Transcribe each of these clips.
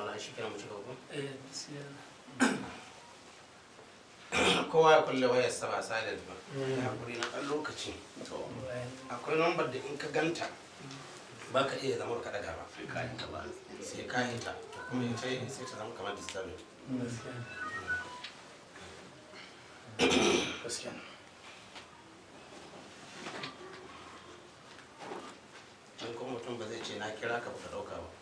mala shi kenan mu ci eh, gaba kowa ya kulle wayar sa ba silent ba mm. ya hakuri na ɗan lokaci to eh. akwai lambar da in ka ganta ba ka iya zama ka daga ba sai ka yi ta sai ka hita to kuma ita sai ta zama kamar disturbed gaskiya can kuma mutum ba zai ce na kira ka ba ka ɗauka ba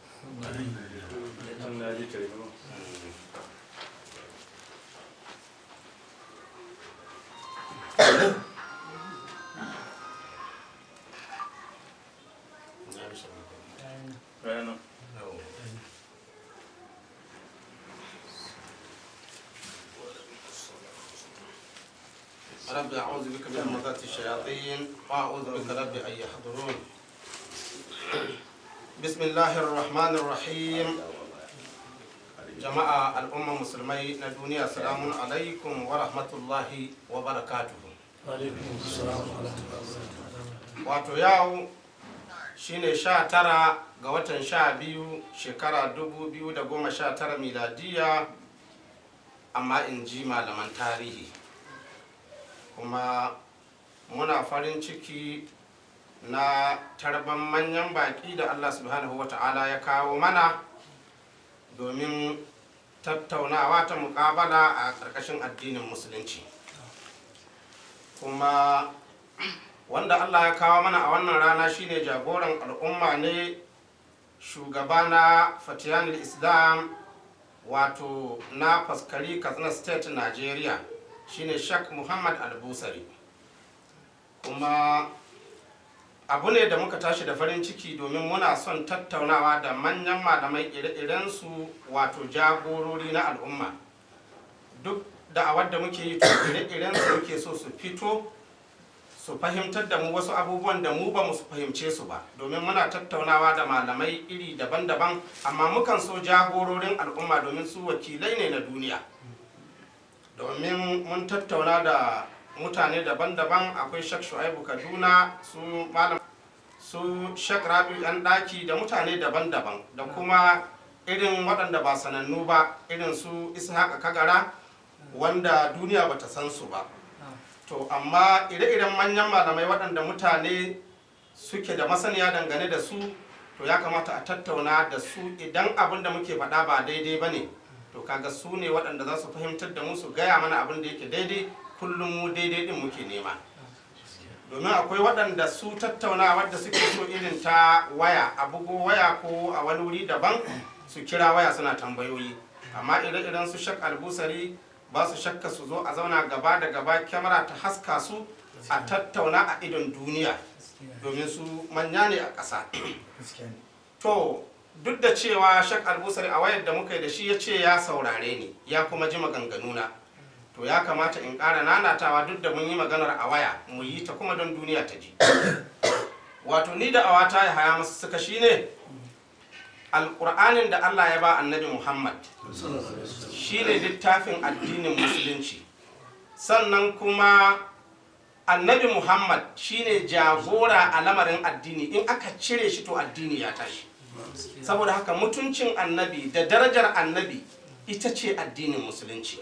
رب أعوذ بك من مضات الشياطين وأعوذ بك رب أن يحضرون bismillahir rahmanir rahim jama'a al'umma musulmai na duniya salamun alaikum wa rahmatullahi wa barakatuhu wato yau shine sha tara ga watan sha biyu shekara dubu biyu da goma sha tara miladiya amma in ji malaman tarihi kuma muna farin ciki na tarban manyan baƙi da allah subhanahu ta'ala ya kawo mana domin tattaunawa ta muƙabala a ƙarƙashin addinin musulunci kuma wanda allah ya kawo mana a wannan rana shine jagoran al'umma ne shugaba na fatiyanul islam wato na faskari katsina state nigeria shine shak muhammad albusari kuma abu ne da muka tashi da farin ciki domin muna son tattaunawa da manyan malamai ire-irensu wato jagorori na al'umma duk da a wadda muke yi to ire-irensu muke so su fito su fahimtar da mu wasu abubuwan da mu ba mu fahimce su ba domin muna tattaunawa da malamai iri daban-daban amma mukan so jagororin al'umma domin su wakilai ne na duniya domin mun tattauna da mutane daban-daban akwai shak shu'aibu kaduna su malam su shek rabi yan daki da mutane daban-daban da kuma irin waɗanda ba sanannu ba irin su isa haka kagara wanda duniya bata san su ba to amma ire-iren manyan malamai waɗanda mutane suke da masaniya dangane da su to ya kamata a tattauna da su idan abin da muke faɗa ba daidai ba ne to kaga su ne waɗanda za su fahimtar da mu su gaya mana abin da yake daidai kullum mu daidai ɗin muke nema domin akwai waɗanda su tattaunawa da suke so irin ta waya a bugu waya ko a wani wuri daban su kira waya suna tambayoyi amma ire-iren su shak albusari ba su shakka su zo a zauna gaba da gaba kyamara ta haska su a tattauna a idon duniya domin su manya ne a ƙasa to duk da cewa shak albusari a wayar da muka yi da shi ya ce ya saurare ni ya kuma ji maganganuna to ya kamata in ƙara nanatawa duk da mun yi maganar a waya mu yi ta kuma don duniya ta ji wato ni da awata ya haya masu suka ne alƙur'anin da allah ya ba annabi muhammad shi ne littafin addinin musulunci sannan kuma annabi muhammad shi ne jagora a lamarin addini in aka cire shi to addini ya tashi saboda haka mutuncin annabi da darajar annabi ita ce addinin musulunci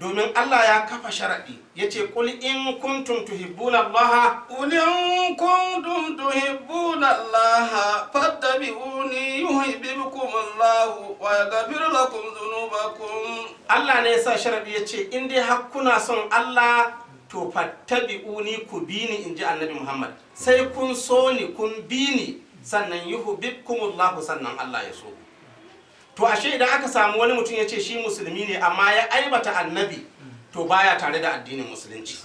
domin Allah ya kafa sharaɗi ya ce kul in kuntum tuhibbuna Allah kul in kuntum tuhibbuna Allah fattabi'uni yuhibbukum Allah wa yaghfir lakum dhunubakum Allah ne yasa sharaɗi ya ce in dai har kuna son Allah to fattabi'uni ku bi ni inji Annabi Muhammad sai kun so ni kun bi ni sannan yuhibbukum Allah sannan Allah ya so ku to ashe idan aka samu wani mutum ya ce shi musulmi ne amma ya aibata annabi to baya tare da addinin musulunci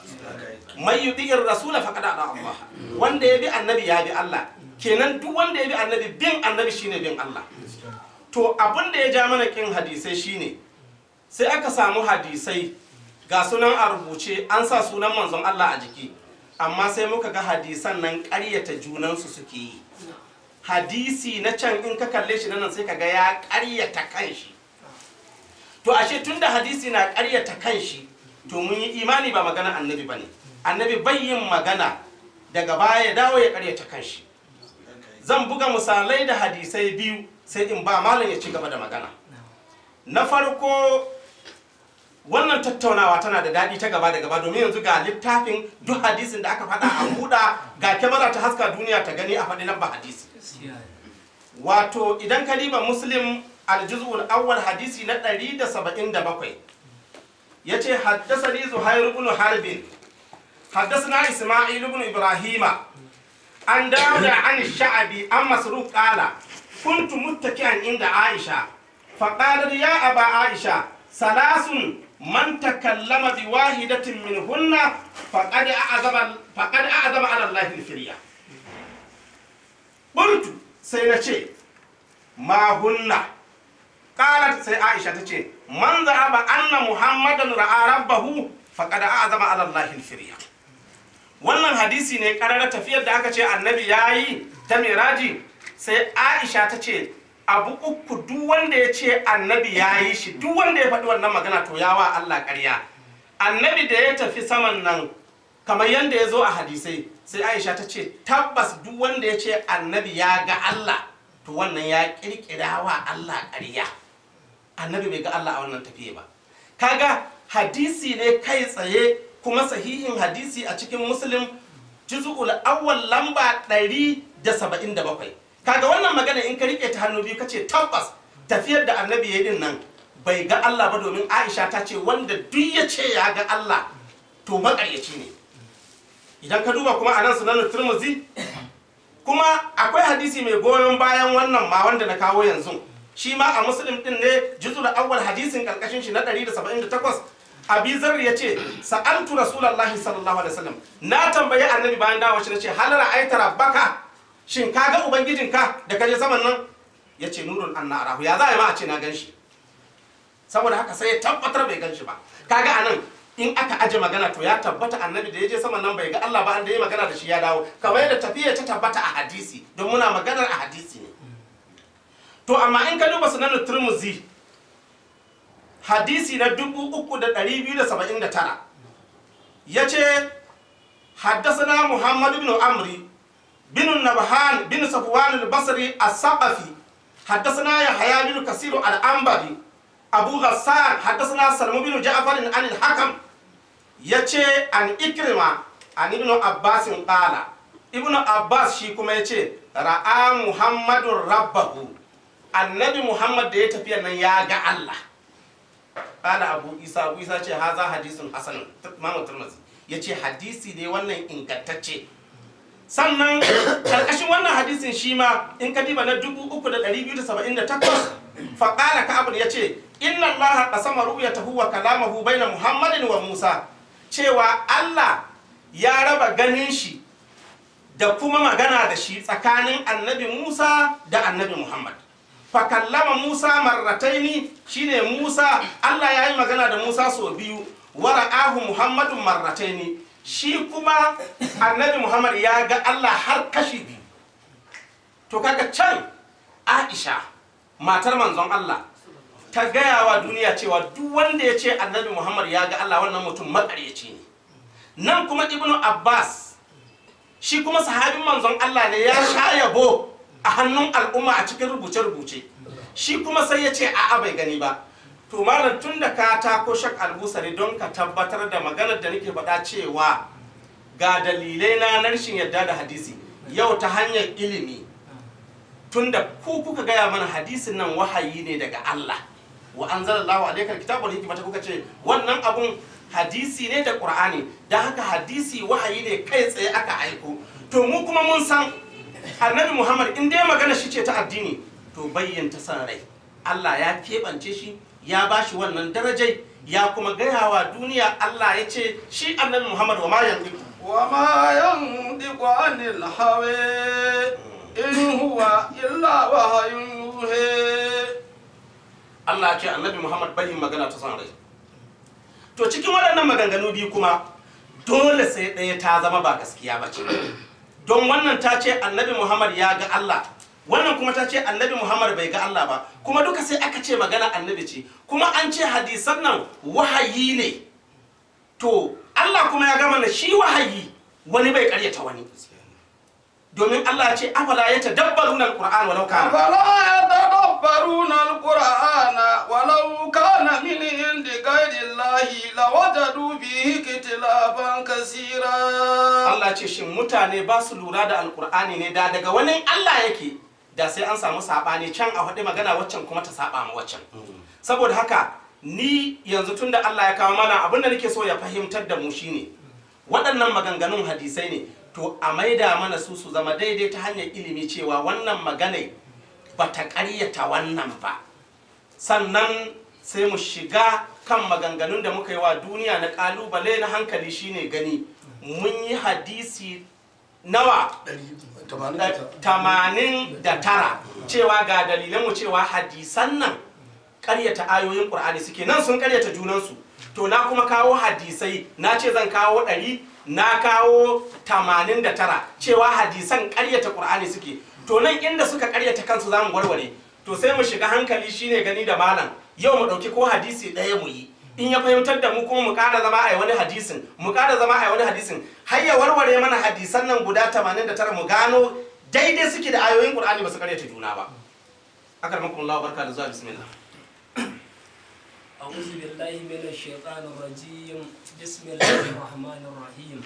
mai yudi'ir rasula faqad da Allah wanda ya bi annabi ya bi Allah kenan duk wanda ya bi annabi bin annabi shine bin Allah to abin da ya ja mana kin hadisai shine sai aka samu hadisai ga sunan a rubuce an sa sunan manzon Allah a jiki amma sai muka ga hadisan nan ƙaryata junansu suke yi hadisi na can in ka kalle shi nan sai ka ga ya ƙaryata kanshi to ashe tunda hadisi na ƙaryata kanshi to mun yi imani ba magana annabi bane annabi bai yin magana daga baya ya dawo ya ƙaryata kanshi zan buga misalai da hadisai biyu sai in ba malam ya ci gaba da magana na farko wannan tattaunawa tana da daɗi ta gaba da gaba domin yanzu ga littafin duk hadisin da aka faɗa a buɗa ga kyamara ta haska duniya ta gani a faɗi lamba hadisi wato idan kaliban muslim aljuz'ul awwal hadisi na ɗari da da 177 haddasa ni zuhair ibn harbin حدثنا إسماعيل ibrahima an عن an sha'abi an عن kuntu قال an inda inda Aisha ya a ba Aisha salasun man takallama bi wahidatin min hunna faqad a'zama ala allahi firya qultu sai na ce ma hunna qalat sai Aisha ta ce. man za'aba anna Muhammadan ra'a rabbahu faqad a'zama ala allahi firya wannan hadisi ne karar tafiyar da aka ce annabi yayi ta miraji sai Aisha ta ce. abu uku duk wanda ya ce annabi ya yi shi duk wanda ya faɗi wannan magana to yawa Allah ƙarya annabi da ya tafi saman nan kamar yadda ya zo a hadisai sai aisha ta ce tabbas duk wanda ya ce annabi ya ga Allah to wannan ya ƙirƙira wa Allah ƙarya annabi bai ga Allah a wannan tafiye ba kaga hadisi ne kai tsaye kuma sahihin hadisi a cikin muslim juz'ul awwal lamba 177 kaga wannan magana in ka rike ta hannu biyu kace tabbas tafiyar da annabi ya din nan bai ga Allah ba domin Aisha ta ce wanda duk ya ce ya ga Allah to makaryaci ne idan ka duba kuma anan sunan Tirmidhi kuma akwai hadisi mai goyon bayan wannan ma wanda na kawo yanzu shi ma a muslim din ne juzul awwal hadisin karkashin shi na 178 abi zar ya ce sa'antu rasulullahi sallallahu alaihi wasallam na tambaye annabi bayan dawo shi nace hal ra'aita rabbaka shin ka ga ka da kaje saman nan ya ce nurun an ya za a ma a ce na gan shi saboda haka sai ya tabbatar bai gan shi ba kaga anan in aka aje magana to ya tabbata annabi da ya je saman nan bai ga Allah ba an da ya magana da shi ya dawo kamar yadda tafiya ta tabbata a hadisi don muna maganar a hadisi ne to amma in ka duba sunan turmuzi hadisi na ce yace na Muhammadu بن amri بن النبهان بن صفوان البصري الثقفي حدثنا يحيى بن كثير الانبري ابو غسان حدثنا سلم بن جعفر عن الحكم يتشي عن إكرمة عن ابن عباس قال ابن عباس شي كما يتشي راى محمد ربه النبي محمد ده دي تفيا نياغا الله قال أبو إيسا أبو إيسا هذا حديث حسن امام الترمذي يتشي حديثي ده wannan ingantacce sannan karkashin wannan hadisin shi ma in ka diba na 3278 faqala ka'ab ya ce inna allaha qasama ru'yatahu wa kalamahu baina muhammadin wa musa cewa allah ya raba ganin shi da kuma magana da shi tsakanin annabi musa da annabi muhammad fakallama musa marrataini shine musa allah ya yi magana da musa sau biyu Ahu muhammadun marrataini shi kuma annabi muhammad ya ga allah har kashi biyu to kaga can aisha matar manzon allah ta gaya wa duniya cewa duk wanda ya ce annabi muhammad ya ga allah wannan mutum makaryaci ne nan kuma ibnu abbas shi kuma sahabin manzon allah ne ya sha yabo a hannun al'umma a cikin rubuce-rubuce shi kuma sai ya ce a'a bai gani ba to malam tun da ka tako shak albusari don ka tabbatar da maganar da nake faɗa cewa ga dalilai na nan rashin yadda da hadisi yau ta hanyar ilimi tun da ku kuka gaya mana hadisin nan wahayi ne daga Allah wa anzalallahu alaikal kitabul hikmata kuka ce wannan abun hadisi ne da qur'ani dan haka hadisi wahayi ne kai tsaye aka aiko to mu kuma mun san annabi muhammad in dai magana shi ce ta addini to bayyanta san rai Allah ya keɓance shi ya bashi wannan darajai ya kuma gaya wa duniya Allah ya ce shi annan Muhammad wa ma yanzu wa ma yanzu anil hawe in huwa illa wahayun ruhe. Allah ce annabi Muhammad bari magana ta san rai to cikin waɗannan maganganu biyu kuma dole sai ɗaya ta zama ba gaskiya ba ce don wannan ta ce annabi Muhammad ya ga Allah wannan kuma ta ce annabi muhammad bai ga allah ba kuma duka sai aka ce magana annabi ce kuma an ce hadisan nan wahayi ne to allah kuma ya gama na shi wahayi wani bai karyata wani domin allah ce afala ya tadabbaruna alquran walau kana afala ya na alquran walau kana min indi ghairi dubi lawajadu bihi ikhtilafan allah ce shin mutane ba su lura da alkur'ani ne da daga wani allah yake da sai an samu saɓani can a faɗi magana waccan kuma ta saɓa ma waccan mm. saboda haka ni yanzu tunda Allah ya kawo mana abin da nake so ya fahimtar da mu shine waɗannan maganganun hadisai ne to a maida mana su su zama daidai ta hanyar ilimi cewa wannan maganai ba ta ƙaryata wannan ba sannan sai mu shiga kan maganganun da muka yi wa duniya na ƙalubale na hankali shine gani mun yi hadisi nawa tamanin da tara cewa ga dalilan mu cewa hadisan nan karyata ayoyin ƙur'ani suke nan sun karyata junansu to na kuma kawo hadisai na ce zan kawo ɗari na kawo tamanin da tara cewa hadisan karyata ƙur'ani suke to nan inda suka karyata kansu zamu warware to sai mu shiga hankali shine gani da malam yau mu ɗauki ko hadisi ɗaya mu yi in ya fahimtar da mu kuma mu kara zama a wani hadisin mu kara zama a wani hadisin har ya warware mana hadisan nan guda 89 mu gano daidai suke da ayoyin qur'ani ba su ta juna ba akar akarmakum Allah barka da zuwa bismillah a'udhu billahi minash shaitanir rajim bismillahir rahmanir rahim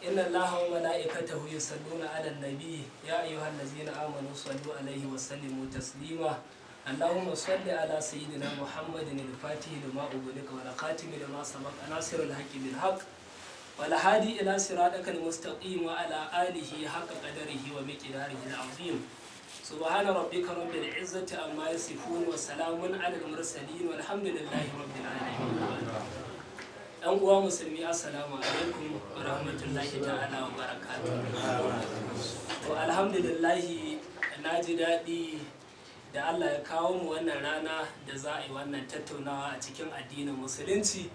inna allaha wa malaikatahu yusalluna ala nabi ya ayyuhallazina amanu sallu alayhi wa sallimu taslima اللهم صل على سيدنا محمد الفاتح لما أغلق والخاتم لما سبق ناصر الحق بالحق والهادي إلى صراطك المستقيم وعلى آله حق قدره ومقداره العظيم سبحان ربك رب العزة عما يصفون وسلام على المرسلين والحمد لله رب العالمين ɗan uwa musulmi assalamu alaikum wa rahmatullahi ta'ala wa barakatuh to alhamdulillahi na ji daɗi da Allah ya kawo mu wannan rana da za a yi wannan tattaunawa a cikin addinin musulunci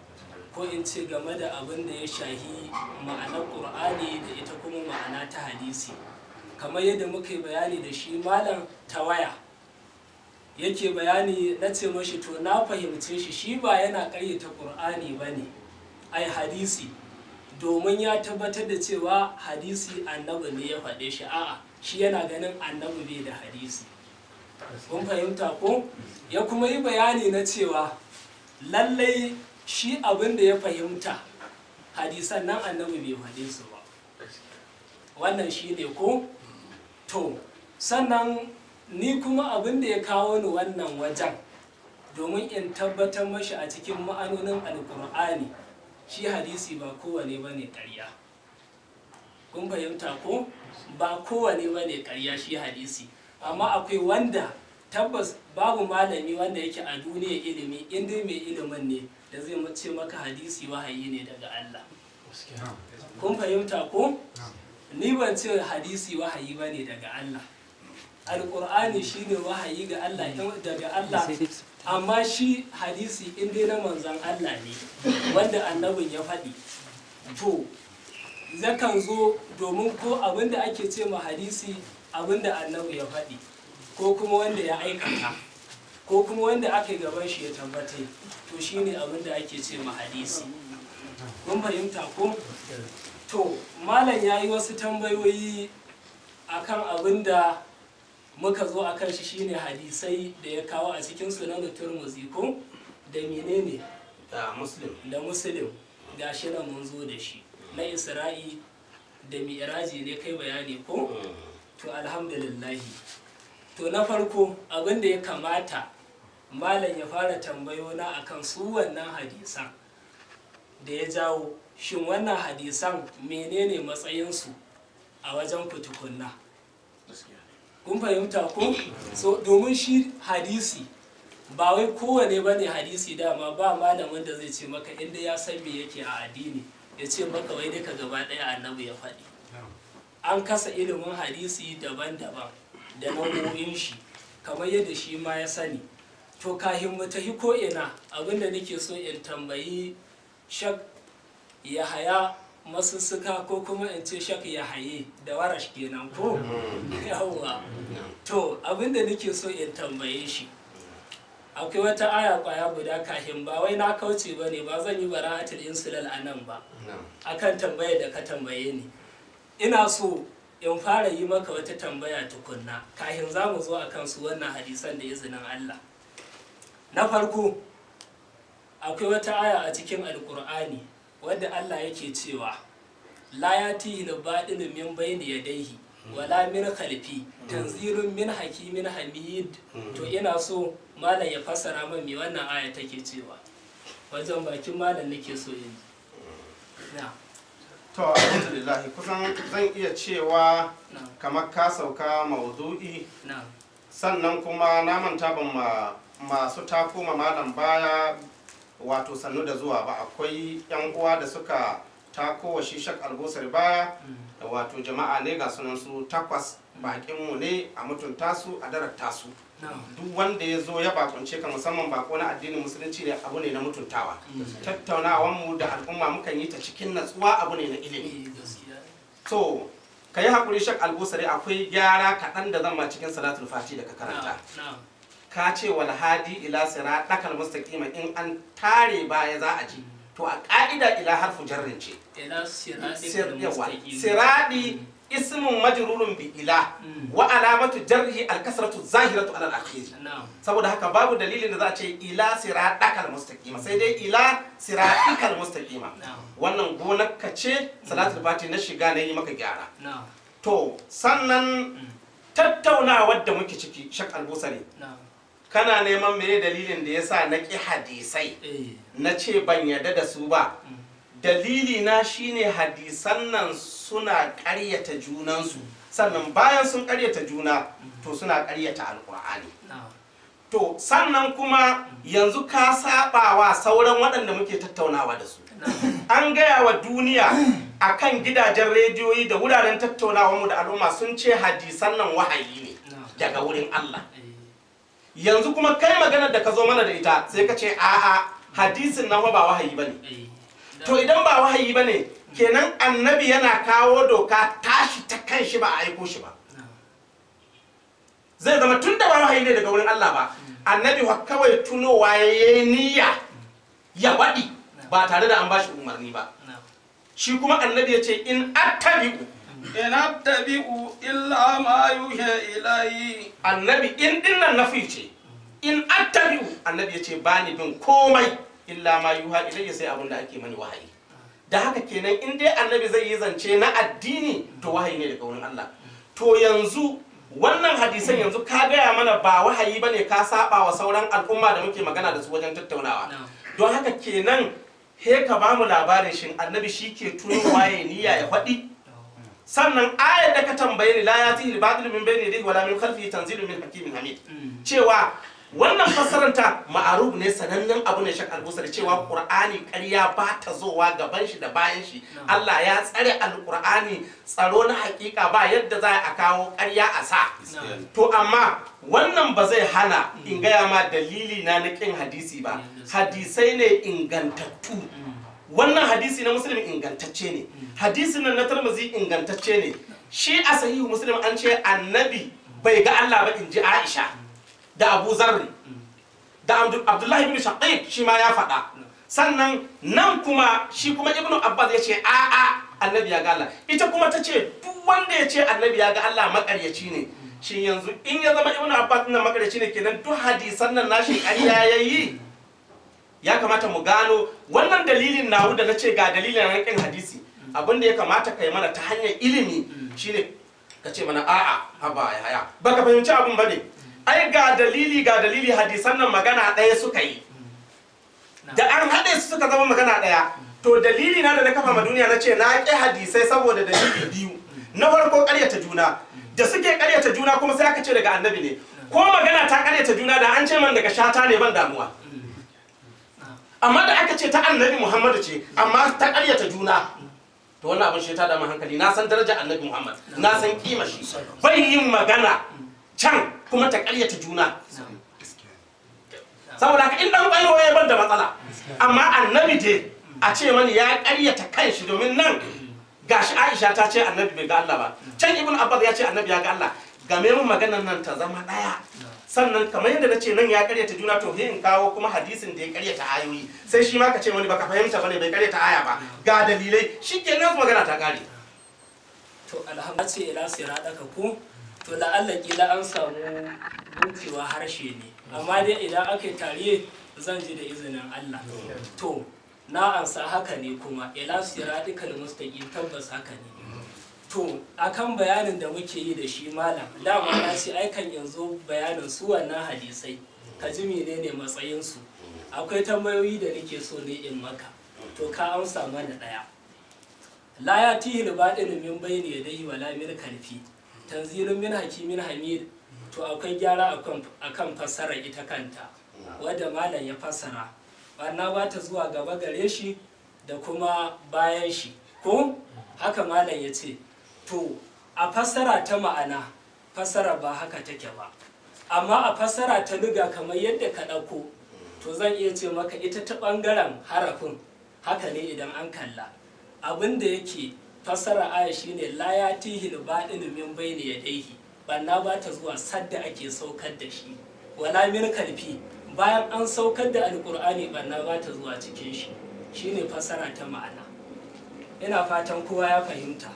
ko in ce game da abin da ya shahi ma'anar ƙur'ani da ita kuma ma'ana ta hadisi kamar yadda muka bayani da shi malam ta waya yake bayani na ce mashi to na fahimce shi shi ba yana ƙayyata ƙur'ani ba ne ai hadisi domin ya tabbatar da cewa hadisi annabi ne ya faɗe shi a'a shi yana ganin annabi bai da hadisi kun fahimta ko ya kuma yi bayani na cewa lallai shi abin da ya fahimta hadisan nan annabi bai faɗe su ba wannan shi ne ko to sannan ni kuma abin da ya kawo ni wannan wajen domin in tabbatar mashi a cikin ma'anonin alkur'ani shi hadisi ba kowane ba ne ƙarya kun fahimta ko ba kowane ba ne ƙarya shi hadisi amma akwai wanda tabbas babu malami wanda yake a duniya ilimi inda mai ilimin ne da zai ce maka hadisi wahayi ne daga Allah kun fahimta ko ni ban ce hadisi wahayi ba ne daga Allah alƙur'ani shi ne wahayi ga Allah daga Allah amma shi hadisi in dai na manzan Allah ne wanda annabin ya faɗi to zakan zo domin ko abinda ake ce ma hadisi abinda annabi ya faɗi ko kuma wanda ya aikata ko kuma wanda aka gaban shi ya tabbata to shine abinda ake ce ma hadisi kun fahimta ko to malam ya yi wasu tambayoyi akan abinda muka zo akan shi shine hadisai da ya kawo a cikin sunan turmuzi ko da menene da muslim da muslim ga shi mun zo da shi na isra'i da mi'raji ne kai bayani ko mm. to alhamdulillahi to na farko abin da ya kamata malam ya fara tambayo na akan su wannan hadisan da ya jawo shin wannan hadisan menene su a wajen kutukunna kun fahimta ko so domin shi hadisi ba wai kowane ba ne hadisi dama ba malamin da zai ce maka inda ya san me yake a addini ya ce maka wai duka gaba daya annabi ya faɗi an kasa ilimin hadisi daban-daban da nau'o'in shi kamar yadda shi ma ya sani to kahin mu tafi ko'ina abinda nake so in tambayi shak ya haya masussuka ko kuma in ce shak ya haye da warash kenan ko mm-hmm. yawwa to abinda nake so in tambaye shi akwai wata aya kwaya guda kahin ba wai na kauce ba ne ba zan yi bara'atul insulal a nan ba akan tambayar da ka tambaye ni ina so in fara yi maka wata tambaya tukunna kafin za mu zo akan su wannan hadisan da izinin Allah na farko akwai wata aya a cikin alkur'ani wadda Allah yake cewa la yatihi al-badilu min ya daihi wala min khalfi tanzilun min hakimin hamid to ina so malam ya fassara min me wannan aya take cewa wajen bakin malam nake so in na to alhamdulillah kusan zan iya cewa kamar ka sauka maudu'i sannan kuma na manta ban ma masu tako ma malam baya wato sannu da zuwa ba akwai yan uwa da suka tako wa shi shak albusar baya mm. wato jama'a ne ga sunan su takwas mm. bakinmu ne a mutunta su a darar tasu. duk wanda ya zo ya bakunce ka musamman bako na addinin musulunci ne abu ne na mutuntawa tattaunawan mu da al'umma mukan yi ta cikin natsuwa abu ne na ilimi eh, so ka hakuri shak albusari akwai gyara kaɗan da zan ma cikin salatul fati da ka karanta ka ce wal hadi ila sira ɗakal mustaqima in an tare baya za a ji mm. to a ƙa'ida ila harfu jarrin ce siraɗi ismun majrurun bi ila hmm. wa alamatu jarhi alkasratu zahiratu ala akhir saboda haka babu dalilin da za a ce ila siratakal mustaqima sai dai ila siratakal mustaqima wannan ka ce salatul hmm. fati na shiga na yi maka gyara to sannan hmm. tattaunawar da muke ciki shak albusari kana neman mene dalilin da yasa na ki hadisai eh. na ce ban yarda da su ba dalili na shine hadisan nan suna ƙaryata junansu sannan bayan sun ƙaryata juna to suna ƙaryata alƙur'ani to sannan kuma yanzu ka wa sauran waɗanda muke tattaunawa da su an gaya wa duniya a kan gidajen rediyoyi da wuraren tattaunawa mu da al'umma sun ce hadisan nan wahayi ne daga wurin Allah eh. yanzu kuma kai maganar da ka zo mana da ita sai ka ce a'a hadisin nan ba wahayi bane eh. to idan ba wahayi ba ne kenan annabi yana kawo doka tashi ta kan shi ba a aiko shi ba zai zama tun da ba wahayi ne daga wurin Allah ba annabi wa kawai tunowa ya niyya ya waɗi ba tare da an ba shi umarni ba shi kuma annabi ya ce in attabi'u in attabi'u illa ma yuha ilayi annabi in dinnan nafi ce in attabi'u annabi ya ce ba bin komai illa ma yuha ilayya sai abin da ake mani wahayi da haka kenan in dai annabi zai yi zance na addini to wahayi ne daga wurin Allah to yanzu wannan hadisan yanzu ka gaya mana ba wahayi bane ka saba wa sauran al'umma da muke magana da su wajen tattaunawa don haka kenan he ka ba mu labarin shin annabi shi ke tuno waye niyya ya faɗi sannan ayar da ka tambaye ni la yatihi al-batil min bayni yadihi wala min khalfihi tanzilun min hakimin hamid mm. cewa wannan fasaranta ma'aruf ne sanannen abu ne shakar da cewa qur'ani ƙarya ba ta zowa gaban shi da bayan shi Allah ya tsare alqur'ani tsaro na hakika ba yadda za a kawo ƙarya a sa to amma wannan ba zai hana mm. in gaya ma dalili na nikin hadisi ba mm, hadisai ne ingantattu mm. wannan hadisi na muslim ingantacce ne hadisi na tarmazi ingantacce ne shi a sahihu muslim an ce annabi bai ga Allah ba in ji Aisha da abu zarri da abdullahi bin shaqiq shi ma ya faɗa sannan nan kuma shi kuma ibnu abbas ya ce a a annabi ya ga Allah ita kuma ta ce duk wanda ya ce annabi ya ga Allah makaryaci ne shin yanzu in ya zama ibnu abbas nan makaryaci ne kenan duk hadisan nan nashi ƙarya yayi ya kamata mu gano wannan dalilin nawu da nace ga dalilin rankin hadisi abin da ya kamata kai mana ta hanyar ilimi shine ka ce mana a'a haba ya haya baka fahimci abin bane ai ga dalili ga dalili hadisan nan magana ɗaya suka yi da an haɗe su suka zama magana ɗaya to dalili na da na kafa ma duniya na ce na ƙi hadisai saboda dalili biyu na farko ƙaryata juna da suke ƙaryata juna kuma sai aka ce daga annabi ne ko magana ta ƙaryata juna da an ce man daga shata ne ban damuwa amma da aka ce ta annabi muhammadu ce amma ta ƙaryata juna to wannan abin shi ta dama hankali na san daraja annabi muhammad na san kima shi bai yin magana can kuma ta ƙaryata juna saboda haka in dan ƙwairo ya bar da matsala amma annabi dai a ce mani ya ƙaryata kanshi domin nan mm. ga shi Aisha ta ce annabi bai ga Allah ba mm. can Ibn Abbas ya ce annabi ya ga Allah game mun maganar nan ta zama ɗaya sannan kamar yadda na ce nan ya karyata juna to in kawo kuma hadisin da ya karyata ayoyi sai shi ma ka ce wani baka fahimta bane bai karyata aya ba ga dalilai shi ke nan magana ta kare to alhamdulillah sai ku to la'allan kila an samu wucewa harshe ne amma dai idan aka yi zan ji da izinin Allah to na ansa haka ne kuma ila siratikal mustaqim tabbas haka ne to akan bayanin da muke yi da shi malam dama na ce aikan yanzu bayanin su wannan hadisai ka ji menene matsayin su akwai tambayoyi da nake so ne in maka to ka amsa mana daya la ya tihil batil min bayni yadayhi wala min kalfi tanzilun min hakimin hamid to akwai gyara akan fassara ita kanta wadda malam ya fassara wannan ba ta zuwa gaba gare shi da kuma bayan shi ko haka malam ya ce to a fassara ta ma'ana fassara ba haka take ba amma a fassara ta luga kamar yadda ka ɗauko to zan iya ce maka ita ta ɓangaren harafin haka ne idan an kalla abin da yake fassara aya shine la ya tihil ba'in min bayni yadayhi banna ba ta zuwa sadda ake saukar da shi wala min kalfi bayan an saukar da alkur'ani banna ba ta zuwa cikin shi shine fassara ta ma'ana ina fatan kowa ya fahimta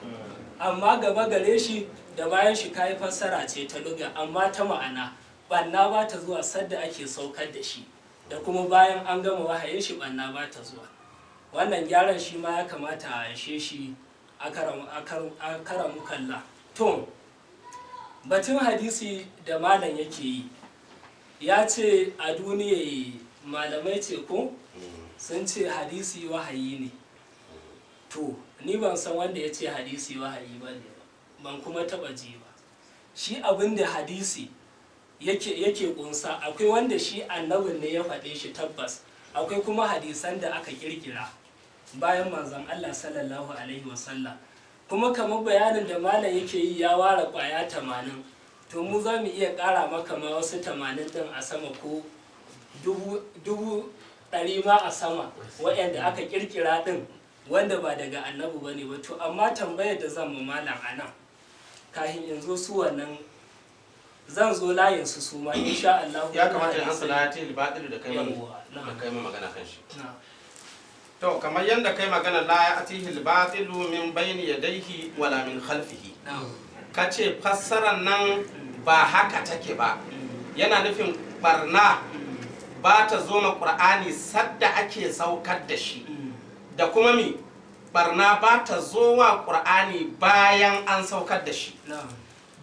amma gaba gare shi da bayan shi kayi fassara ce ta luga amma ta ma'ana banna ba ta zuwa sadda ake saukar da shi da kuma bayan an gama wahayin shi banna ba ta zuwa wannan gyaran shi ma ya kamata a yashe shi a karamu kalla to batun hadisi da malam yake yi ya ce a duniya malamai ce ko sun ce hadisi wahayi ne to ni ban san wanda ya ce hadisi wahayi ba ne ban kuma taba ji ba shi abin da hadisi yake yake kunsa akwai wanda shi annabin ne ya faɗe shi tabbas akwai kuma hadisan da aka kirkira bayan manzon Allah sallallahu alaihi wasallam kuma kamar bayanin da malam yake yi ya ware kwaya tamanin to mu za mu iya ƙara maka ma wasu tamanin din a sama ko dubu ɗari ma a sama waɗanda aka kirkira din wanda ba daga annabu ba ne ba to amma tambayar da zan mu malam a nan kafin in zo su wannan zan zo layin su su ma insha Allah ya kamata in salati libatil da kai da kai magana kan shi to kamar yadda kai magana la ya atihil batilu min bayni yadayhi wala min khalfihi kace fassarar nan ba haka take ba yana nufin barna ba ta zo ma qur'ani sadda ake saukar da shi da kuma mi barna ba ta zo wa qur'ani bayan an saukar da shi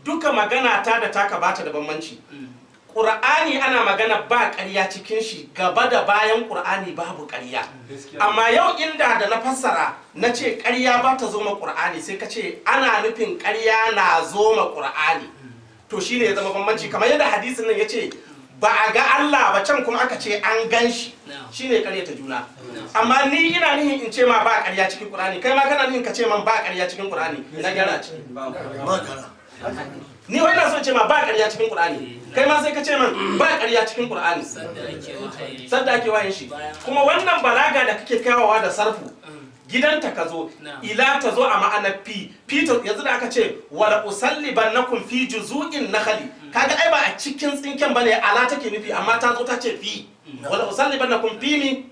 duka magana ta da taka bata da bambanci mm. ƙur'ani ana magana ba ƙarya cikin shi gaba da bayan ƙur'ani babu ƙarya amma yau inda da na fassara na ce ƙarya ba ta zo ma ƙur'ani sai ka ce ana nufin ƙarya na zo ma ƙur'ani to shine ya zama bambanci kamar yadda hadisin nan ya ce ba a ga Allah ba can kuma aka ce an gan shi shine ta juna amma ni ina nihin in ce ma ba ƙarya cikin ƙur'ani kai ma kana nihin ka ce man ba ƙarya cikin ƙur'ani ina gyara ƙarya ni wai ina so ce ma ba ƙarya cikin Qur'ani eh, kai ma sai ka ce man mm. ba ƙarya cikin Qur'ani sadda ke wayan shi kuma wannan balaga da kake kawowa da sarfu mm. gidanta ka zo ila ta zo a ma'anar fi fi yanzu da aka ce wala usalli bannakum fi juzu'in nakhli mm. kaga ai ba a cikin tsinken bane ala take nufi amma ta zo ta ce fi wala usalli bannakum fi mi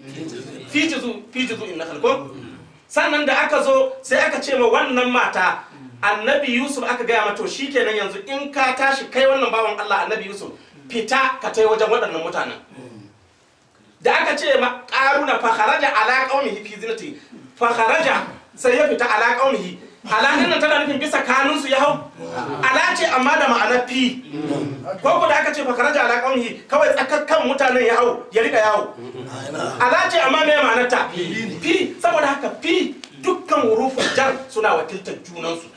fi juzu fi juzu'in nakhli ko sannan da aka zo sai aka ce ma wannan mata annabi yusuf aka gaya mato shikenan yanzu in ka tashi kai wannan bawan allah annabi yusuf fita ka tai wajen waɗannan mutanen da aka ce ma ƙaruna fakharaja ala qaumihi fi zinati fakharaja sai ya fita ala qaumihi ala dinnan tana nufin bisa kanun su ya hau ala ce amma da ma'ana fi ko ko da aka ce fakharaja ala qaumihi kawai tsakakkan mutanen ya hau ya rika yawo ala ce amma me ma'anar ta fi saboda haka fi dukkan hurufin jar suna wakiltar junansu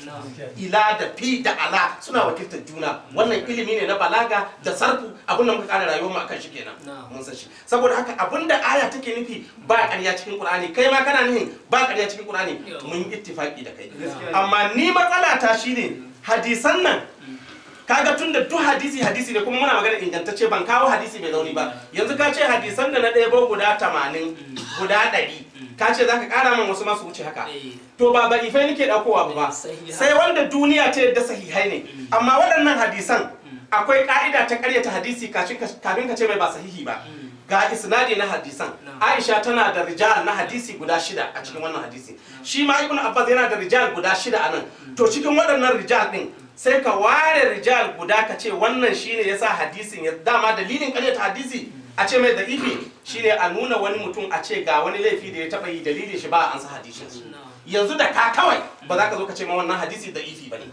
ila da fi da ala suna wakiltar juna wannan ilimi ne na balaga da sarfu abin da muka kara rayuwar mu akan shi kenan mun san shi saboda haka da aya take nufi ba ƙarya cikin qur'ani kai ma kana nufin ba ƙarya cikin qur'ani mun ittifaki da kai amma ni matsala ta shine hadisan nan mm. kaga tun da duk hadisi hadisi ne kuma muna magana ingantacce ban kawo hadisi mai rauni ba yanzu ka ce hadisan da na ɗebo guda tamanin guda ɗari ka ce za ka ƙara min wasu masu wuce haka eh. to ba ba ifai nake ɗaukowa ba sai wanda duniya ta yadda sahihai ne hmm. amma waɗannan hadisan hmm. akwai ƙa'ida ta ƙaryata hadisi kafin ka ce mai ba sahihi ba hmm. ga isnadi na hadisan aisha tana da rijal na hadisi guda shida a cikin wannan hadisi shi ma ibnu abbas yana da rijal guda shida anan, to cikin waɗannan rijal ɗin sai ka ware rijal guda ka ce wannan shine yasa hadisin ya dama dalilin karyata hadisi a ce mai da'ifi shine a nuna wani mutum a ce ga wani laifi da ya taba yi dalilin shi ba a ansa hadisin yanzu da ka kawai ba za ka zo ka ce ma wannan hadisi da'ifi ba ne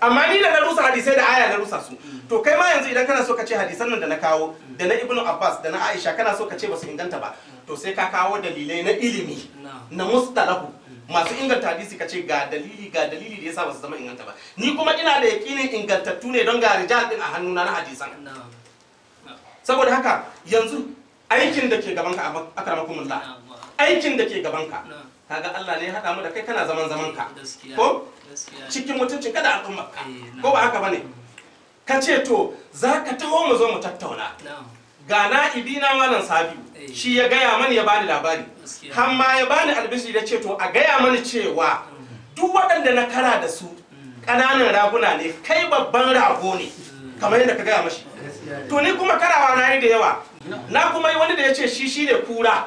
amma ni da na rusa hadisai da aya na rusa su to kai ma yanzu idan kana so ka ce hadisan nan da na kawo da na ibnu abbas da na aisha kana so ka ce ba su inganta ba to sai ka kawo dalilai na ilimi na mustalahu masu inganta hadisi ka ce ga dalili ga dalili da yasa ba su zama inganta ba ni kuma ina da yakinin ingantattu ne don ga rijal din a hannuna na hadisan saboda haka yanzu aikin da ke gaban ka akramakumullah aikin da ke gaban ka kaga Allah ne ya hada mu da kai kana zaman zaman ka ko cikin mutuncin kada al'ummar eh, ko ba haka bane ka ce to zaka taho mu zo mu tattauna ga na'ibi na malam sabiu eh. shi ya gaya mani ya bani labari har ya bani albishiri da ce to a gaya mani cewa duk waɗanda na kara da su ƙananan raguna ne kai babban rago ne kamar yadda ka gaya mashi to ni kuma karawa na yi da yawa na kuma yi wani da ya ce shi shi ne kura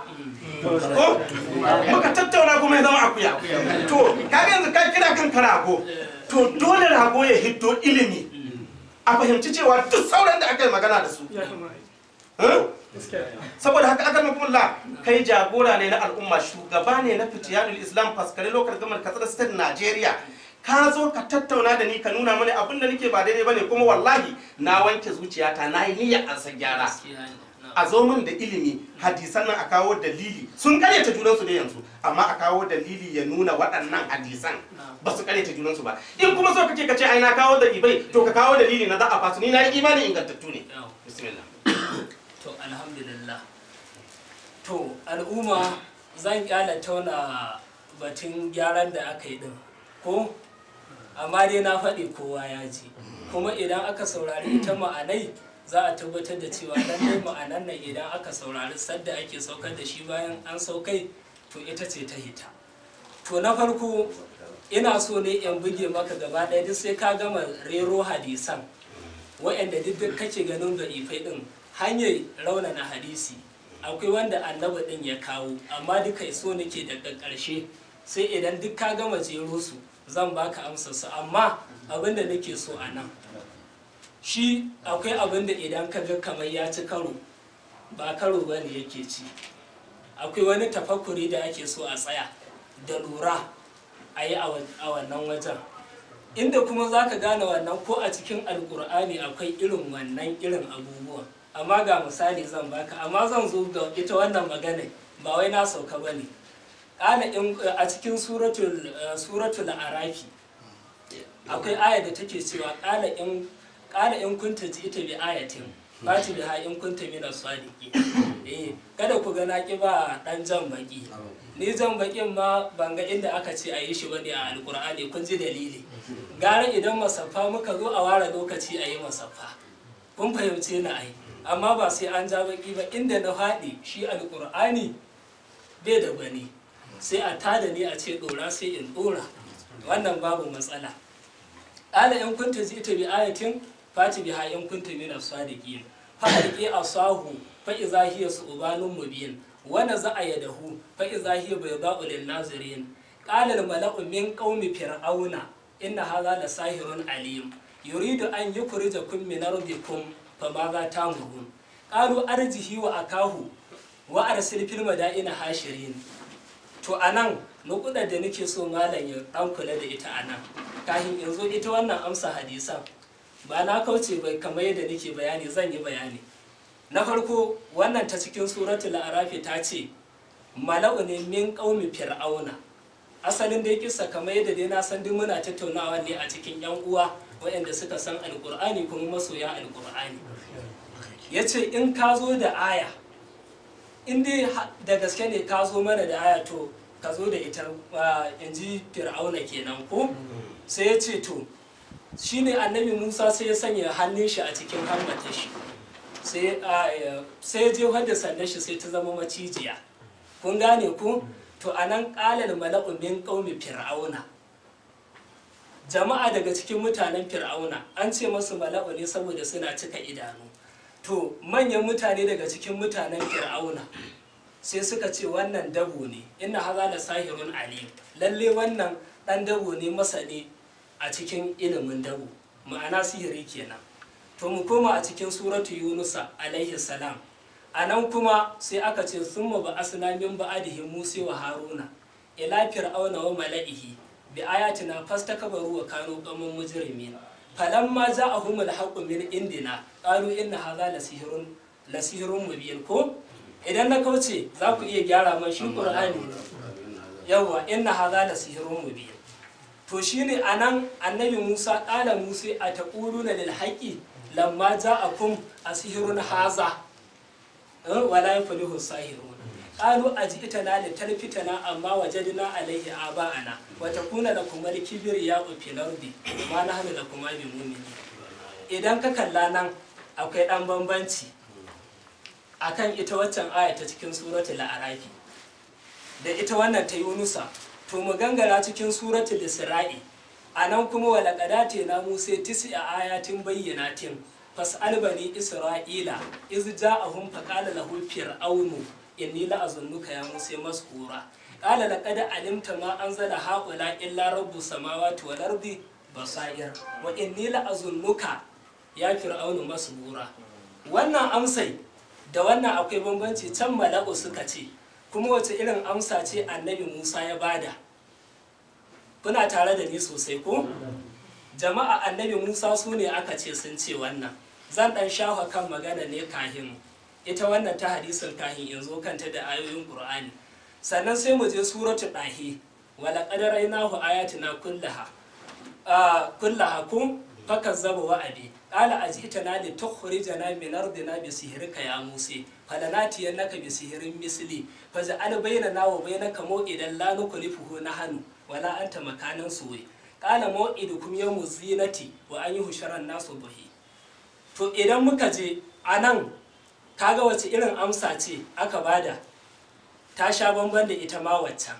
ko muka tattauna kuma ya zama akuya to kaga yanzu ka kira kan karago to dole rago ya hiddo ilimi a fahimci cewa duk sauran da aka yi magana da su saboda haka aka mafi la kai jagora ne na al'umma shugaba ne na fitiyanul islam faskare lokar gamar katsina state nigeria ka zo ka tattauna da ni ka nuna mani abin da nake ba daidai bane kuma wallahi na wanke zuciyata na yi niyyar an san gyara a zo min da ilimi hadisan nan a kawo dalili sun karyata junansu ne yanzu amma a kawo dalili ya nuna waɗannan hadisan ba su karyata junansu ba in kuma so kake ka ce ai na kawo da ibai to ka kawo dalili na za a fasu ni na yi imani ingantattu ne bismillah to alhamdulillah to al'umma zan kyala tauna batun gyaran da aka yi din ko amma dai na faɗi kowa ya ji kuma idan aka saurari ita ma'anai za a tabbatar da cewa lallai ma'anan nan idan aka saurari sadda ake saukar da shi bayan an saukai to ita ce ta hita to na farko ina so ne in buge maka gaba ɗaya duk sai ka gama rero hadisan waɗanda duk kake ganin da ifai din? hanyar na hadisi akwai wanda annabi din ya kawo amma duka so nake daga ƙarshe sai idan duk ka gama jero su zan baka amsa su amma abinda da nake so a nan shi akwai abin da idan ka ga kamar ya ci karo ba karo ba ne yake ci akwai wani tafakuri da ake so a tsaya da lura a yi a wannan wajen inda kuma za ka gane wannan ko a cikin alkur'ani akwai irin wannan irin abubuwan amma ga misali zan baka amma zan zo ga ita wannan magana ba wai na sauka ba ne a cikin eh, suratul arafi akwai aya da take cewa ƙala in kunta ji ita bi ayatin ba ta biha in kunta mina sadiki eh kada ku ga naki ba dan jan baki ni jan bakin ma ban ga inda aka ce a yi shi bane a alqur'ani kun ji dalili gara idan masaffa muka zo a ware lokaci a yi masaffa kun fahimce na ai amma ba sai an ja baki ba inda na faɗi shi alƙur'ani bai da gwani sai a tada ni a ce ɗora sai in ɗora wannan babu matsala ala in kunta zai ita bi ayatin fati biha in kunta min sadiqin fa alqi asahu fa idza hiya subanun mubin wa naza'a yadahu fa idza hiya bayda'u lin nazirin qala al-mala'u min qaumi fir'auna inna hadha la sahirun alim yuridu an yukhrijakum min ardikum fa ba za ta murun ƙalu arzihi wa akahu wa arsil fil madaina hashirin to anan nukuɗar da nake so malam ya ɗan kula da ita anan kafin in zo ita wannan amsa hadisa ba na kauce bai kamar yadda nake bayani zan yi bayani na farko wannan ta cikin suratul arafi ta ce mala'u ne min qaumi fir'auna asalin da ya kissa kamar yadda dai na san duk muna tattaunawa ne a cikin yan uwa waɗanda suka san alƙur'ani kuma masoya alƙur'ani yace in ka zo da aya in dai da gaske ne ka zo mana da aya to ka zo da ita in ji fir'auna kenan ko sai ya ce to shi ne annabi musa sai ya sanya hannun shi a cikin hambatar shi sai ya je da sandan shi sai ta zama macijiya kun gane ku to anan ƙalal mala'u min ƙaumi fir'auna jama'a daga cikin mutanen fir'auna an ce masu mala'u ne saboda suna cika idanu to manyan mutane daga cikin mutanen fir'auna sai suka ce wannan dabo ne inna haza da sahirun ali lalle wannan dan dabo ne masani a cikin ilimin dabo ma'ana sihiri kenan to mu koma a cikin suratu yunusa alaihi salam a nan kuma sai aka ce sun ba asna ba ba'adihim musa wa haruna ila fir'auna wa mala'ihi bi ayatina fastakbaru wa kanu qawman mujrimin falamma ja'ahum al-haqqu min indina qalu inna hadha lasihrun lasihrun mubin ko idan na kauce za ku iya gyara man shi qur'ani yawa inna hadha lasihrun mubin to shine anan annabi Musa qala Musa ataquluna lil haqqi lamma ja'akum asihirun haza eh, wala yaflihu sahirun qalu ajitana litalfitana amma wajadna alaihi aba'ana wa takuna lakum al-kibriya'u fil ardi wa nahnu lakum bimumin idan ka kalla nan akwai dan bambanci akan ita waccan aya ta cikin suratul a'rafi da ita wannan ta yunusa to mu gangara cikin suratul isra'i anan kuma walaqadati na musa tis'a ayatin bayyanatin fas albani isra'ila iz ja'ahum faqala lahu fir'aunu inni la azunnuka ya musa maskura qala laqad alimta ma anzala haula illa rabbu samawati wal ardi basair wa inni la azunnuka ya fir'aunu masbura wannan amsai da wannan akwai bambanci can mala'u suka ce kuma wace irin amsa ce annabi musa ya bada kuna tare da ni sosai ko jama'a annabi musa su ne aka ce sun ce wannan zan dan shafa kan magana ne kahin ita wannan ta hadisul kahin yanzu kanta da ayoyin qur'ani sannan sai mu je suratul dahi wala qadaraynahu ayatina kullaha kullaha kun fakazzabu wa abi qala ajitana li tukhrijana min ardina bi sihrika ya musa falanati yanaka bi sihrin misli faj'al bainana wa bainaka mawqidan la na nahnu wala anta makanan suwi qala mawqidukum yawmu zinati wa an yuhshara nasu bihi to idan muka je anan kaga wace irin amsa ce aka bada ta sha bamban da ita ma waccan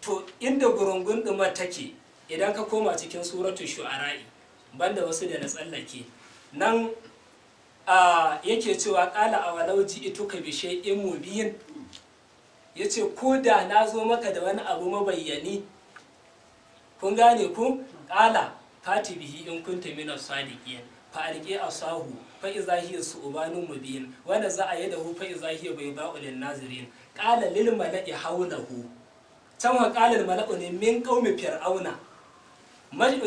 to inda gurungun dumar take idan ka koma cikin suratul shu'ara'i banda wasu da na tsallake nan yake cewa ƙala a walau ji ituka bishe in mubiyin ya ce ko da na zo maka da wani abu mabayyani kun gane ku ƙala fati bihi in kunta minas sadiqiyan fa alqi asahu fa iza hiya mubin wanda za a da fa iza hiya ba lin nazirin qala lil mala'i hawlahu can wa qala al mala'u ne min qaumi fir'auna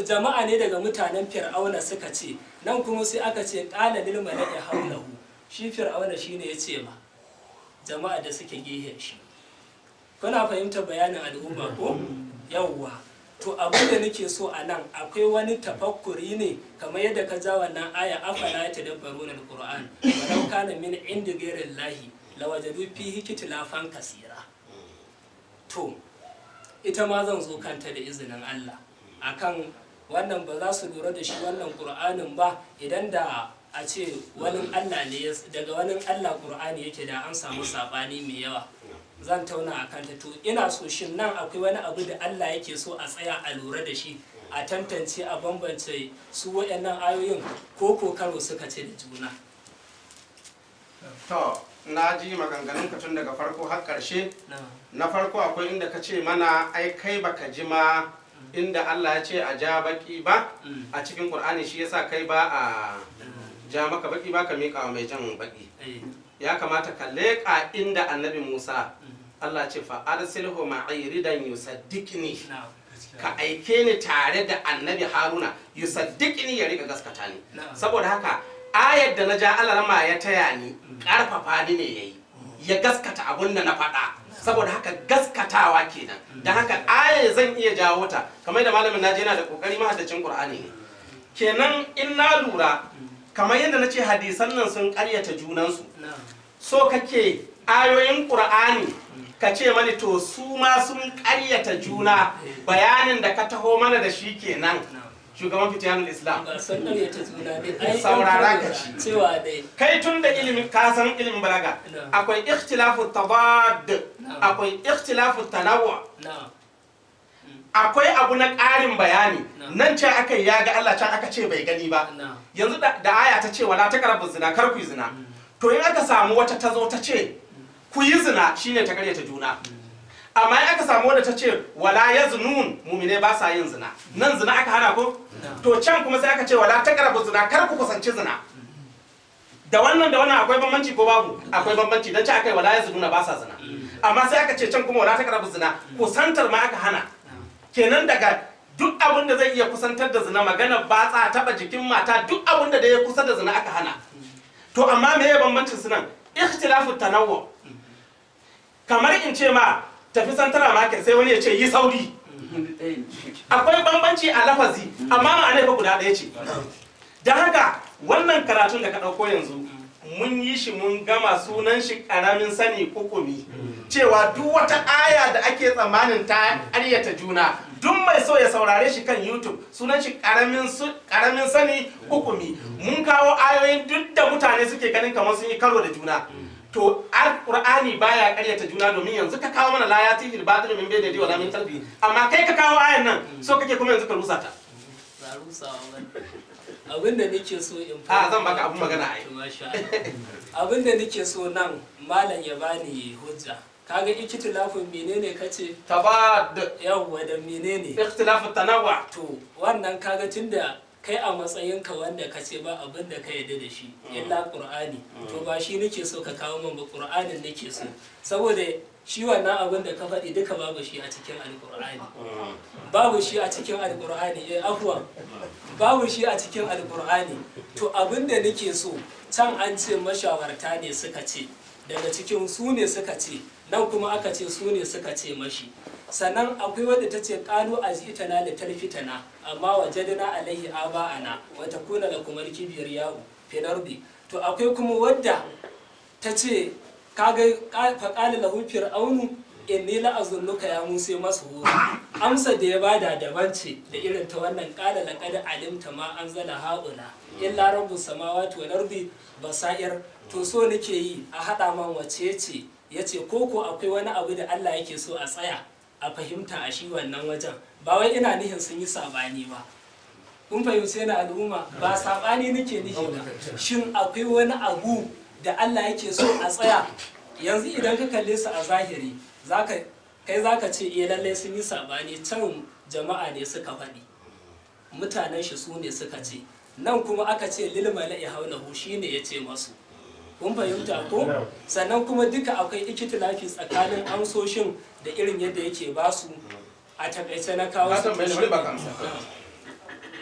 jama'a ne daga mutanen fir'auna suka ce nan kuma sai aka ce qala lil mala'i hawlahu shi fir'auna shine yace ma jama'a da suke gehen shi kuna fahimtar bayanin al'umma ko yawwa to abin da nake so a nan akwai wani tafakkuri ne kamar yadda ka ja wannan aya afala ta dabbaruna alquran walau kana min inda ghairin lahi lawajadu fihi kitlafan kasira to ita ma zan zo kanta da izinin Allah akan wannan ba za su lura da shi wannan qur'anin ba idan da a ce wani Allah ne daga wani Allah qur'ani yake da an samu sabani mai yawa zan tauna a kanta to ina so shin nan akwai wani abu da Allah yake so a tsaya a lura da shi a tantance a bambance su waɗannan ayoyin ko ko karo suka ce da juna to na ji maganganun ka tun daga farko har karshe na farko akwai inda ka ce mana ai kai baka ji ma inda Allah ya ce a ja baki ba mm. a cikin Qur'ani shi yasa kai ba a mm. ja maka baki ba ka miƙa mai jan baki eh. ya kamata ka leƙa inda annabi musa mhm. allah ce fa arsilhu ma'iridan yusaddiqni ka aike ni tare da annabi haruna yusaddiqni ya rika gaskata ni saboda haka ayar da na ja alarma ya taya ni karfafa mhm. ni ne yayi mhm. ya gaskata abun da na faɗa saboda haka gaskatawa kenan da haka ayar zan iya jawo ta kamar da malamin naji yana da kokari mahaddacin qur'ani ne kenan in na lura kamar yadda na ce hadisan nan sun ƙaryata junansu so kake ayoyin ƙur'ani ka ce mani to su ma sun ƙaryata juna bayanin da ka taho mana da shi kenan shugaban fitiyanul islam saurara ka ci kai tun da ilimin kasan ilimin balaga akwai ikhtilafu tabad akwai ikhtilafu tanawwa akwai abu na ƙarin bayani nan ce aka yi ya ga Allah can aka ce bai gani ba yanzu da aya ta ce wala ta karabu zina kar ku zina mm. to in aka samu wata ta zo ta ce ku yi zina shine ta karyata juna amma in aka samu wanda ta ce wala ya zunun mumine ba sa yin zina nan zina aka hana ko to can kuma sai aka ce wala ta karabu zina kar ku kusanci zina da wannan da wannan akwai bambanci ko babu akwai bambanci dan ce akai wala ya zununa ba sa zina amma sai aka ce can kuma wala ta karabu zina kusantar ma aka hana kenan daga duk abin da zai iya kusantar da zina magana ba tsa taba jikin mata duk abin da ya kusa da zina aka hana to amma me ya bambancin su nan ikhtilafu tanawwu kamar in ce ma tafi santara market sai wani ya ce yi sauri akwai bambanci a lafazi amma ma'anar ba guda ɗaya ce don haka wannan karatun da ka ɗauko yanzu mun yi shi mun gama sunan shi ƙaramin sani kukumi cewa duk wata aya da ake tsammanin ta aryata juna duk mai so ya saurare shi kan youtube sunan shi karamin sani hukumi mun kawo ayoyin duk da mutane suke ganin kamar sun yi karo da juna to alqur'ani baya karyata juna domin yanzu ka kawo mana la tihil badru min bayni wala min talbi amma kai ka kawo ayan nan so kake kuma yanzu ka rusa ta abinda nake so in fara ah, zan baka Abun magana ai abinda da nake so nan malam ya bani hujja kaga ikitilafin menene kace tabad yawa da menene ikhtilafu tanawa to wannan kaga tunda kai a matsayinka wanda ka ce ba abin da ka yarda da shi mm. illa qur'ani mm. to ba shi nake so ka kawo min ba qur'anin nake so saboda shi wannan abin da ka faɗi duka babu shi a cikin alqur'ani mm. babu shi a cikin alqur'ani eh afwa babu shi a cikin alqur'ani to abin da nake so can an ce mashawarta ne suka ce daga cikin su ne suka ce nan kuma aka ce su ne suka ce mashi sannan akwai wadda ta ce ƙalu a zitana da tarfitana amma wajadana alaihi aba'ana wata kuna da kumar kibiyar yawo filarbi to akwai kuma wadda ta ce kaga faƙali lahu fir'aunu inni la'azunnuka ya musa masu horo amsa da ya bada daban ce da irin ta wannan ƙala laƙad alimta ma anzala ha'ula illa rabbus samawati wal ardi basair to so nake yi a haɗa man wace ce ya ce ko ko akwai wani abu da Allah yake so a tsaya a fahimta a shi wannan wajen ba wai ina nihin sun yi sabani ba kun fahimci na al'umma ba sabani nake nihi ba shin akwai wani abu da Allah yake so a tsaya yanzu idan ka kalle su a zahiri zaka kai zaka ce eh lalle sun yi sabani can jama'a ne suka faɗi mutanen shi su ne suka ce nan kuma aka ce lil mala'i haulahu shine ce masu kun fahimta ko sannan kuma duka akwai ikitilafi tsakanin amsoshin da irin yadda yake ba su a takaice na kawo su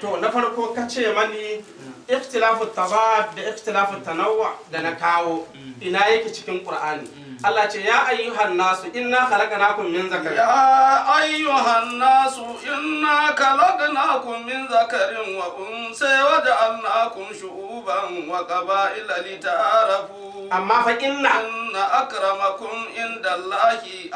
to na farko ka ce mani ikhtilafu taba da ikhtilafu tanawa da na kawo mm. ina yake cikin qur'ani Allah ce ya ayyuhan nasu inna khalaqnakum min zakarin ya ayyuhan nasu inna khalaqnakum min zakarin wa unsa wa ja'alnakum shu'uban wa qaba'ila lita'arafu amma fa inna inna akramakum indallahi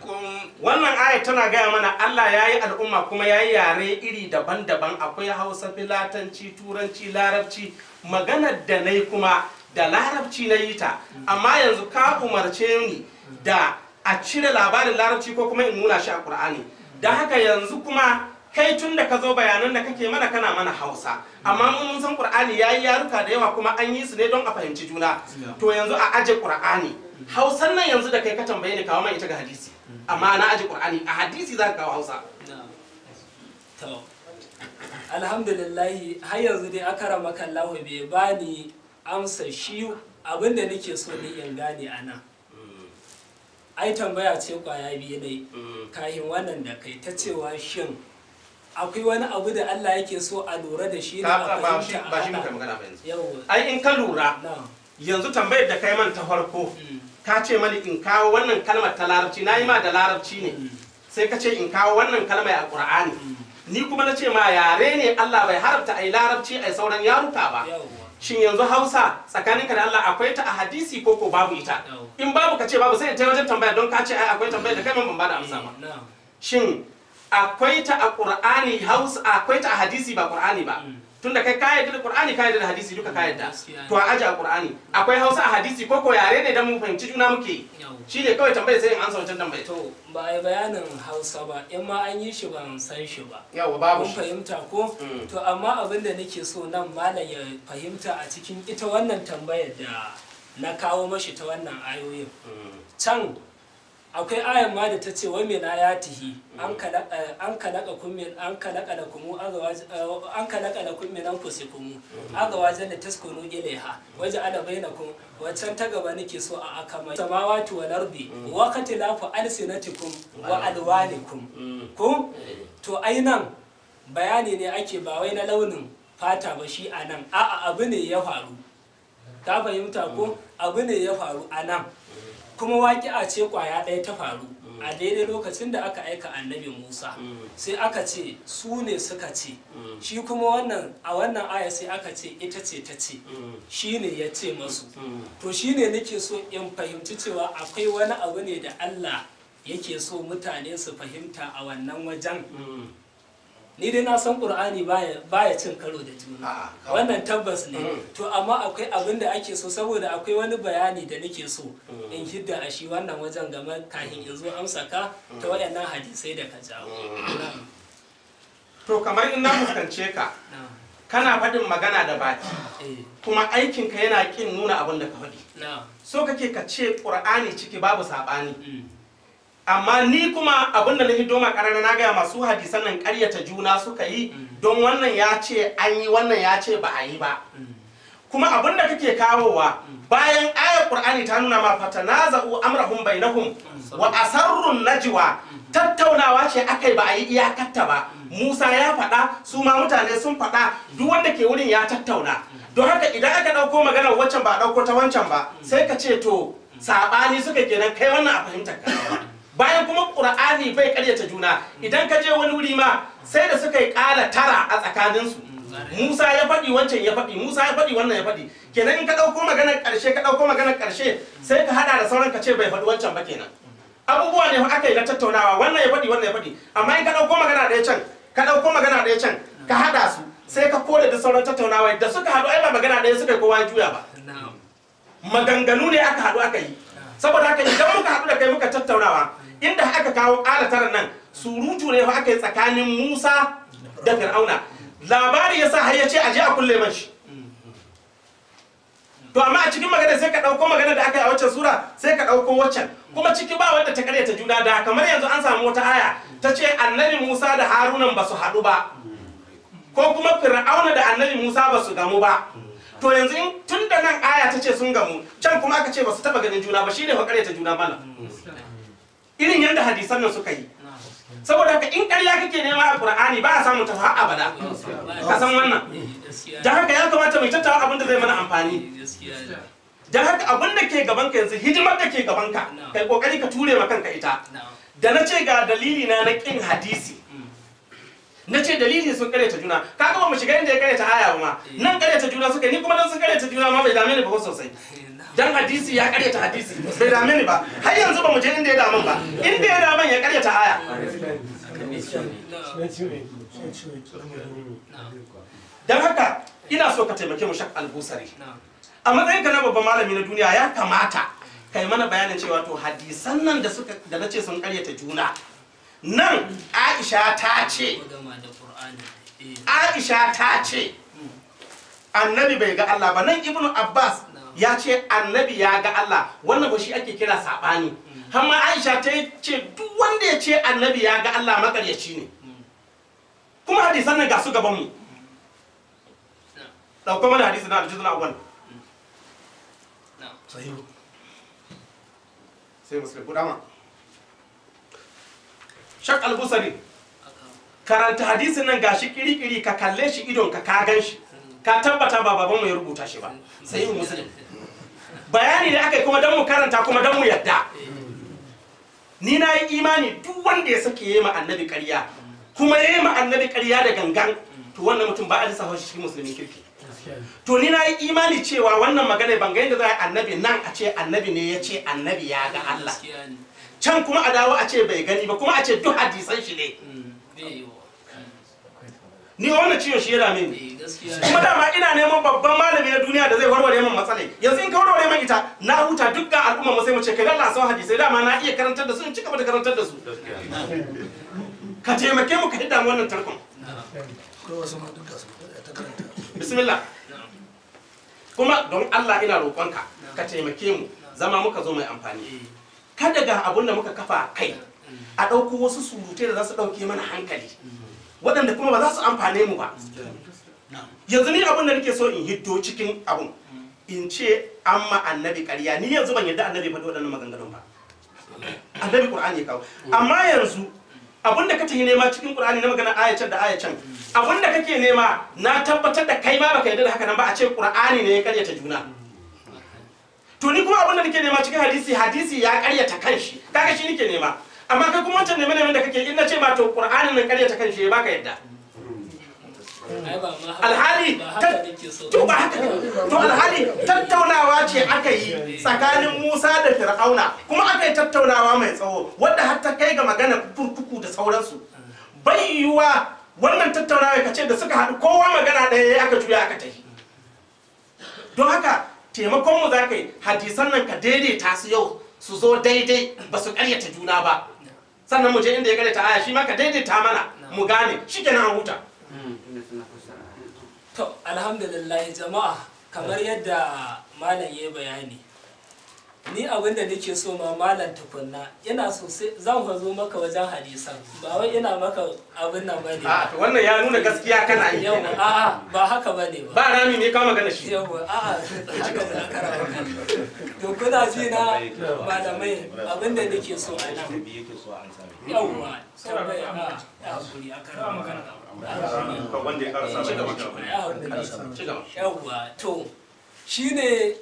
kun. wannan aya tana gaya mana Allah yayi al'umma kuma yayi yare iri daban-daban akwai Hausa filatanci turanci larabci maganar da nai kuma da larabci na yi ta amma yanzu ka umarce ni da a cire labarin larabci ko kuma in nuna shi a Kur'ani. da haka yanzu kuma kai tun da ka zo bayanan da kake mana kana mana hausa amma mun san ya yi yaruka da yawa kuma an yi su ne don a fahimci juna to yanzu a aje ƙur'ani hausan nan yanzu da kai ka tambaye ni kawo man ita ga hadisi amma na aje ƙur'ani a hadisi za ka kawo hausa alhamdulillah har yanzu dai aka rama kallahu bai bani amsa shi abin da nake so ni in gane a nan ai tambaya ce kwaya biyu ne mm. kahin wannan da kai ta cewa shin akwai wani abu da Allah yake so a lura da shi da ba shi ba shi muka magana ba yanzu ai in ka lura yanzu tambayar da kai man ta farko mm. ka ce mani in kawo wannan kalmar ta larabci nayi ma da larabci ne mm. sai ka ce in kawo wannan kalmar a Qur'ani ni kuma na ce ma yare ne Allah bai harabta ai larabci ai sauran yaruka ba shin yanzu hausa tsakaninka da Allah akwai ta a hadisi ko ko babu ita in babu ka ce babu sai in ta wajen tambaya don ka ce ai akwai tambaya da kai ban ba da amsa ba shin akwai ta a qur'ani hausa akwai ta a hadisi ba qur'ani ba mm. tunda kai ka yadda da Qur'ani ka yadda hadisi duka ka yadda to a aje Qur'ani akwai Hausa a hadisi ko ko yare ne dan mu fahimci juna muke shi ne kawai tambaye sai in ansa wancan tambaye. to ba ai bayanin Hausa ba in ma an yi shi ban san shi ba yawa babu mun fahimta ko mm. to amma abin da nake so nan malam ya fahimta a cikin ita wannan tambayar da na kawo mashi ta wannan ayoyin mm. can akwai ayan ma da ta ce wa ya tihi an kalaka kumin an kalaka kumu an kalaka da min anfusikum azwajan litaskunu ilayha waja'ala bainakum wancan ta gaba nake so a akama samawati wal ardi wa qatilafu alsinatikum wa alwanikum ko to ai nan bayani ne ake ba wai na launin fata ba shi a nan a'a abu ne ya faru ta fahimta ko abu ne ya faru a nan kuma a ce ƙwaya ɗaya ta faru a daidai lokacin da aka aika annabi musa sai aka ce su ne suka ce shi kuma wannan a wannan aya sai aka ce ita ce ta ce shi ne ya ce masu to shi ne nake so in fahimci cewa akwai wani abu ne da allah yake so mutane su fahimta a wannan wajen ni dai na san qur'ani baya cin karo da juna wannan tabbas ne mm. to amma akwai abin da ake so saboda akwai wani bayani da nake so mm. in hidda a shi wannan wajen game kahin in zo amsa ka ta mm. waɗannan hadisai da ka jawo to kamar in na fuskance ka kana faɗin magana da baki eh. kuma aikin ka yana ƙin nuna abin da ka faɗi so kake ka ce qur'ani ciki babu saɓani amma ni kuma abin da na hiddo ma karara na gaya masu hadisan nan ta juna suka yi mm. don wannan ya ce an yi wannan ya ce ba a yi ba mm. kuma abin da kake kawowa mm. bayan ayar qur'ani ta nuna ma fatanaza'u amrahum bainahum wa asarrun najwa tattaunawa ce akai ba a yi iyakarta ba musa ya faɗa su ma mutane sun faɗa duk wanda ke wurin ya tattauna don haka idan aka ɗauko maganar waccan ba ɗauko ta wancan ba sai ka ce to saɓani suka kenan kai wannan a fahimtar ka bayan kuma ƙura'ani bai karyata juna idan ka je wani wuri ma sai da suka yi ƙara tara a tsakaninsu musa ya faɗi wancan ya faɗi musa ya faɗi wannan ya faɗi kenan in ka ɗauko maganar ƙarshe ka ɗauko maganar ƙarshe sai ka haɗa da sauran ka ce bai faɗi wancan ba kenan abubuwa ne aka yi na tattaunawa wannan ya faɗi wannan ya faɗi amma in ka ɗauko magana ɗaya can ka ɗauko magana ɗaya can ka haɗa su sai ka kore da sauran tattaunawa da suka haɗu ai ba magana ɗaya suka yi kowa juya ba maganganu ne aka haɗu aka yi saboda haka idan muka haɗu da kai muka tattaunawa inda aka kawo ala tara nan surutu ne fa aka yi tsakanin musa da fir'auna labari ya sa har ya ce a a kulle man shi to amma a cikin magana sai ka ɗauko magana da aka yi a waccan sura sai ka ɗauko waccan kuma ciki ba wanda ta karyata juna da kamar yanzu an samu wata aya ta ce annabi musa da Haruna ba su haɗu ba ko kuma fir'auna da annabi musa ba su gamu ba to yanzu in tun da nan aya ta ce sun gamu can kuma aka ce ba su taɓa ganin juna ba shine fa karyata juna mana irin yadda hadisan nan suka yi saboda haka in ƙarya kake nema alkur'ani ba a samu ta har abada ka san wannan da haka ya kamata mai tattawa abin da zai mana amfani da haka abin da ke gaban ka yanzu hidimar da ke gaban ka kai kokari ka ture ma kanka ita da na ce ga dalili na na kin hadisi na ce dalili sun kare ta juna kaga ba mu shiga inda ya ta aya ba ma nan ta juna suka ni kuma nan sun ta juna ma bai dame ni ba sosai dan hadisi ya karyata hadisi bai dame ni ba har yanzu ba mu je inda ya damu ba inda ya damu ya karyata aya dan haka ina so ka taimake mu shak albusari a matsayin ka na babban malami na duniya ya kamata kai mana bayanin cewa to hadisan nan da suka da nace sun karyata juna nan Aisha ta ce Aisha ta ce annabi bai ga Allah ba nan ibnu Abbas ya ce annabi ya ga Allah wannan ba shi ake kira saɓani amma Aisha ta ce duk wanda ya ce annabi ya ga Allah makaryaci ne kuma hadisan nan ga su gaban mu ɗauko mana hadisi na aljizu na sahihu sai muslim kudama shak al-busari karanta hadisin nan gashi kiri-kiri ka kalle shi idon ka ka shi ka tabbata ba babanmu ya rubuta shi ba sai muslim bayani da aka yi kuma don mu karanta kuma don mu yadda ni na yi imani duk wanda ya sake yi ma annabi ƙarya kuma ya yi ma annabi ƙarya da gangan to wannan mutum ba a lissa haushi shi musulmin kirki to ni na yi imani cewa wannan magana ban ga yadda za a annabi nan a ce annabi ne ya ce annabi ya ga Allah can kuma a dawo a ce bai gani ba kuma a ce duk hadisan shi ne mm, ni wannan ciwon shi ya dame ni eh, kuma dama ina neman babban malami na duniya da zai warware min matsalai yanzu in ka warware min ita na huta dukkan al'umma mu sai mu ce kai Allah sai hadisi dama na iya karantar da su in cika da karantar da su ka taimake mu ka hidda wannan tarkon bismillah kuma don Allah ina roƙonka ka taimake mu zama muka zo mai amfani eh. kada ga abun da muka kafa kai eh. a ɗauko wasu surutai da za su ɗauke mana hankali mm. waɗanda kuma ba za su amfane mu ba yanzu ni abin da nake so in hiddo cikin abun in ce an ma annabi ƙarya ni yanzu ban yadda annabi faɗi waɗannan maganganun ba annabi qur'ani ya kawo amma yanzu abin da ka nema cikin qur'ani na magana ayacin da ayacin abin da kake nema na tabbatar da kai ma baka yadda da haka nan ba a ce qur'ani ne ya karyata juna to ni kuma abin da nake nema cikin hadisi hadisi ya karyata kanshi kaga shi nake nema amma kai kuma wancan neman neman da kake in na ce ma to qur'anin nan karyata kan shi baka yadda alhali to ba haka to alhali tattaunawa ce aka yi tsakanin Musa da Fir'auna kuma aka yi tattaunawa mai tsawo wadda har ta kai ga magana kurkuku da sauransu bai yiwuwa wannan tattaunawa kace da suka hadu kowa magana daya yayi aka juya aka tafi don haka taimakon mu za yi hadisan nan ka daidaita su yau su zo daidai ba su ƙaryata juna ba sannan mu je inda ya ta aya shi ma ka daidaita mana mu gane kenan an huta hmm, to alhamdulillah jama'a kamar yadda malam ya bayani ni abin da nake so ma malam tukunna ina so sai zan fa zo maka wajen hadisa ba wai ina maka abin nan bane a to wannan ya nuna gaskiya kana yi yawa a a ba haka bane ba ba rami ne ka magana shi yawa a a haka da karawa to kuna ji na malamai abin da nake so a nan bi yake so an yawa sabai a hakuri a karawa magana wanda ya karasa mai da ya magana yawa to shine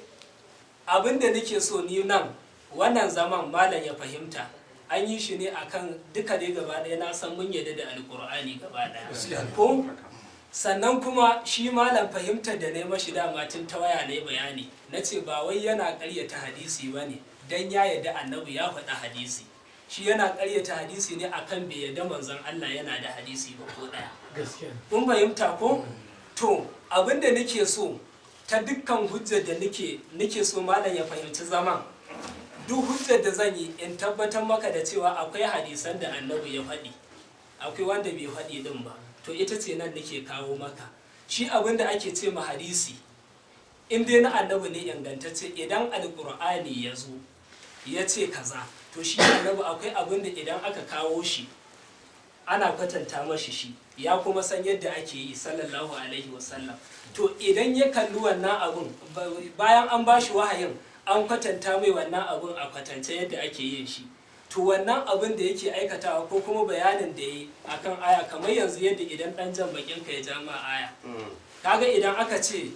abin da nake so ni nan wannan zaman malam ya fahimta an yi shi ne akan duka dai gaba ɗaya na san mun yadda da alkur'ani gaba ɗaya ko sannan kuma shi malam fahimtar da na mashi dama tun ta waya na bayani na ce ba wai yana ƙaryata hadisi ba ne don ya yadda annabi ya faɗa hadisi shi yana ƙaryata hadisi ne akan bai yadda manzon Allah yana da hadisi ba ko ɗaya kun fahimta ko mm. to abin da nake so ta dukkan hujjar da nake nake so malam ya fahimci zaman duk hujjar da zan yi in tabbatar maka da cewa akwai hadisan da annabi ya faɗi akwai wanda bai faɗi din ba to ita ce nan nake kawo maka shi abin da ake ce ma hadisi in dai na annabi ne ingantacce idan alkur'ani ya zo ya ce kaza to shi annabi akwai abin da idan aka kawo shi ana kwatanta mashi shi ya kuma san yadda ake yi sallallahu alaihi wasallam to idan ya kalli wannan abun bayan an ba shi wahayin an kwatanta mai wannan abun a kwatance yadda ake yin shi to wannan abun da yake aikatawa ko kuma bayanin da yi akan aya kamar yanzu yadda idan dan jan bakin ka ya ja ma aya mm. kaga idan aka ce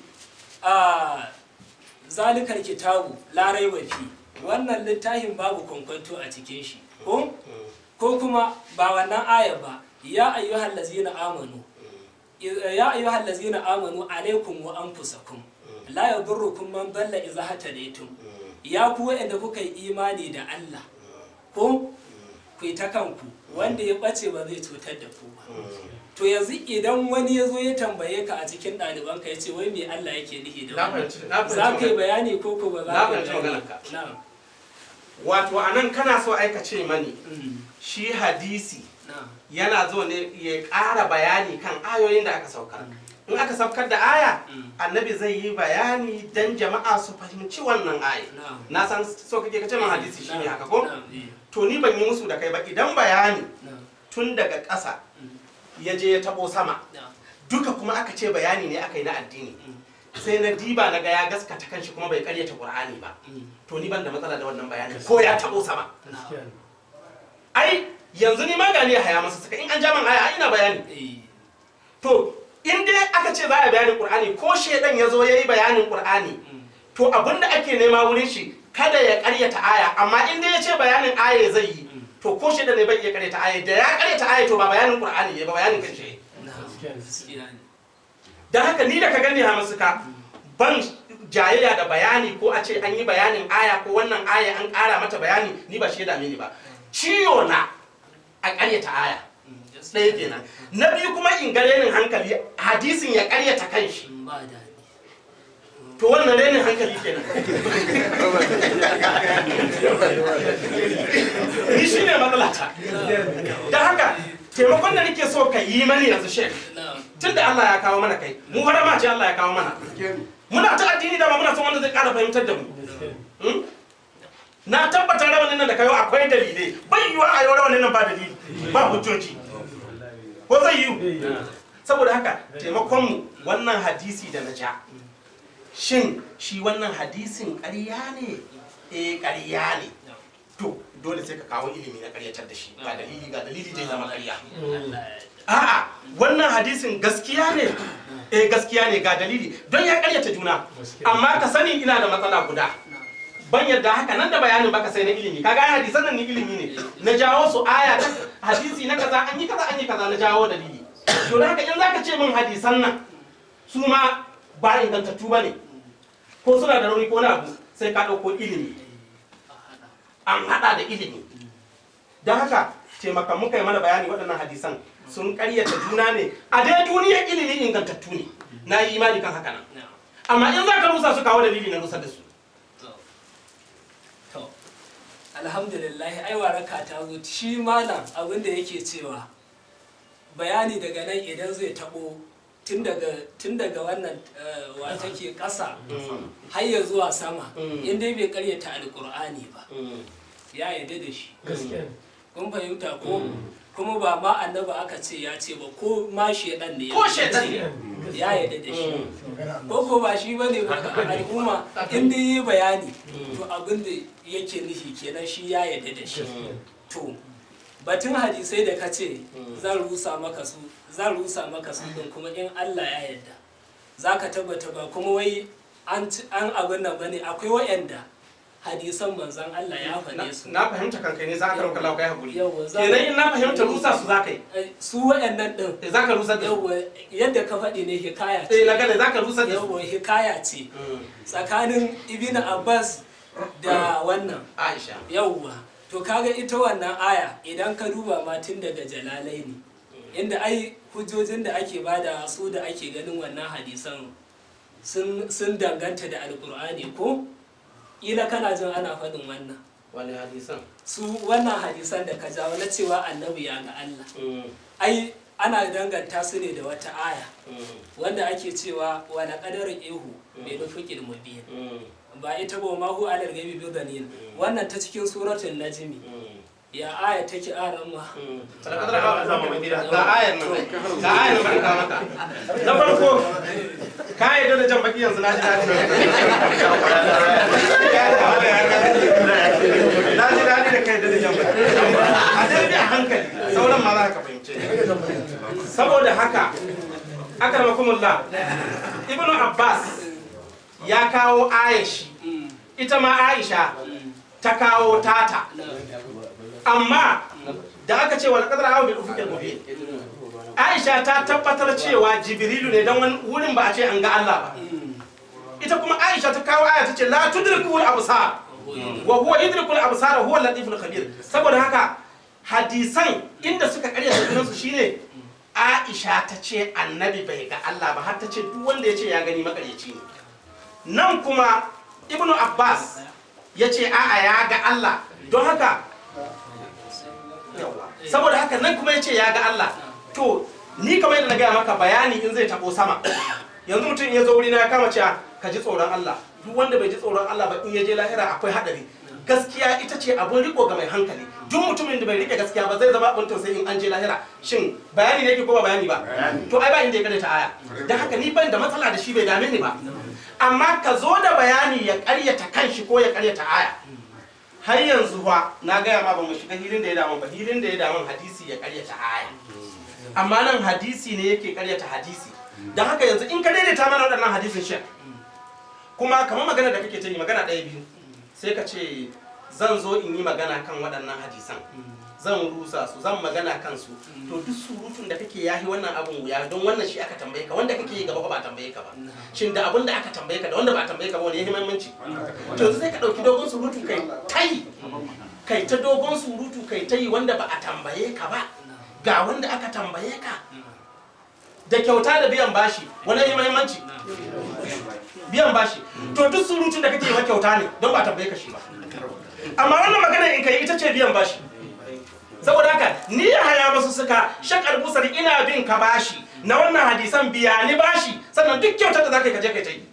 a zalikar kitabu larai wafi wannan littafin babu kwankwanto a cikin shi ko mm. kuma ba wannan aya ba ya ayyuhal ladzina amanu ya ayyuha allazina amanu alaikum wa anfusakum la yadurrukum man dalla idza hatadaytum ya ku wa'anda kuka yi imani da Allah ko ku ta kanku wanda ya bace ba zai cutar da ku ba to yanzu idan wani ya zo ya tambaye ka a cikin ɗalibanka ya ce wai me Allah yake nihi da wannan za ka yi bayani ko ko ba za ka yi bayani wato anan kana so aika ce mani shi hadisi yana zo ne ya ƙara bayani kan ayoyin da aka sauka. Mm. in aka saukar da aya mm. annabi zai yi bayani don jama'a su fahimci wannan aya na san so kake kace man eh, hadisi shi ne haka ko eh. to ni ban yi musu da kai ba idan bayani tun daga ƙasa mm. ya je ya tabo sama duka kuma aka ce bayani ne aka yi na addini sai na diba na ga ya gaskata kanshi kuma bai karyata qur'ani ba to ni ban da matsala da wannan bayanin ko ya tabo sama ai yanzu ni magani ya haya masa saka in an ja man aya ina bayani eh. to in dai aka ce za a bayanin qur'ani ko shedan ya zo ya yi bayanin qur'ani mm. to abinda ake nema wurin shi kada ya karyata aya amma in dai ya ce bayanin aya zai yi mm. to ko shedan ne bai iya karyata aya da ya karyata aya to ba bayanin qur'ani ya ba bayanin kan dan haka ni da ka gani ha masuka mm. ban jayayya da bayani ko a ce an yi bayanin aya ko wannan aya an ƙara mata bayani ni ba shaida mini ba ciyo na a ƙaryata aya ɗaya kenan na biyu kuma in ga renin hankali hadisin ya ƙaryata kanshi mm, to wannan renin hankali kenan ni shine ne matsalata da haka taimakon da nake so ka yi mani yanzu shek tun da Allah ya kawo mana kai mu harama ce Allah ya kawo mana muna ta addini dama muna son wanda zai ƙara fahimtar da mu na tabbata da wannan da kayo akwai dalilai bai yiwa a yau wannan nan ba dalili ba hujjoji ko zai yiwu saboda haka taimakon mu wannan hadisi da na ja shin shi wannan hadisin ƙarya ne eh ƙarya ne to dole sai ka kawo ilimi na ƙaryatar da shi ga dalili ga dalili zai zama ƙarya a'a wannan hadisin gaskiya ne eh gaskiya ne ga dalili don ya ƙaryata juna amma ka sani ina da matsala guda ban yadda haka nan da bayanin baka sai na ilimi kaga ai hadisan nan ni ilimi ne na jawo su aya ta hadisi na kaza an yi kaza an yi kaza na jawo dalili to da haka in zaka ce min hadisan nan su ma ba ingantattu ba ne ko suna da rauni ko na abu sai ka ɗauko ilimi an haɗa da ilimi don haka ce maka muka yi mana bayani waɗannan hadisan sun ƙaryata juna ne a dai duniya ilimi ingantattu ne na yi imani kan haka nan amma in za ka rusa su kawo dalili na rusa da su alhamdulillah ai waraka ta zo shi malam abin da yake cewa bayani daga nan idan zai tabo tun daga wannan eh, wa take kasa har ya zuwa sama in dai bai karyata alkur'ani ba ya yadda da shi kun fahimta ko kuma ba ma annaba aka ce ya ce ba ko ma shedan ne ko shedan ya yadda da shi ko ko ba shi bane ba al'umma in dai yi bayani to abin da yake nufi kenan shi ya yadda da shi to batun hadisai da ka ce hmm. zan rusa maka su zan rusa maka su din kuma in Allah ya yadda za ka tabbata ba kuma wai an abin nan bane akwai wa'anda hadisan manzon Allah ya faɗe su na fahimta kankai ne za ka rauka lauka ya haƙuri kenan in na fahimta rusa su za ka yi eh, su wa'annan ɗin eh, za ka rusa da yadda ka faɗi ne hikaya ce eh na gane za ka rusa da yawa hikaya ce hmm. tsakanin ibn abbas da wannan aisha yauwa to kaga ita wannan aya idan ka duba ma tun daga jalalai ne inda ai hujjojin da ake bada su da ake ganin wannan hadisan sun danganta da alkur'ani ko ila kana jin ana faɗin wannan wani hadisan su wannan hadisan da ka jawo na cewa annabi ya ga Allah mm. ai ana danganta su ne da wata aya mm. wanda ake cewa wala qadar ihu bi nufiqil mubin mm. ba ita ba ma hu alal gaibi bi dalil wannan ta cikin suratul najmi ya aya take aran ma za mu a saboda haka akarmakumullah ibnu abbas ya kawo Aisha, mm. ita ma aisha ta kawo tata amma da aka ce wani kadar awon bai gobe aisha ta tabbatar cewa jibrilu ne don wani wurin ba a ce an ga allah ba mm. ita kuma aisha ta kawo aya ta ce la tudrikul absar mm. wa huwa yudrikul absar huwa latiful khabir saboda haka hadisan inda suka karya su shine aisha ta ce annabi bai ga allah ba har ta ce duk wanda ya ce ya gani makaryaci ne nan kuma ibnu abbas ya ce a'a ya ga allah don haka saboda haka nan kuma ya ce ya ga allah to ni kamar yadda na gaya maka bayani in zai tabo sama yanzu mutum ya zo wurina ya kama cewa ah, ka ji tsoron allah duk wanda bai ji tsoron allah ba in ya je lahira akwai haɗari gaskiya ita ce abun riko ga mai hankali duk mutumin da bai rike gaskiya ba zai zama abun tausayi in an je lahira shin bayani ne ke ko ba bayani ba to ai ba inda ya ta aya dan haka ni ban da matsala da shi bai dame ni ba amma ka zo da bayani ya karyata kanshi ko ya karyata aya har yanzu fa na gaya ma ba mu shiga hirin da ya damu ba hirin da ya damu hadisi ya karyata aya amma nan hadisi ne yake karyata hadisi don haka yanzu in ka daidaita mana waɗannan hadisin shek kuma kamar magana da kake ta yi magana ɗaya biyu sai ka ce zan zo in yi magana kan waɗannan hadisan zan rusa su zan magana kansu to duk surutun da kake yahi wannan abun wuya don wannan shi aka tambaye ka wanda kake yi gaba ba tambaye ka ba shin da abun da aka tambaye ka da wanda ba tambaye ka ba wani yahi muhimmanci to sai ka dauki dogon surutu kai tai kai ta dogon surutu kai tai wanda ba a tambaye ka ba ga wanda aka tambaye ka da kyauta da biyan bashi wani yahi muhimmanci biyan bashi to duk surutun da kake yi kyauta ne don ba tambaye ka shi ba amma wannan magana in kai ita ce biyan bashi saboda haka ni haya basu suka shakar busar ina bin ka bashi na wannan hadisan biya ni bashi sannan duk kyautar da zaka yi ka je ka yi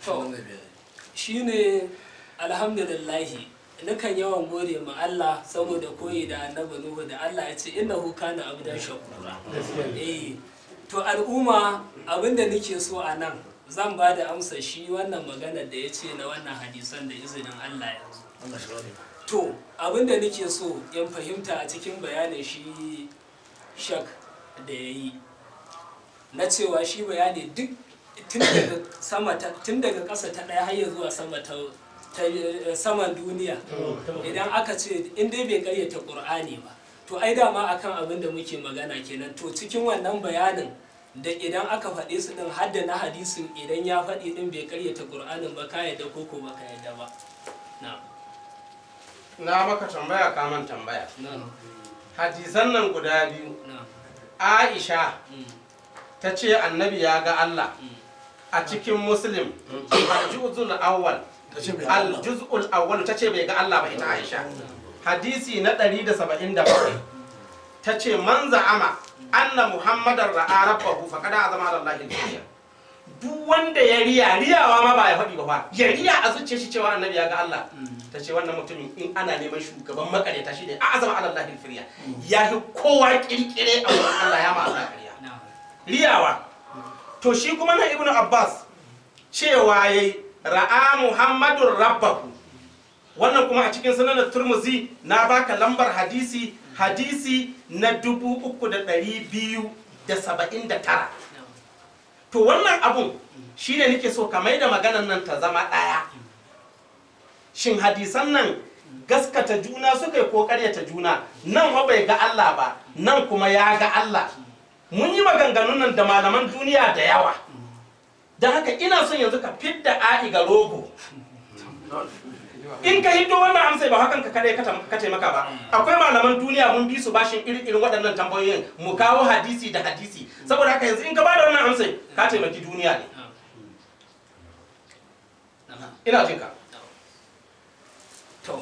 to shine alhamdulillahi nukan yawan gode ma Allah saboda koyi da annabi Nuhu da Allah ya ce innahu kana abdan shakura eh to al'umma abinda nake so a nan zan ba da amsa shi wannan maganar da ya ce na wannan hadisan da izinin Allah yanzu to abin da nake so yan fahimta a cikin bayanin shi shak da ya yi na cewa shi bayani duk tun daga ƙasa ta ɗaya har zuwa sama ta saman duniya idan aka ce in dai bai karyata ƙur'ani ba to ai dama akan abin da muke magana kenan to cikin wannan bayanin da idan aka faɗe su ɗin har na hadisin idan ya faɗi ɗin bai karyata ƙur'anin ba ka yadda ko ba ka yadda ba na'am na maka tambaya kaman tambaya hadisan nan guda biyu aisha mm. ta ce annabi ya ga allah mm. a cikin muslim aljuzul awwal aljuzul awwal ta ce bai ga allah ba ita aisha hadisi na 177 ta ce manza za'ama anna muhammadar ra'a rabbahu faqad azama alallahi al duk wanda ya riya riyawa ma ba ya faɗi ba fa ya riya a zuciyar shi cewa annabi ya ga Allah ta ce wannan mutumin in ana neman shugaban makareta shi ne a azama ala Allah firiya ya fi kowa kirkire a wurin Allah ya ma Allah kariya riyawa to shi kuma na ibnu abbas cewa yayi ra'a muhammadur rabbahu wannan kuma a cikin sunan turmuzi na baka lambar hadisi hadisi na dubu uku da ɗari biyu da saba'in da tara to wannan abun shine nake so ka da maganan nan ta zama ɗaya shin hadisan nan gaskata juna suka yi ko ta juna nan wa bai ga Allah ba nan kuma ya ga Allah mun yi maganganun nan da malaman duniya da yawa don haka ina son yanzu ka fidda a'i ga rogo in ka hito wannan amsa ba hakan ka kadai ka taimaka ba mm. akwai malaman duniya mun bi su bashin irin irin waɗannan tambayoyin mu kawo hadisi da hadisi saboda haka yanzu in ka bada wannan amsa ka taimaki duniya ne ina jinka to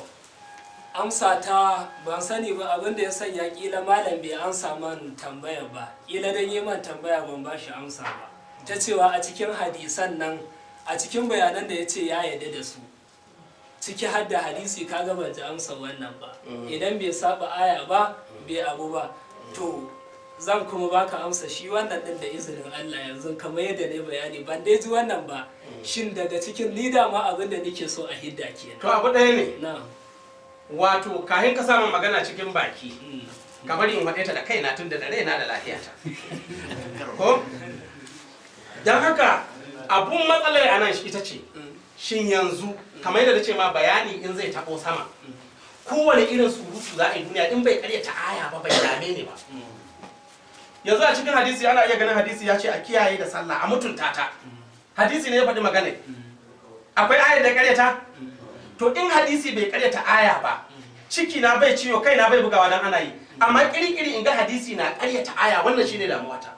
amsa ta ban sani ba abinda ya sanya kila malam bai amsa man tambaya ba kila dan yi man tambaya ban ba shi amsa ba ta cewa a cikin hadisan nan a cikin bayanan da ya ce ya yarda da su ciki har da hadisi ga ban ji amsa wannan ba mm. idan bai saba aya ba bai abu ba to zan kuma baka amsa shi wannan din da izinin Allah yanzu kamar yadda ne bayani ban dai ji wannan ba mm. shin daga cikin lida ma abin da nake so a hidda kenan to abu ɗaya ne na wato kahin ka samu magana cikin baki mm. kamar in faɗe da kaina tun da raina da lafiyata ko don haka abun matsalar a nan ita ce shin yanzu kamar yadda ce ma bayani in zai tabo sama kowane irin surutu za a yi duniya in bai karyata aya ba bai dame ne ba yanzu a cikin hadisi ana iya ganin hadisi ya ce a kiyaye da sallah a mutunta ta hadisi ne ya faɗi magana akwai aya da karyata to in hadisi bai karyata aya ba ciki na bai ciwo kai na bai bugawa dan ana yi amma kirkiri in ga hadisi na karyata aya wannan shine damuwata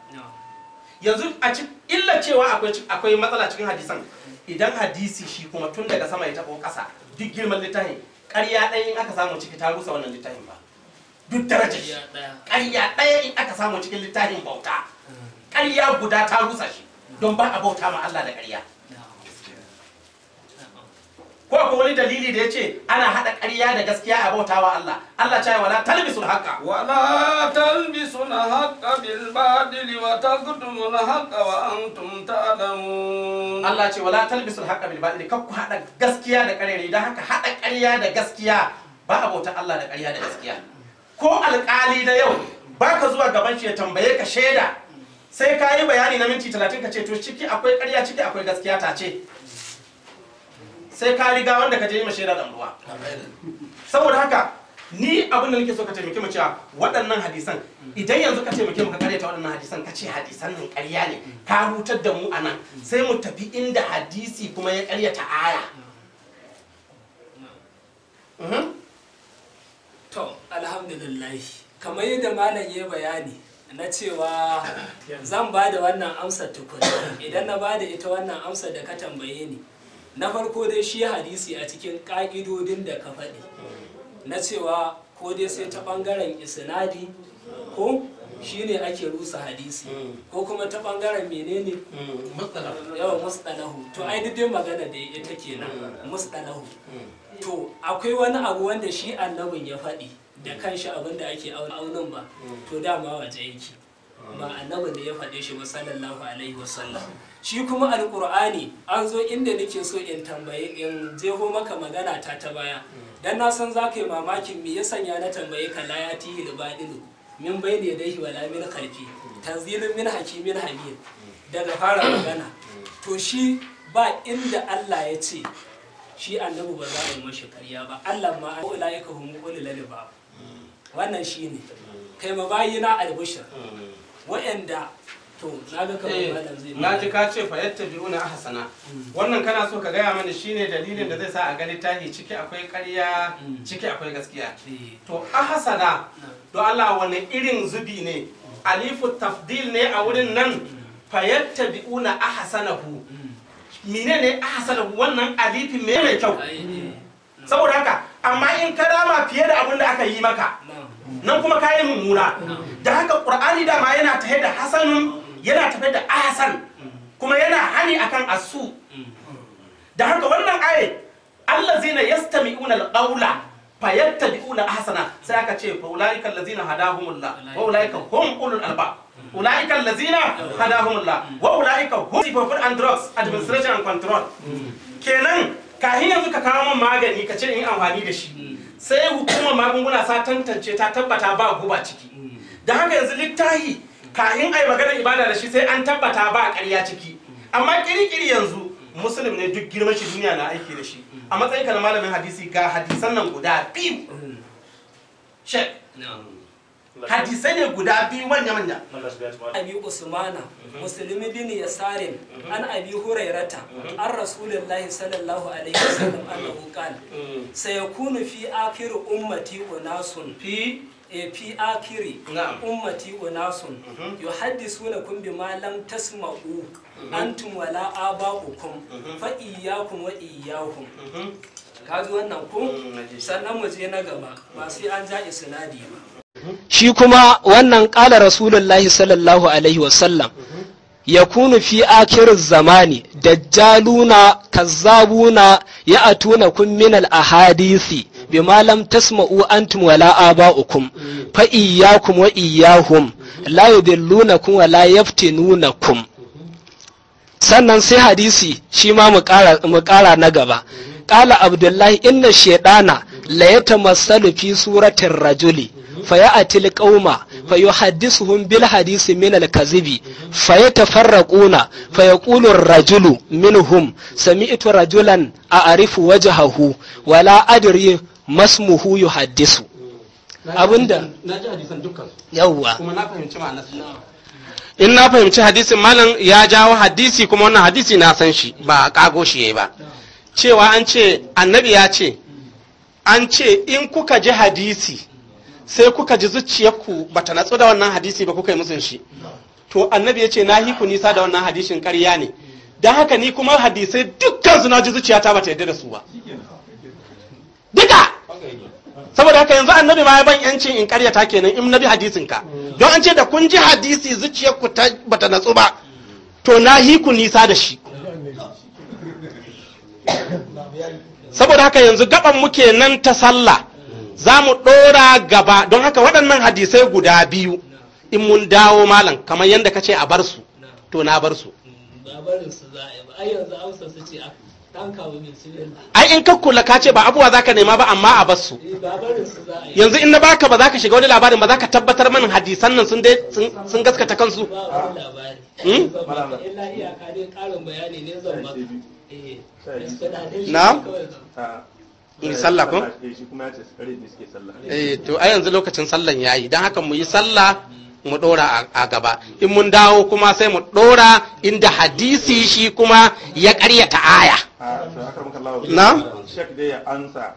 yanzu a cikin illa cewa akwai akwai matsala cikin hadisan idan hadisi shi kuma tun daga sama ya taɓo ƙasa duk girman littafin ƙarya ɗaya in aka samu ciki ta rusa wannan littafin ba duk daraja shi ƙarya ɗaya in aka samu cikin littafin bauta mm. ƙarya guda ta rusa shi don ba a bauta ma Allah da ƙarya ko akwai wani dalili da ya ce ana haɗa ƙarya da gaskiya a bautawa Allah Allah yi wala talbisul haqqa wala talbisul haqqa bil badili wa taqdumul haqqa wa antum ta'lamun Allah ce wala talbisul haqqa bil badili kar ku haɗa gaskiya da ƙarya idan haka haɗa ƙarya da gaskiya ba a bauta Allah da ƙarya da gaskiya ko alƙali da yau baka zuwa gaban shi ya tambaye ka shaida sai ka yi bayani na minti 30 ka ce to ciki akwai ƙarya ciki akwai gaskiya ta ce sai ka riga wanda ka je yi mashi da ruwa saboda haka ni abin da nake so ka taimake mu cewa waɗannan hadisan idan yanzu ka taimake mu ka karyata waɗannan hadisan ka ce hadisan nan ƙarya ne ka hutar da mu a nan sai mu tafi inda hadisi kuma ya ta aya mhm. to alhamdulillah kamar yadda malam ya bayani na cewa zan ba da wannan amsar tukuna idan na ba da ita wannan amsar da ka tambaye ni na farko dai shi hadisi a cikin ƙa'idodin da ka faɗi na cewa ko dai sai ta ɓangaren isnadi ko shine ake rusa hadisi ko kuma ta ɓangaren menene yawan musɗalahu to ai dai magana da ita kenan mas'alahu to akwai wani abu wanda shi annabin ya faɗi da kanshi abin da ake aunin ba to dama waje yake ba annabi da ya faɗe shi ba sallallahu alaihi wasallam shi kuma alqur'ani an zo inda nake so in tambaye in jeho maka magana ta ta baya dan na san zaka yi mamakin me ya sanya na tambaye ka la yatihi badilu min bayni yadayhi wala min khalfi tanzilun min hakimin hamid daga fara magana to shi ba inda Allah ya ce shi annabi ba za a yi mashi karya ba Allah ma ko ulaika hum ulul albab wannan shine kai mabayina albishir wa'anda to naga kamar eh, malam zai naji ka ce fa yattabi'una ahsana mm. wannan kana so ka gaya mana shine dalilin da mm. zai sa a ga tahi ciki akwai ƙarya mm. ciki akwai gaskiya eh. to ahsana do Allah wani irin zubi ne alifu tafdil ne a wurin nan fa yattabi'una ahsanahu menene ahsanahu wannan alifi mai kyau eh. saboda haka amma in ka dama fiye da abin da aka yi maka nan kuma ka yi mummuna da haka ƙur'ani dama yana tafe da hasanun yana tafe da ahasan kuma yana hani akan asu da haka wannan aye Allah zina yastami'una al-qawla fayattabi'una ahsana sai aka ce fa ulaika allazina hadahumullah wa ulaika hum ulul albab ulaika allazina hadahumullah wa ulaika hum sifafun and drugs administration and control kenan kahin yanzu ka kawo min magani ka ce in amfani da shi sai hukumar magunguna sa tantance ta tabbata ba guba ciki da haka yanzu littahi kahin ai maganar ibada da shi sai an tabbata ba ƙarya ciki amma kirikiri yanzu musulmi ne duk girman shi duniya na aiki da shi a matsayin ka na malamin hadisi ga hadisan nan guda biyu shek hadisai ne guda biyu manya-manya abi usmana mhm. musulmi bin yasarin mhm. an abi hurairata mhm. an rasulullahi sallallahu alaihi wasallam annahu qala sayakunu fi akhir ummati unasun fi e, fi akiri ummati unasun yuhaddisunakum bima lam tasma'u antum wala aba'ukum fa iyyakum wa iyyahum kaji wannan ku? Mm, sannan mu je na gaba ba sai an ja isnadi ba shi kuma wannan ƙala rasulullahi sallallahu alaihi wasallam ya kunu fi akirin zamani dajjaluna kazzabuna ya atuna kun minal ahadisi bi malam tasma'u antum wala aba'ukum fa iyyakum wa iyyahum la yudillunakum wa la yaftinunakum sannan sai hadisi shi ma mu ƙara na gaba ƙala abdullahi inna shaidana la yatamassalu fi suratin rajuli fa القوم فيحدثهم fa من الكذب hadisi min al منهم fa رجلا fa وجهه ولا rajulu ما اسمه rajulan a'rifu abinda naji hadisan dukkan yawwa kuma na fahimci ma'anar in na fahimci hadisin malam ya jawo hadisi kuma wannan hadisi na san shi ba kago shi yayi ba cewa an ce annabi ya ce an ce in kuka ji hadisi sai kuka ji zuciyarku bata natsu da wannan hadisi ba kuka yi musun shi to annabi ya ce na hiku nisa da wannan hadishin karya ne don haka ni kuma hadisai dukkan su na ji zuciyata bata yadda da su ba duka saboda haka yanzu annabi ma ya ban yanci in karyata kenan in nabi hadisin ka don an ce da kun ji hadisi zuciyarku bata natsu ba to na hiku nisa da shi saboda haka yanzu gaban muke nan ta sallah za mu ɗora gaba don haka waɗannan hadisai guda biyu in mun dawo malam kamar yadda ka ce a bar su to na bar su ah, ai in ka kula ka ce ba abuwa za ka nema ba amma a bar su eh, yanzu in na baka ba za ka shiga wani labarin ba za ka tabbatar mana hadisan nan sun gaskata kansu hmm? eh, na in sallah ko eh, eh to a yanzu lokacin sallan yayi dan haka mu yi sallah mu dora a gaba in mun dawo kuma sai mu dora inda hadisi shi kuma ya karyata aya ah, na shek da ya ansa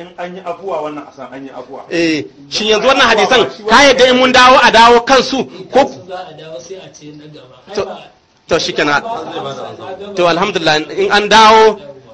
in an yi afuwa wannan a san an yi afuwa eh shi yanzu wannan hadisan ka yadda in mun dawo a dawo kansu ko za a dawo sai a ce na gaba to shikenan to alhamdulillah in an dawo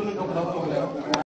你们都不要走了。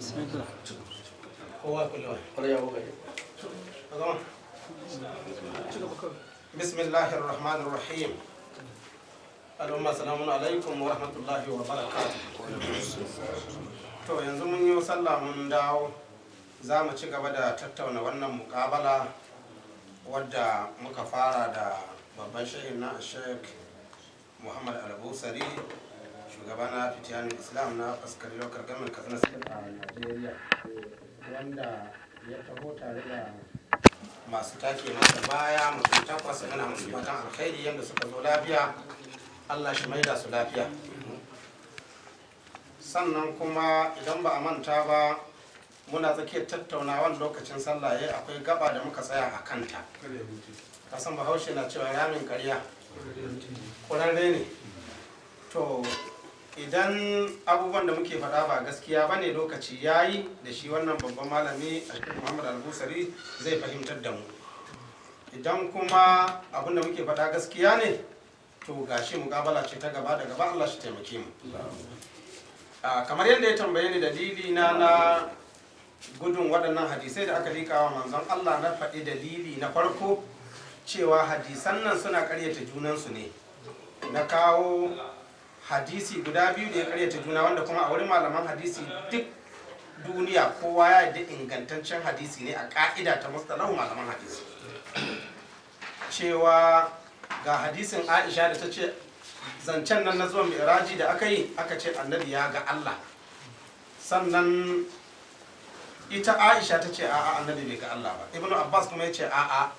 بسم الله الرحمن الرحيم اللهم سلام عليكم ورحمة الله وبركاته تو ينزم يوصل من داو زام تشيكا بدا تتونا ونا مقابلة ودا مكفارة دا بابا الشيخ محمد البوسري shugaba na fitiyanin islam na faskari lokar gamin katsina a najeriya wanda ya taho tare da masu take masa baya masu takwas yana masu fatan alkhairi yadda suka zo lafiya allah shi maida su lafiya sannan kuma idan ba a manta ba muna tsakiyar tattaunawan lokacin sallaye eh, akwai gaba da muka tsaya a kanta kasan bahaushe na cewa ramin karya kurarre ne to idan abubuwan da muke faɗa ba gaskiya ba ne lokaci ya yi da shi wannan babban malami a cikin muhammad busari zai fahimtar da mu idan kuma abin da muke faɗa gaskiya ne to gashi mukabala ce ta gaba da gaba allah shi taimake mu kamar yadda ya tambaye ni dalili na na gudun waɗannan hadisai da aka wa manzon allah na faɗi dalili na farko cewa hadisan nan suna ƙaryata junansu ne na kawo hadisi guda biyu da ya karyata juna wanda kuma a wurin malaman hadisi duk duniya kowa ya da ingantaccen hadisi ne a ka'ida ta mustalahu malaman hadisi cewa ga hadisin aisha da ta ce zancen nan na zuwa mi'raji da aka yi aka ce annabi ya ga allah sannan ita aisha ta ce a'a annabi bai ga allah ba ibnu abbas kuma ya ce a'a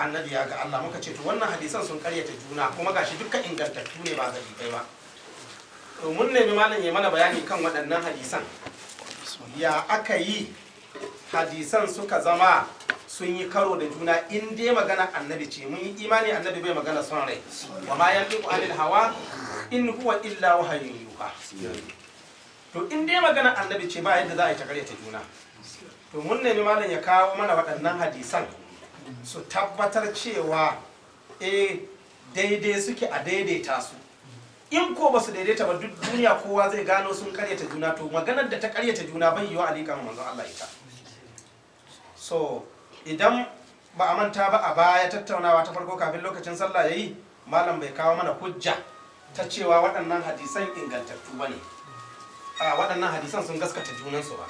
annabi ya ga allah muka ce to wannan hadisan sun karyata juna kuma gashi duka ingantattu ne ba zabi ba to mun nemi malam ya mana bayani kan waɗannan hadisan ya aka yi hadisan suka zama sun yi karo da juna in dai magana annabi ce mun yi imani annabi bai magana son rai wa ma yantiqu alil hawa in huwa illa wahayin yuha to in dai magana annabi ce ba yadda za a yi ta ta juna to mun nemi malam ya kawo mana waɗannan hadisan su tabbatar cewa eh daidai suke a daidaita su in ko ba su daidaita ba duk duniya kowa zai gano sun karyata juna to maganar da ta karyata juna bai yiwa alika manzon Allah ita so idan ba a manta ba a baya tattaunawa ta farko kafin lokacin sallah yayi malam bai kawo mana hujja ta cewa waɗannan hadisan ingantattu bane a waɗannan hadisan sun gaskata junansu ba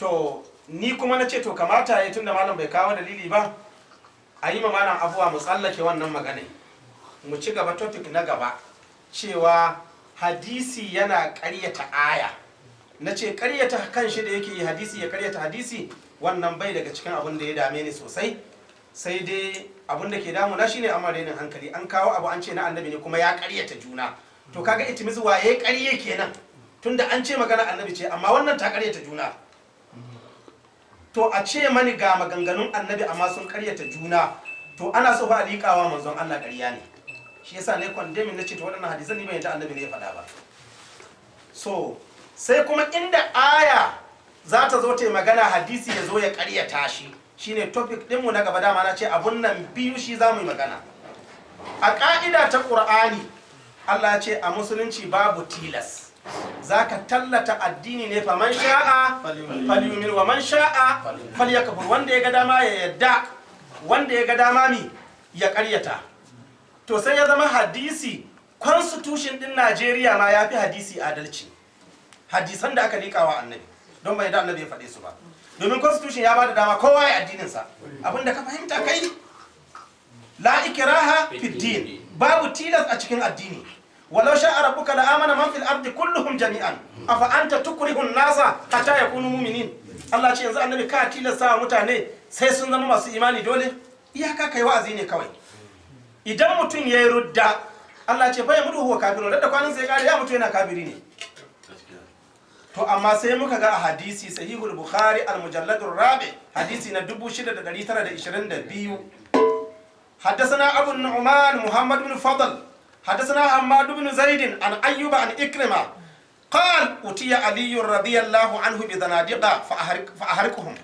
to ni kuma na ce to kamata ya tunda malam bai kawo dalili ba a yi ma malam abuwa mu tsallake wannan magana mu ci gaba topic na gaba cewa hadisi yana ƙaryata aya na ce ƙaryata kan shi da yake yi hadisi ya ƙaryata hadisi wannan bai daga cikin abin da ya dame ni sosai sai dai abin da ke damu na shine amma dainin hankali an kawo abu an ce na annabi ne kuma ya ƙaryata juna to kaga wa ya karye kenan tunda an ce magana annabi ce amma wannan ta ƙaryata juna to a ce mani ga maganganun annabi amma sun ƙaryata juna to ana so fa a liƙawa manzon Allah ƙarya ne shi yasa ne condemning na ce waɗannan hadisan ni ban yadda annabi ne ya faɗa ba so sai kuma inda aya za ta zo ta yi magana hadisi ya zo ya ƙaryata shi shine topic ɗinmu na gaba dama na ce abun nan biyu shi za mu yi magana a ƙa'ida ta ƙur'ani allah ce a musulunci babu tilas za ka tallata addini ne fa man sha'a falyumin wa man sha'a falyakfur wanda ya ga dama ya yadda wanda ya ga dama mi ya ƙaryata to sai ya zama hadisi constitution din Najeriya ma ya fi hadisi adalci hadisan da aka liƙa wa annabi don bai da annabi ya faɗe su ba domin constitution ya ba da dama kowa ya addinin sa abin da ka fahimta kai la ikraha fi din babu tilas a cikin addini walau sha'a rabbuka la amana man fil ardi kulluhum jami'an afa anta tukrihu an-nasa hatta yakunu mu'minin Allah ce yanzu annabi ka tilasta mutane sai sun zama masu imani dole iyaka kai wa'azi ne kawai idan mutum ya yi rudda Allah ce bayan mutu huwa kafiru da kwanin sai kare ya mutu yana kafiri ne to amma sai muka ga a hadisi sahihul bukari al mujallad rabe rabi hadisi na 6922 haddathana abu nu'man muhammad bin fadl haddathana hamad bin zaidin an ayyuba an ikrima qala utiya ali radiyallahu anhu bi zanadiqa fa aharikuhum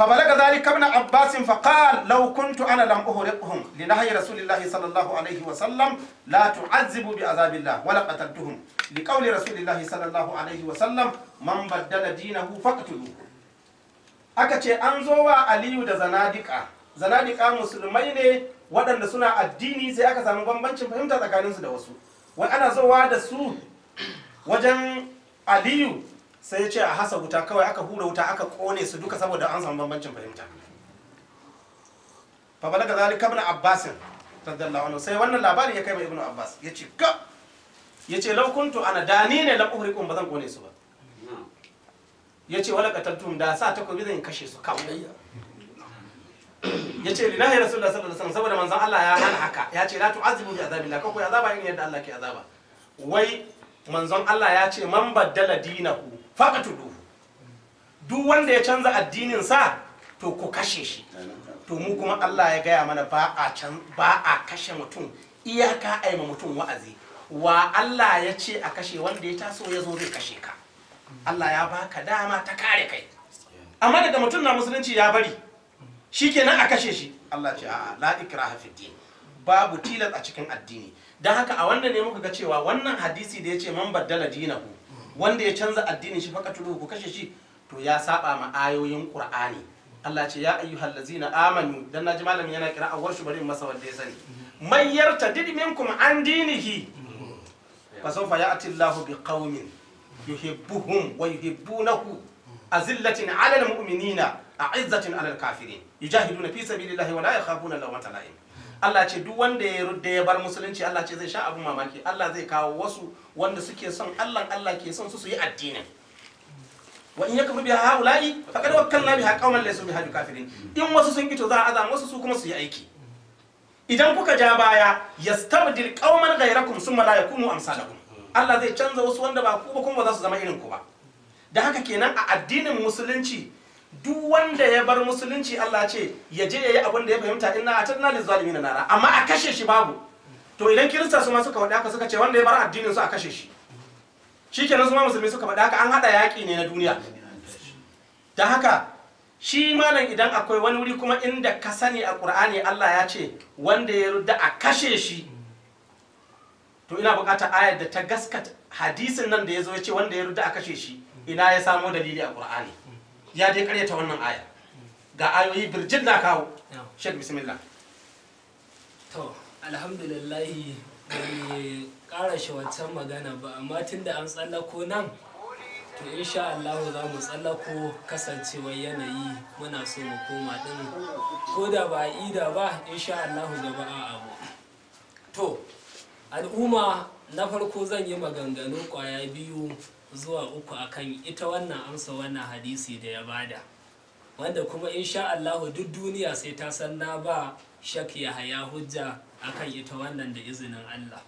فبلغ ذلك ابن عباس فقال لو كنت انا لم اهرقهم لنهي رسول الله صلى الله عليه وسلم لا تعذبوا بعذاب الله ولا قتلتهم لقول رسول الله صلى الله عليه وسلم من بدل دينه فاقتلوه aka ce an zo wa aliyu da zanadika zanadika musulmai ne waɗanda suna addini sai aka samu bambancin fahimta tsakaninsu da wasu wai ana zowa da su wajen aliyu sai ya ce a hasa wuta kawai aka hura wuta aka kone su duka saboda an samu bambancin fahimta fa daga zalika ibn abbas radiyallahu anhu sai wannan labarin ya kai ma ibn abbas yace ya yace law kuntu ana dani ne la uhriqum bazan kone su ba yace wala qataltum da sa takobi zan kashe su kawai yace lillahi rasulullahi sallallahu alaihi wasallam saboda manzon Allah ya hana haka yace la tu'azibu bi azabillah kawai azaba in yadda Allah ke azaba wai manzon Allah ya ce man baddala dinahu faqatuluhu duk wanda ya canza addinin sa to ku kashe shi to mu kuma Allah ya gaya mana ba a can ba a kashe mutum iyaka ai ma mutum wa'azi wa Allah ya ce a kashe wanda ya taso ya zo zai kashe ka Allah ya baka dama ta kare kai amma daga mutum na musulunci ya bari shikenan a kashe shi Allah ce a'a la ikraha fid din babu tilas a cikin addini don haka a wannan ne muka ga cewa wannan hadisi da ya ce man baddala dinahu wanda ya canza addinin shi faqatuluhu ku kashe shi to ya saba ma ayoyin qur'ani Allah ce ya ayyuhal ladzina amanu dan naji malamin yana kira a shi bari masa wanda ya sani man min kuma an dinihi fasawfa ya'ti Allahu biqaumin yuhibbuhum wa yuhibbunahu azillatin 'alal mu'minina a'izzatin 'alal kafirin yujahiduna fi sabilillahi wa la yakhafuna lawmata la'im Allah ce duk wanda ya rudda ya bar musulunci Allah ce zai sha abin mamaki Allah zai kawo wasu wanda suke son Allah Allah ke son su su yi addinin wa in yakfur biha haula'i faqad wakkalna biha qauman laysu biha kafirin in wasu sun kito za a azama wasu su kuma su yi aiki idan kuka ja baya yastabdil qauman ghayrakum summa la yakunu amsalakum Allah zai canza wasu wanda ba ku ba kuma ba za su zama irin ku ba da haka kenan a addinin musulunci duk wanda ya bar musulunci Allah ce ya je yayi abin da ya fahimta a tattalin da zalimi na nara amma a kashe shi babu to idan kirista su ma suka faɗi haka suka ce wanda ya bar addinin su a kashe shi kenan su ma musulmi suka faɗi haka an haɗa yaki ne na duniya da haka shi malam idan akwai wani wuri kuma inda ka sani a Qur'ani Allah ya ce wanda ya rudda a kashe shi to ina bukatar ayar da ta gaskata hadisin nan da ya zo ya ce wanda ya rudda a kashe shi ina ya samo dalili a Qur'ani ya dai karyata wannan aya ga ayoyi birjin na kawo shek bismillah to alhamdulillahi bai shi wancan magana ba amma tunda an tsallako nan to insha Allah za mu tsallako kasancewar yanayi muna so mu koma din ko da ba ida ba insha Allah gaba a abu to al'umma na farko zan yi maganganu kwaya biyu zuwa uku akan ita wannan amsa wannan hadisi da ya bada wanda kuma insha Allahu duk duniya sai ta san na ba shak ya haya hujja akan ita wannan da izinin Allah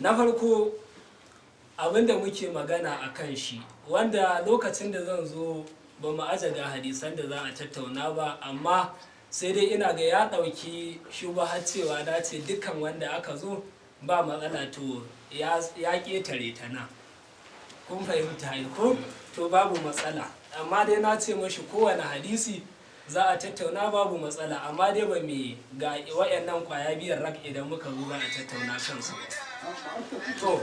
na farko abinda muke magana akan shi wanda lokacin da zan zo ba mu aje ga hadisan da za a tattauna ba amma sai dai ina ga ya ɗauki har cewa dace dukkan wanda aka zo ba matsala to ya ƙetare ta nan kun fahimta ko to babu matsala amma dai na ce mashi kowane hadisi za a tattauna babu matsala amma dai ba mai ga wayannan kwaya biyar rak idan muka zo a tattauna kansu to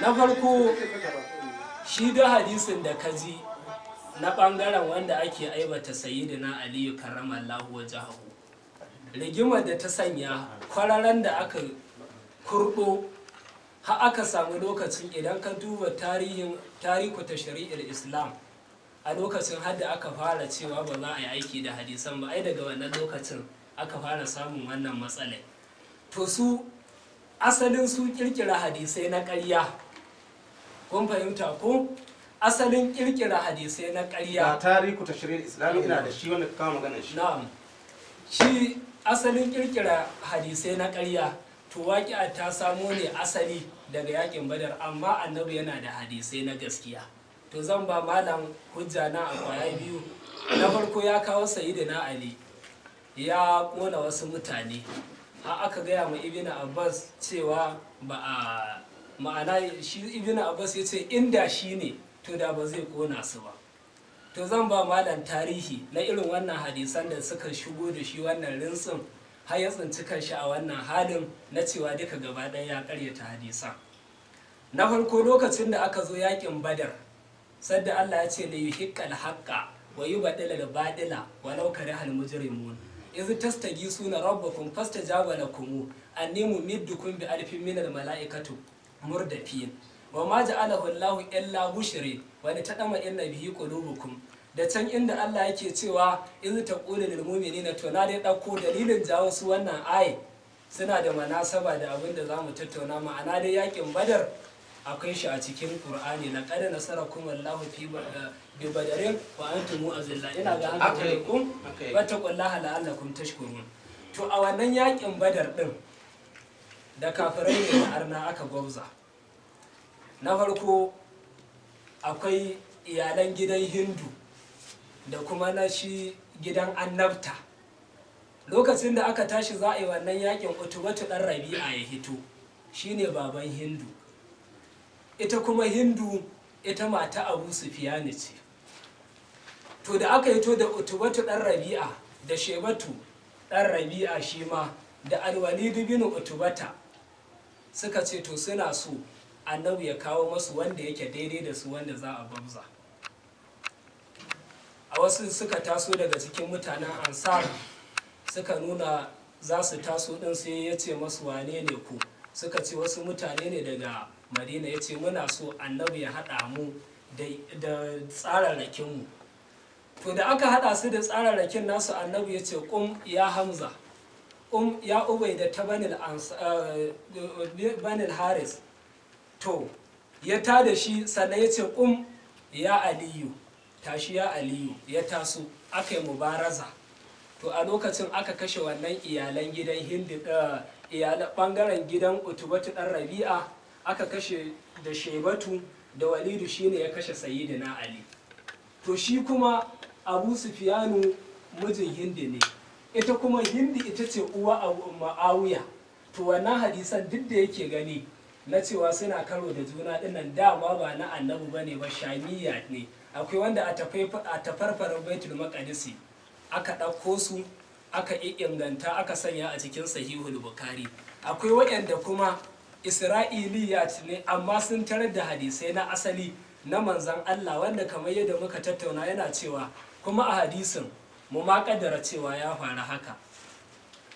na farko shi da hadisin da ka ji na bangaren wanda ake aibata sayidina aliyu karramallahu wa rigimar da ta sanya kwararan da aka kurɗo har aka samu lokacin idan ka duba tarihin tariku ta shari'ar islam a lokacin hadda aka fara cewa ba za a yi aiki da hadisan ba ai daga wannan lokacin aka fara samun wannan matsalai to su asalin su kirkira hadisai na ƙarya kun fahimta ko asalin kirkira hadisai na ƙarya ba tariku ta shari'ar islam ina da shi wanda kama ganin shi na'am shi asalin kirkira hadisai na ƙarya to waƙi'a ta samo ne asali daga yakin badar amma annabi yana da hadisai na gaskiya to zan ba malam hujja na a kwaya biyu na farko ya kawo sayyidina ali ya kona wasu mutane a aka gaya ma ibina abbas cewa ba a ma'ana shi ibina abbas ya ce inda shi ne to da ba zai kona su ba to zan ba malam tarihi na irin wannan hadisan da suka shigo da shi wannan rinsin har ya tsinci kanshi a wannan halin na cewa duka gaba ɗaya ya karyata hadisa. na farko lokacin da aka zo yaƙin badar sadda Allah ya ce la yuhiqqal haqqa wa yubdil al badila walau kariha al mujrimun iz tastagisuna rabbakum fastajaba lakum anni mumiddukum bi alfin min al malaikatu murdafin wa ma ja'alahu Allahu illa bushri wa litadama inna bihi qulubukum da can inda Allah yake cewa iz taqulu lil mu'minina to na dai dauko dalilin jawo su wannan ayi suna da manasaba da abin da mu tattauna ma'ana dai yakin badar akwai shi a cikin qur'ani laqad nasarakum Allahu fi eh, bi badarin wa antum azilla ina ga an tare ku fattaqullaha la'allakum tashkurun to a wannan yakin badar din da kafirai ne har arna aka gwabza na farko akwai iyalan gidan hindu da kuma na shi gidan annabta lokacin da aka tashi za a yi wannan yakin utubatu dan rabi'a ya hito shine baban hindu ita kuma hindu ita mata abu sufiyani ce to da aka hito da utubatu dan rabi'a da shebatu dan rabi'a shi ma da alwalidu bin utubata suka ce to suna so annabi ya kawo masu wanda yake daidai da su wanda za a babza a wasu suka taso daga cikin mutanen ansar suka nuna za su taso ɗin sai ya ce masu wane ne ku suka ce wasu mutane ne daga madina ya ce muna so annabi ya haɗa mu da tsararrakinmu to da aka haɗa su da tsararrakin nasu annabi ya ce ƙum ya hamza um ya ubai da ta eh, banil haris to ya da shi sannan ya ce ƙum ya aliyu ya aliyu ya taso aka yi mubaraza to a lokacin aka kashe wannan iyalan gidan hindi eh, iyalan bangaren gidan utubatu dan rabi'a aka kashe da shebatu da walidu shine ya kashe sayyidina ali to shi kuma abu sufiyanu mijin hindi ne ita kuma hindi ita ce uwa a ma'awiya to wannan hadisan duk da yake gani na cewa suna karo da juna dinnan dama ba na annabu bane ba shamiya ne akwai wanda a tafarfarar baitul maqdisi aka ɗauko su aka inganta aka sanya a cikin sahihul bukhari akwai wayanda kuma isra'iliyat ne amma sun tarar da hadisai na asali na manzan allah wanda kamar yadda muka tattauna yana cewa kuma a hadisin mu ma kaddara cewa ya faru haka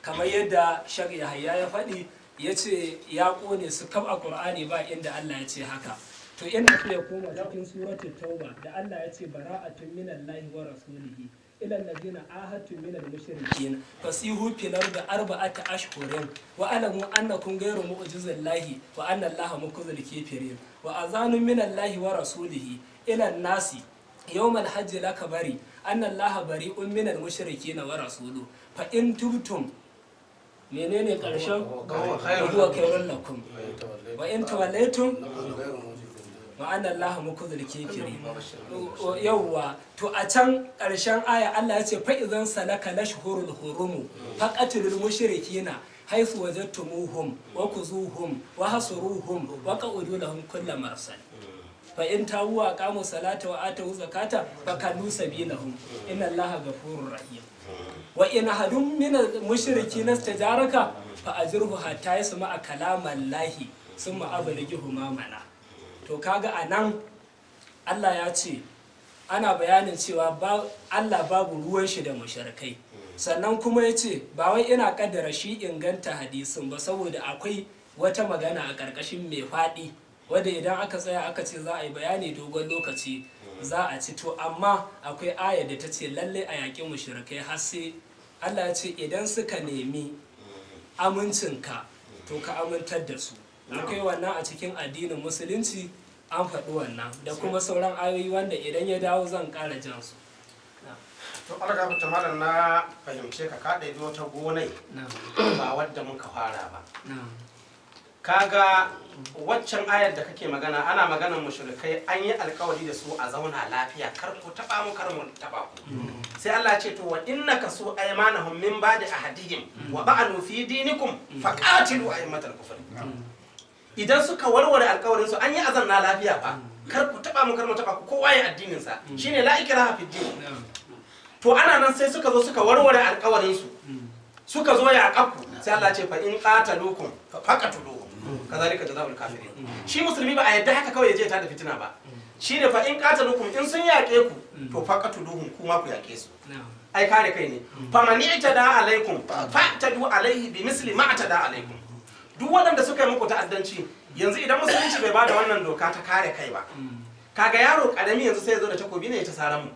kamar yadda shak yahaya ya faɗi ya ce ya kone su kaf a ƙur'ani ba inda allah ya ce haka to ina so ya koma cikin surat tauba da Allah ya ce bara'atun minallahi wa rasulihi ila allazina ahadtu minal mushrikin fasihu filar da arba'ata ashhurin wa alamu annakum ghayru mu'jizillahi wa anna allaha mukhzil kafirin wa azanun minallahi wa rasulihi ila nasi يوم الحج لا كبري أن الله بريء من المشركين ورسوله فإن تبتم منين قرشا وهو خير لكم وإن توليتم ma'ana Allah mukuzul kifiri yawwa to a can ƙarshen aya Allah ya ce fa idan salaka lashhurul hurumu qatilul mushrikina haythu wajadtumuhum wa kuzuhum wa hasuruhum wa qaulu lahum kullu marsal fa in tawwa qamu salata wa atu zakata fa kanu sabilahum inna Allah ghafurur rahim wa in hadum min mushrikin istajaraka fa ajruhu hatta yasma'a kalamallahi summa ablighu ma mana to kaga a nan allah ya ce ana bayanin cewa allah babu ruwan shi da masharkai. sannan kuma ya ce ba wai ina kaddara shi inganta hadisin ba saboda akwai wata magana a ƙarƙashin mai faɗi wadda idan aka tsaya aka ce za a yi bayani dogon lokaci za a ci to amma akwai aya da ta ce lallai a yaƙi mushrikai har sai allah ya ce idan suka nemi amincinka to ka amintar da su in kai wannan a cikin addinin musulunci an faɗi wannan da kuma sauran ayoyi wanda idan ya dawo zan ƙara jan su to alga fita malam na fahimce ka ka ɗaiɗi wata gonai ba wadda muka fara ba kaga waccan ayar da kake magana ana maganar mushrikai an yi alkawari da su a zauna lafiya kar ku taba mu kar mu taba ku mm. sai Allah ce to wa innaka su aymanahum min a ahadihim wa ba'anu fi dinikum mm. faqatilu aymatal kufr mm. idan suka warware alkawarin su an yi azan na lafiya ba kar ku taba mu kar mu taba ku kowa ya addinin sa shine la ikra fi din to ana nan sai suka zo suka warware alkawarin su suka zo ya kakku sai Allah ce fa in qatalukum fa faqatulu kazalika jazaul kafirin shi musulmi ba a yadda haka kawai ya je ta da fitina ba shine fa in qatalukum in sun yaƙe ku to faqatuluhum kuma ku yaƙe su ai kare kai ne mm. fa man i'tada alaikum fa ta'tadu alaihi bi misli ma ta'tada alaikum duk waɗanda suka yi muku ta'addanci yanzu idan musulunci bai bada wannan doka ta kare kai ba kaga yaro karami yanzu sai ya zo da takobi ne ya ta saran mu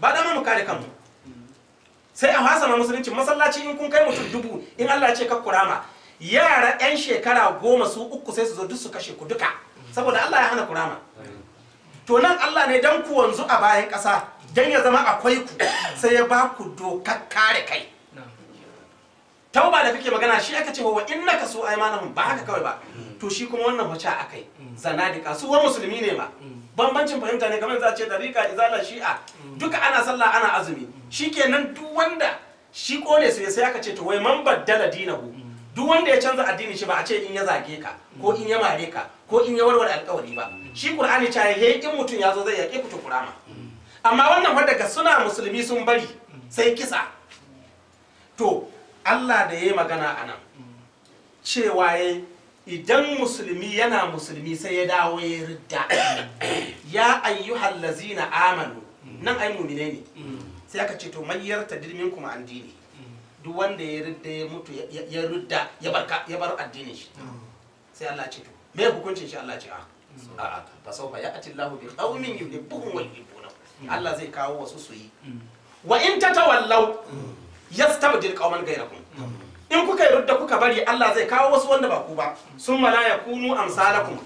ba da mu kare kanmu sai a hasana musulunci masallaci in kun kai mutum dubu in Allah ce ka kurama, yara yan shekara goma su uku sai su zo duk su kashe ku duka saboda Allah ya hana kurama. to nan Allah ne dan ku wanzu a bayan ƙasa dan ya zama akwai ku sai ya ba ku dokar kare kai tauba da kake magana shi aka ce wa innaka su aymanahum ba haka kawai ba to shi kuma wannan wacce akai zanadika su wa musulmi ne ba bambancin fahimta ne kamar za a ce dariƙa izala shi'a duka ana sallah ana azumi shikenan duk wanda shi kone su sai aka ce to wai man baddala dinahu duk wanda ya canza addini shi ba a ce in ya zage ka ko in ya mare ka ko in ya warware alƙawari ba shi qur'ani ta yayi in mutum ya zo zai yaki ku to amma wannan wanda ga suna musulmi sun bari sai kisa to Allah da ya yi magana a nan cewa ya idan musulmi yana musulmi sai ya dawo ya ridda ya ayyuhal lazina amanu nan ai mumine ne sai aka ce to mayyar tadirmin kuma an dini duk wanda ya ridda ya mutu ya ridda ya barka ya bar addinin shi sai Allah ce to me hukuncin shi Allah ce ah, a a fa sawfa ya'ti Allahu bi qaumin yuhibbuhum wa yuhibbuna mm. Allah zai kawo wasu su yi wa in tatawallaw mm. yastabdil qauman ghayrakum in kuka yi rudda kuka bari Allah zai kawo wasu wanda ba ku ba sun mala ya kunu amsalakum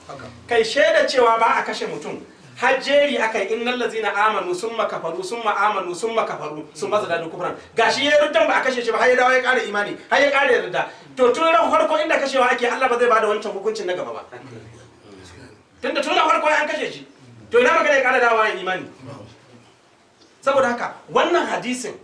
kai shaida cewa ba a kashe mutum har jeri akai innal ladzina amanu summa kafaru summa amanu summa kafaru summa zadadu kufran gashi ya ruddan ba a kashe shi ba har ya dawo ya ƙara imani har ya ƙara yarda to tun ran farko inda kashewa ake Allah ba zai bada wancan hukuncin na gaba ba tunda tun ran farko an kashe shi to ina magana ya ƙara dawo ya imani saboda haka wannan hadisin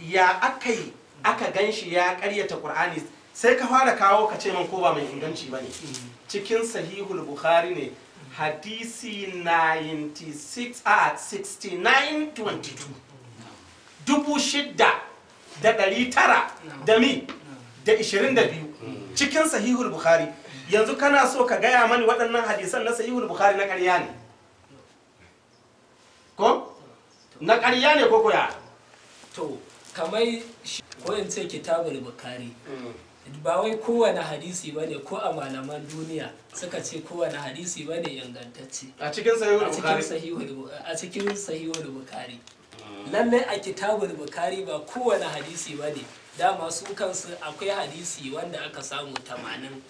ya aka yi aka gan shi ya karyata ƙur'ani sai ka fara kawo ka ce min ko ba mai inganci ba ne mm. cikin sahihul bukhari ne hadisi 96 a 6922 dubu shidda da ɗari tara da mi da biyu mm. cikin sahihul bukhari yanzu kana so ka gaya mani waɗannan hadisan na sahihul bukhari na ƙarya ne ko na ƙarya ne ko koya kamar ko in ce kitabul bukari mm. ba wai kowane hadisi ba ko a malaman duniya suka ce kowane hadisi ba ne ingantacce a cikin sahihul bukari mm. lallai a kitabul bukari ba kowane hadisi bane ne dama kansu akwai hadisi wanda aka samu tamanin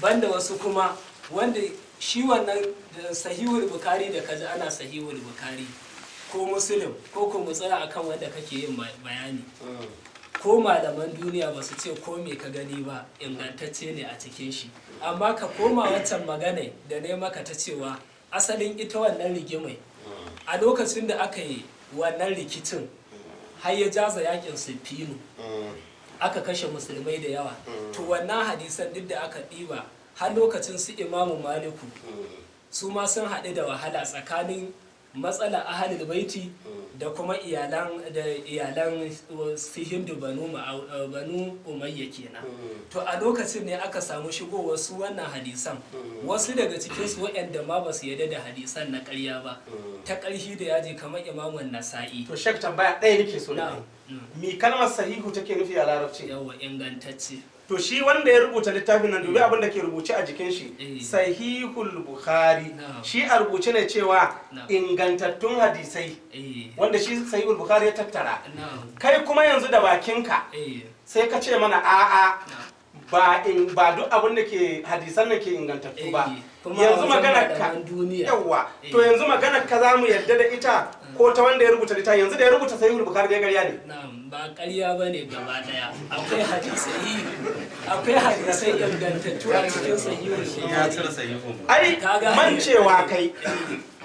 banda wasu kuma wanda shi wannan sahihul bukari da kaji ana sahihul bukari ko musulun ko ku tsaya akan wanda kake yin bayani mm. ko malaman duniya ba su ce ko me ka gani ba ingantacce ne a cikin shi amma ka koma waccan magana da ne maka ta cewa asalin ita wannan rigimai mm. a lokacin da aka yi wannan rikicin har ya jaza yakin sifino mm. aka kashe musulmai da yawa to wannan hadisan duk da aka ɗiba har lokacin su imamu maliku su ma sun haɗu da wahala tsakanin matsala ahalil baiti mm. da kuma iyalan da iyalan hindu banu banu umayya kenan mm. to a lokacin ne aka samu shigo su wannan hadisan mm. wasu daga cikin su ma ba su yarda da hadisan na ƙarya ba ta ƙarshi da yaji kamar imamun nasa'i to shek tambaya ɗaya nake so ne me kalmar sahihu take nufi a larabci yawa ingantacce to shi wanda ya rubuta littafin nan dubi mm. abin da ke rubuce a jikin shi eh. sahihul bukhari shi a rubuce ne cewa ingantattun hadisai eh. wanda shi sahihul bukhari ya tattara kai kuma yanzu da bakinka eh. sai ka ce mana a'a ba in ba duk abin da ke hadisan nan ke ingantattu ba eh, yanzu magana ka yawa eh. to yanzu magana ka mu yarda da ita mm. ko ta wanda ya rubuta ita yanzu da ya rubuta sai bukhari ga gariya ne ba ƙarya ba ne gaba daya akwai hadisai akwai hadisai ingantattu a cikin tsara bukhari ai man cewa kai eh.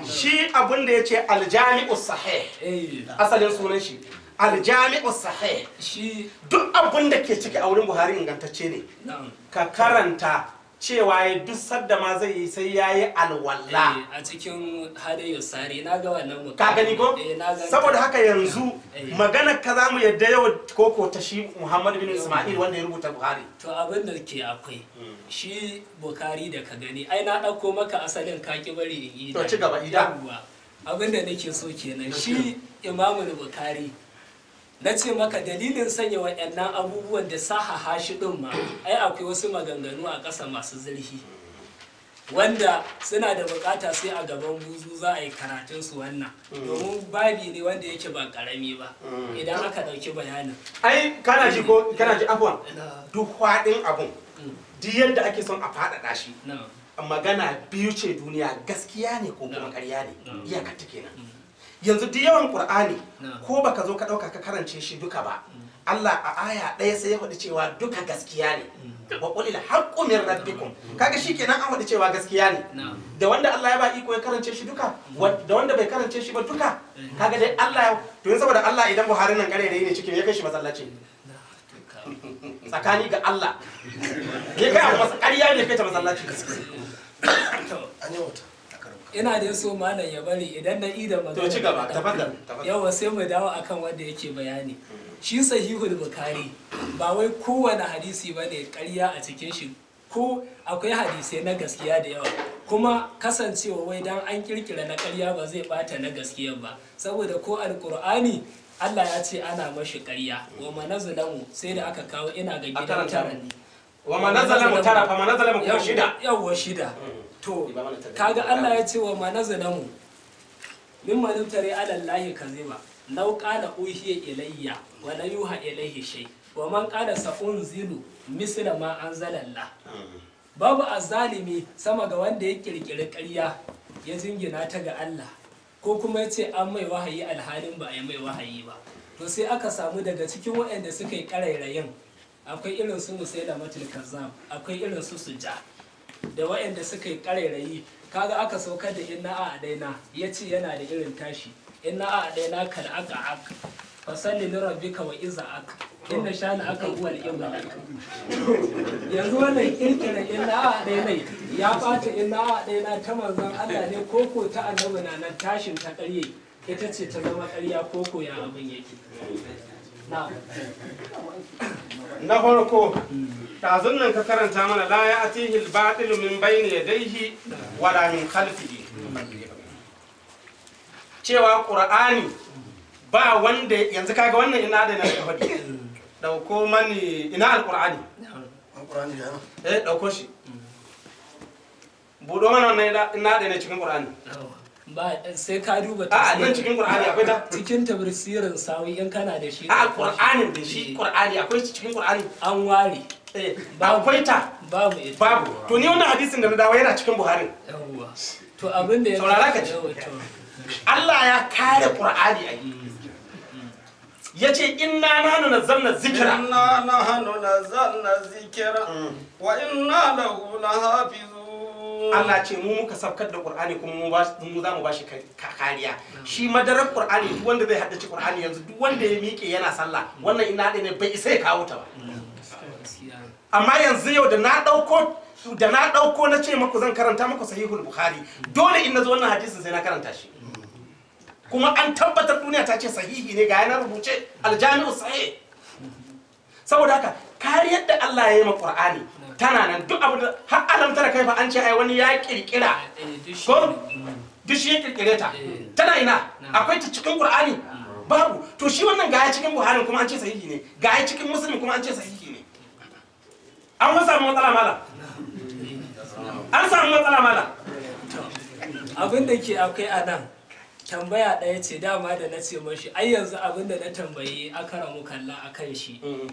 shi abin da yace aljami'us sahih asalin sunan shi aljami'u sahih shi duk abin da ke ciki a wurin buhari ingantacce ne ka karanta cewa ya duk sadda ma zai yi sai ya yi alwala eh, a cikin hadayu sare na ga wannan mutum ka gani ko eh, saboda haka yanzu eh. magana ka za mu yadda yau ko ta shi muhammad bin isma'il wanda ya rubuta buhari to abin da ke akwai hmm. shi bukari da ka gani ai na ɗauko maka asalin kaki bari to ci gaba ida abin da nake so kenan shi imamu bukari na ce maka dalilin sanya waɗannan abubuwan da sahaha shi ɗin ma ai akwai wasu maganganu a ƙasa masu zurfi wanda suna da bukata sai a gaban buzu za a yi karatun su wannan mm. domin babi ne wanda yake ba karami ba mm. idan aka dauki bayanin ai kana ji ko mm. kana ji afwan duk fadin abun duk yadda ake son a faɗaɗa shi magana biyu ce duniya gaskiya ne ko kuma ƙarya ne iyakar ta kenan yanzu duk yawan qur'ani ko baka zo ka dauka ka karance shi duka ba mm. Allah a aya ɗaya sai ya faɗi cewa duka gaskiya ne mm. wa qulil haqqu min rabbikum kaga shikenan an faɗi cewa gaskiya ne da wanda Allah ya ba iko ya karance shi duka mm. da wanda bai karance shi ba duka eh. kaga dai Allah to yanzu saboda Allah idan Buhari nan kare ne cikin ya kai shi masallaci tsakani ga Allah ya kai masa ƙarya ne kai ta masallaci an yi wata ina dai so malam ya bari idan na ida magana to ci gaba tafaddal yawa sai mu dawo akan wanda yake bayani shi sahihul bukhari ba wai kowane hadisi bane ƙarya a cikin shi ko akwai hadisai na gaskiya da yawa kuma kasancewa wai dan an kirkira na ƙarya ba zai bata na gaskiya ba saboda ko alqur'ani Allah ya ce ana mashi ƙarya wa manazalamu sai da aka kawo ina ga gidan tarani wa manazalamu tara fa manazalamu kuma shida yawa shida mm. to kaga Allah ya ce wa manazalamu ma yutare ala zai kaziba law qala uhiya ilayya wa la yuha ilayhi shay wa man qala sa unzilu misla ma anzala Allah mm. babu azalimi sama ga wanda ya kirkiri ƙarya ya jingina ta ga Allah ko kuma ya ce an mai wahayi alhalin ba a yi mai wahayi ba to sai aka samu daga cikin waɗanda suka yi ƙarairayin akwai irin su musaila matul akwai irin su suja da waɗanda suka yi ƙarairayi kaga aka saukar da inna a daina ya ce yana da irin tashi inna a na kal aka aka fasalli li rabbika wa iza aka inna shani aka huwa al-ibla yanzu wannan kirkirar inna a daina ya fata inna a daina ta manzon Allah ne koko ta annabi na nan tashin ta ƙarye ita ce ta zama ƙarya koko ya abin yake na farko ta zunnan ka karanta mana la ya atihil al-batil min bayni yadayhi wala min khalfihi cewa qur'ani ba wanda yanzu kaga wannan ina da na faɗi dauko mani ina alqur'ani qurani eh dauko shi budo mana wannan ina da na cikin qur'ani ba sai ka duba a nan cikin qur'ani akwai ta cikin tafsirin sawi in kana da shi a qur'ani da shi eh. qur'ani akwai cikin qur'ani an ware eh, akwai ta babu babu to ni wannan hadisin da na dawo yana cikin buhari yawwa to abin da ya saurara ka ji Allah ya kare qur'ani a yace inna nahnu nazzalna dhikra inna nahnu nazzalna dhikra mm. wa inna lahu lahafizun Allah ce mu muka sabkar da Qur'ani kuma mu za mu bashi kariya shi madarar Qur'ani duk wanda zai haddace Qur'ani yanzu duk wanda ya miƙe yana sallah wannan ina da ne bai isa ya kawo ta ba amma yanzu yau da na dauko da na dauko na ce maku zan karanta maku sahihul bukhari dole in nazo wannan hadisin sai na karanta shi kuma an tabbatar duniya ta ce sahihi ne ga yana rubuce aljami'u sahih saboda haka kariyar da Allah ya yi ma Qur'ani tana nan duk abu da har alamtar kai fa an ce ai wani ya kirkira eh, ko duk shi ya kirkire ta eh. tana ina akwai ta cikin qur'ani babu to shi wannan ga ya cikin buhari kuma an ce sahihi ne ga ya cikin muslim kuma an ce sahihi ne an wasa samu matsala mala an samu matsala mala abin da ke akwai a nan tambaya ɗaya ce dama da na ce mashi ai yanzu abin da na tambaye tambayi kalla a kan shi mm.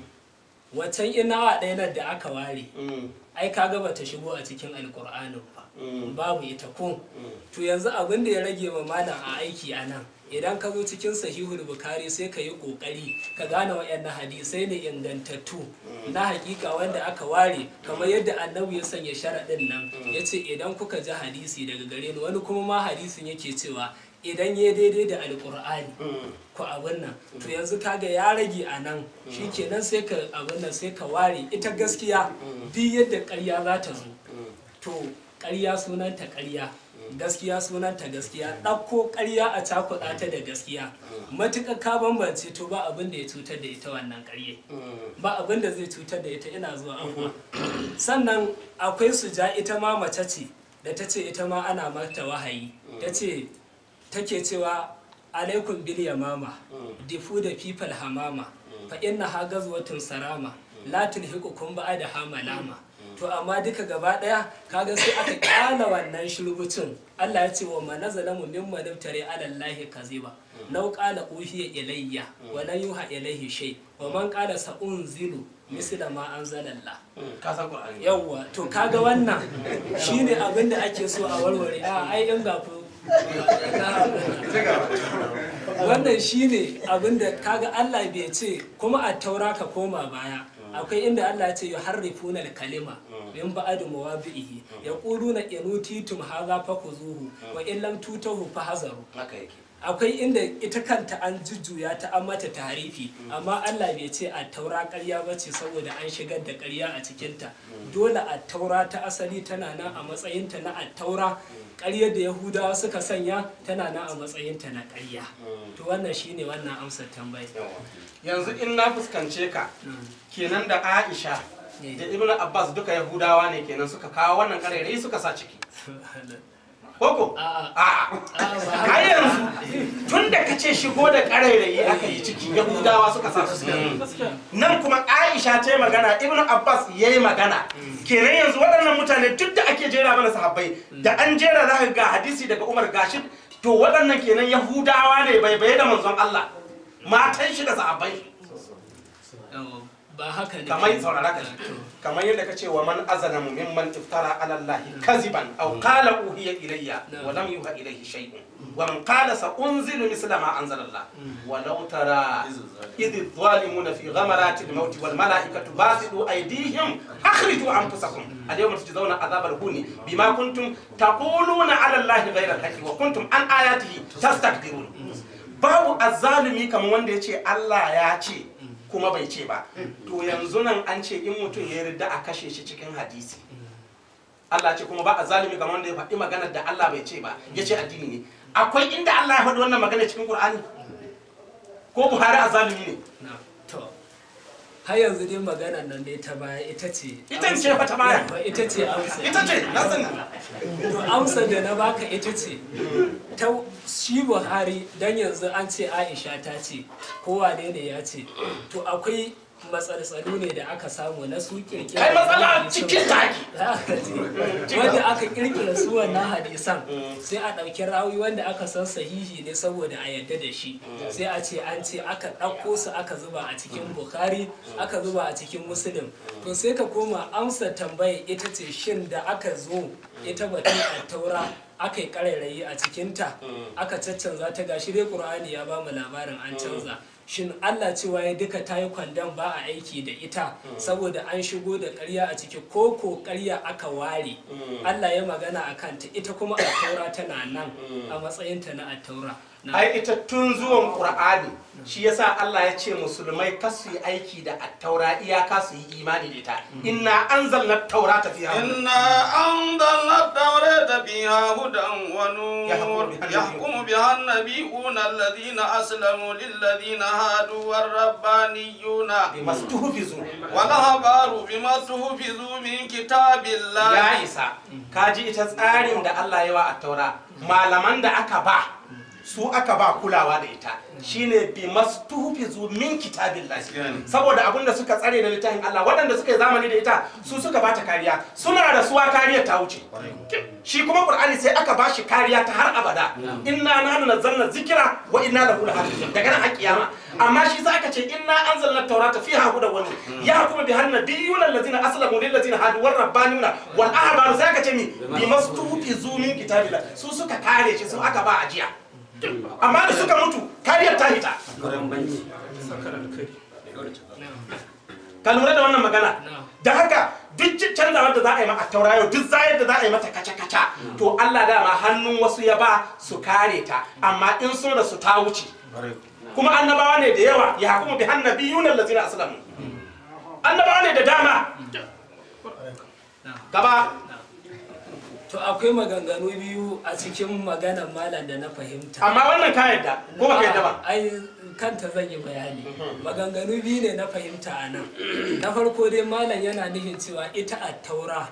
Wancan inawa ɗaya nan da aka ware mm. ai kaga bata shigo a cikin alkur'ani ba mm. babu ita ko mm. to yanzu abin da ya rage ma malam a aiki a nan idan ka zo cikin sahihul bukari sai ka yi kokari ka gane waɗannan hadisai ne ingantattu na hakika wanda aka ware kamar yadda annabi ya sanya sharaɗin nan ya ce idan kuka ji hadisi daga gare ni wani kuma ma hadisin yake cewa idan ya daidai da alkur'ani mm. ku abin nan mm. to yanzu kaga ya rage a nan shi mm. shikenan sai ka abin nan sai ka ware ita gaskiya duk yadda karya za ta zo to ƙarya sunanta ƙarya gaskiya sunanta gaskiya ɗauko ƙarya a cakuɗa ta da gaskiya matuƙa ka bambance to ba abin da ya cutar da ita wannan karye. ba abin da zai cutar da ita ina zuwa mm-hmm. abuwa sannan akwai su ja ita ma mace ce da ta ce ita ma ana mata wahayi ta ce take cewa alaikum bil yamama mm. difu da fifal hamama mm. fa inna hagazwatun sarama mm. la tulhiqukum ba'da hamalama to amma duka gaba daya kaga sai aka kana wannan shulubucin Allah ya ce wa manazalamu mimma naftari ala Allah kaziba law qala uhiya ilayya wa la yuha ilayhi shay wa man qala sa unzilu misla ma anzalalla ka san qur'ani yawa to kaga wannan shine abinda ake so a warware a ai in ga wannan shine abinda kaga Allah bai ce kuma a taura ka koma baya akwai inda Allah ya ce yuharrifuna al-kalima min ba'd mawabihi ya in utitum hadha fakhuzuhu wa in lam tutahu hazaru haka yake akwai inda ita kanta an jujjuya ta an mata tarifi amma Allah bai ce a taura ƙarya ba ce saboda an shigar da ƙarya a cikinta dole a taura ta asali tana nan a matsayinta na taura ƙaryar da yahudawa suka sanya tana nan a matsayinta na ƙarya to wannan shine wannan amsar tambayi yanzu in na fuskance ka kenan da Aisha da eh. Ibn Abbas duka yahudawa ne kenan suka kawo wannan ƙarairayi suka sa ciki koko a'a a yanzu tun da ka ce shigo da karairayi aka yi ciki yahudawa suka sa su mm. nan kuma aisha ta yi magana ibnu abbas ya yi magana mm. kenan yanzu waɗannan mutane duk da ake jera mana sahabbai mm. da an jera za ga hadisi daga umar gashi to waɗannan kenan yahudawa ne bai bai da manzon allah matan shi da sahabbai ba haka ne kamar saurara ka kamar yadda ka ce wa man azana mimman iftara ala Allah kaziban aw qala uhiya ilayya wa lam yuha ilayhi shay'un wa man qala sa unzilu misla ma anzala Allah mm. wa law tara idh zalimuna fi ghamarati al-maut wal malaikatu basidu aydihim akhriju anfusakum al-yawma tujzauna azab al-huni bima kuntum taquluna ala Allah ghayra al-haqqi wa kuntum an ayatihi tastakbirun mm. babu azalimi kamar wanda yace Allah ya ce kuma bai ce ba to yanzu nan an ce in mutum ya yarda a kashe shi cikin hadisi Allah ce kuma ba a zalimi kamar wanda ya faɗi maganar da Allah bai ce ba ya ce addini ne akwai inda Allah ya faɗi wannan magana cikin Qur'ani ko Buhari a zalimi ne har yanzu dai magana nan dai ta baya ita ce ita ce fa ta baya ita ce amsa ita ce na to amsa da na baka ita ce ta shi Buhari dan yanzu an ce Aisha ta ce kowa ne ne ya ce to akwai matsaltsalu ne da aka samu na su kirkira kai matsala cikin taki wanda aka kirkira su wannan hadisan mm. sai a ɗauki rawi wanda aka san sahihi ne saboda a yadda da shi mm. sai a ce an ce aka ɗauko su aka zuba a cikin bukhari mm. aka zuba a cikin muslim to sai ka koma amsa tambayi ita ce shin da aka zo ita batun a taura aka yi ƙarairayi a cikinta aka caccanza ta gashi dai qur'ani ya ba mu labarin an canza shin Allah cewa ya duka ta yi kwandon ba a aiki da ita saboda an shigo da ƙarya a ciki ko ko ƙarya aka ware mm. Allah ya magana a kanta ita kuma a taura tana nan a matsayinta na a taura. ai ita tun zuwan qur'ani shi yasa Allah ya ce musulmai kar su yi aiki da attaura iyaka su yi imani da ita mm. inna anzalna taurata fiha inna anzalna taurata fiha hudan wa nur yahkumu biha an-nabiyuna alladhina aslamu lil ladina hadu war rabbaniyuna bima tuhfizu wa lahabaru bima tuhfizu min kitabillah ya isa mm. kaji ita tsarin da Allah ya wa attaura malaman da aka ba mm. su aka ba kulawa da ita shine bi mastuhfizu min kitabillahi saboda abinda suka tsare da littafin Allah waɗanda suka yi zamani da ita su suka bata kariya suna da suwa kariya ta wuce shi kuma Qur'ani sai aka ba shi kariya ta har abada inna nahnu nazzalna zikra wa inna lahu lahafizun daga nan har amma shi sai aka ce inna anzalna tawrata fiha hudan wa hmm. yahkumu biha nabiyyun ladina aslamu lil ladina hadu war rabbanuna wal ahbar sai aka ce mi bi mastuhfizu min kitabillahi su suka kare shi su aka ba ajiya amma da suka mutu kariyar ta hita ka lura da wannan magana da haka duk canzawar da za a yi ma taurayo duk zayar da za a yi mata kaca-kaca to Allah dama hannun wasu ya ba su kare ta amma in sun da su ta wuce kuma annabawa ne da yawa ya kuma bi hannabiyun lazina aslamu annabawa ne da dama gaba to akwai maganganu biyu a cikin maganar malam da na fahimta amma wannan ka yadda ko ba yadda ba ai kanta zan yi bayani mhm. maganganu biyu ne na fahimta a nan na farko dai malam yana nufin cewa ita a taura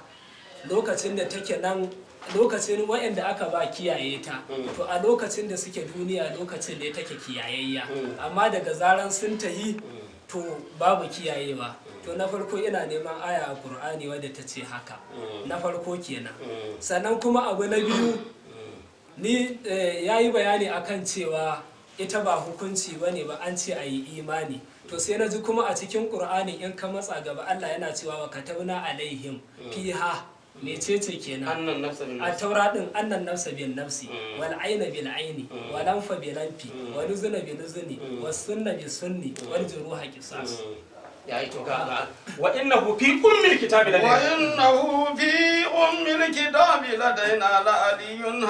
lokacin da take nan lokacin waɗanda aka ba kiyaye ta mm. to a lokacin da suke duniya lokacin da take kiyayayya mm. amma daga zaran sun tahi mm. to babu kiyayewa to na farko ina neman aya a qur'ani wadda ta ce haka mm. na farko kenan mm. sannan kuma abu na biyu mm. ni eh, ya yi bayani akan cewa ita ba hukunci ba ne ba an ce a yi imani to sai na ji kuma a cikin ƙur'ani in ka matsa gaba Allah yana cewa wa katabna alaihim fiha mecece kenan a taura din annan nafsa bin nafsi wal aina bil aini wal anfa bil anfi wal uzna bil uzni was sunna bis sunni wal ya yi to ga wa innahu fi ummil ladaina wa innahu fi ummil kitabi ladaina la aliyun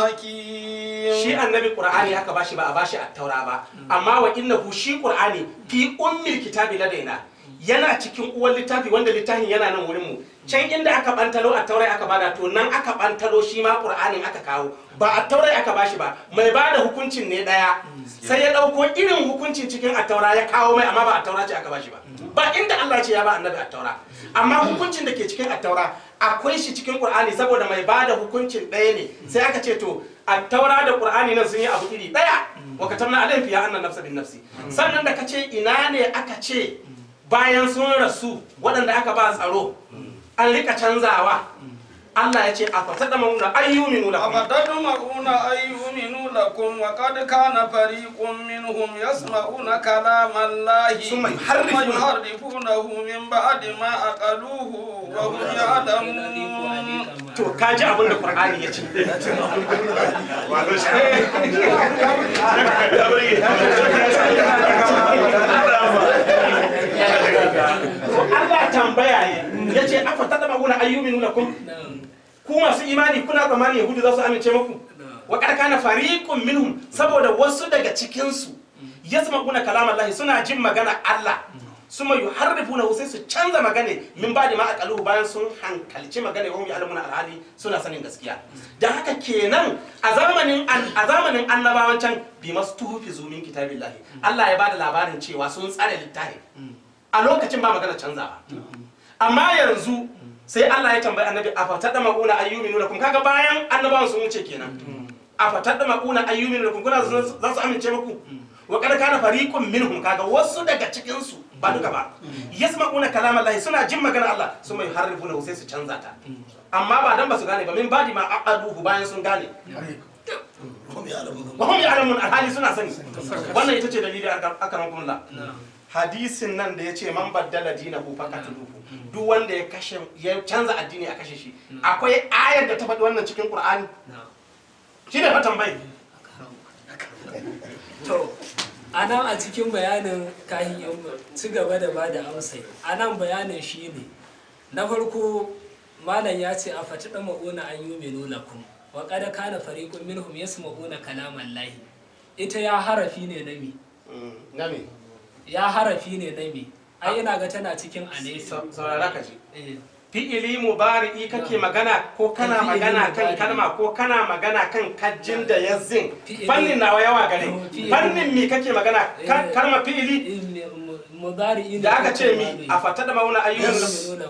shi annabi qur'ani haka bashi ba a bashi at-taura ba amma wa innahu shi qur'ani fi ummil kitabi ladaina yana cikin uwan littafi wanda littafin yana nan wurin mu can inda aka bantalo a taurai aka bada to nan aka bantalo shi ma qur'anin aka kawo ba a taurai aka bashi ba mai bada hukuncin ne daya sai ya dauko irin hukuncin cikin a taura ya kawo mai amma ba a taura ce aka bashi ba ba inda Allah ce ya ba annabi a taura amma hukuncin da ke cikin a taura akwai shi cikin qur'ani saboda mai bada hukuncin daya ne sai aka ce to a taura da qur'ani nan sun yi abu iri daya wa katamna alayhi ya anna nafsa bin nafsi sannan da kace ina ne aka ce bayan sun rasu waɗanda aka ba tsaro an rika canzawa Allah ya ce a fatada mauna ayyuminu lakum fatada mauna ayyuminu lakum wa kad kana fariqun minhum yasma'una kalama Allah summa yuharrifunahu min ba'di ma aqaluhu wa hum ya'lamun to kaji abin da Qur'ani ya ce wallahi Allah tambaya ya ce afa ta ku masu imani kuna tsammanin yahudu za su amince muku wa karkana fariqun minhum saboda wasu daga cikin su yasma'una kalam suna jin magana Allah suma na sai su canza magana min ba da ma bayan sun hankalci magana yahum alamuna alhali suna sanin gaskiya da haka kenan a zamanin a zamanin annabawan can bi tuhufi zumin kitabillahi Allah ya bada labarin cewa sun tsare littafi a lokacin ba magana canzawa amma yanzu sai Allah ya tambayi annabi a fatadda maquna ayyuminu lakum kaga bayan annabawan sun wuce kenan a fatadda maquna ayyuminu lakum kuna za su amince muku wa kana kana fariqun minhum kaga wasu daga cikin su ba duka ba yasma'una kalam Allah suna jin magana Allah su mai harrifu sai su canza ta amma ba dan ba su gane ba min badi ma aqaduhu bayan sun gane wa hum ya'lamun alhali suna sani wannan ita ce dalilin akaran kullu hadisin nan da ya ce man baddala dina faqat duhu mm. mm. duk wanda ya kashe ya canza addini a kashe shi mm. akwai ayar da ta faɗi wannan cikin qur'ani shi ne fatan bai to anan a cikin bayanin kahin yan ci gaba da bada amsa anan bayanin shi ne na farko malam ya ce a fati da ma'una an yi nuna kun wa kada kana fariqun minhum yasma'una kalaman lahi ita ya harafi ne na mi na mi ya harafi ne na me ai ah. ina ga tana cikin anesi saurara ka ji eh. fi'ili mubari'i kake magana ko kana magana kan kalma ko kana magana kan kajin da ya zin fannin nawa yawa gare fannin mi kake magana eh. kalma fi'ili eh, mubari'i da aka ce mi a fata da mauna ayyukan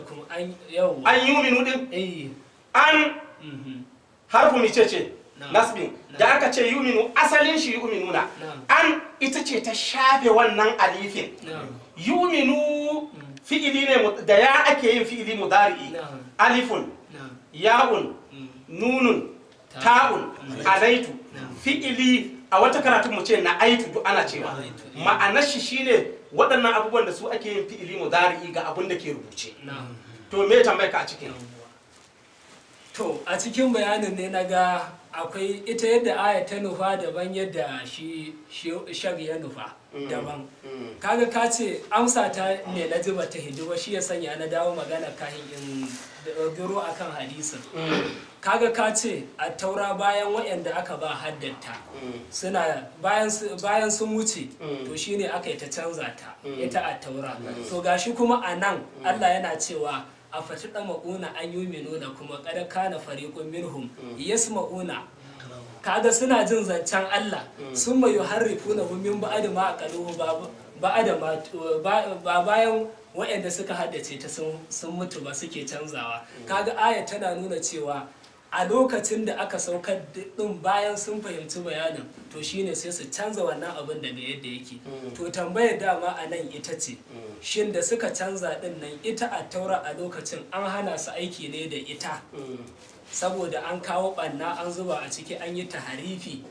an yuminu din an mhm. harfu mi ce ce nasbin da aka ce yuminu asalin shi yuminuna an ita ce ta shafe wannan alifin yuminu mm. fi'ili ne da ya ake yin fi'ili mudari'i alifun ya'un mm. nunun ta'un alaitu fi'ili a wata karatun mu ce na aitu duk ana cewa eh. ma'anar shi shine waɗannan abubuwan da su ake yin fi'ili mudari'i ga abin da ke rubuce to me tambayar ka a cikin to a cikin bayanin ne na ga akwai ita yadda aya ta nufa daban yadda shi ya nufa mm, daban mm. kaga ka ce amsa ta ne na jiba ta hiduba shi ya sanya na dawo magana kahin in a kan hadisin mm. kaga ka ce a taura bayan waɗanda aka ba haddata suna bayan sun wuce to shine aka yi ta canza ta ita a taura to gashi kuma a nan Allah yana cewa a faci da ma'una an yi mino da kuma kada kana fariqun minhum mm. yasma'una mm. kaga suna jin zancen Allah mm. sun mai harifu na min ba'ad ma aqaluhu ba'ad ba bayan waɗanda suka haddace ta sun mutu ba suke canzawa kaga aya tana nuna cewa a lokacin da aka saukar din bayan sun fahimci bayanin to shine sai su canza wannan abin daga yadda yake mm. to tambayar dama a nan ita ce mm. shin da suka canza din nan ita a taura a lokacin an hana su aiki ne da ita mm. saboda an kawo ɓanna an zuba a ciki an yi taharifi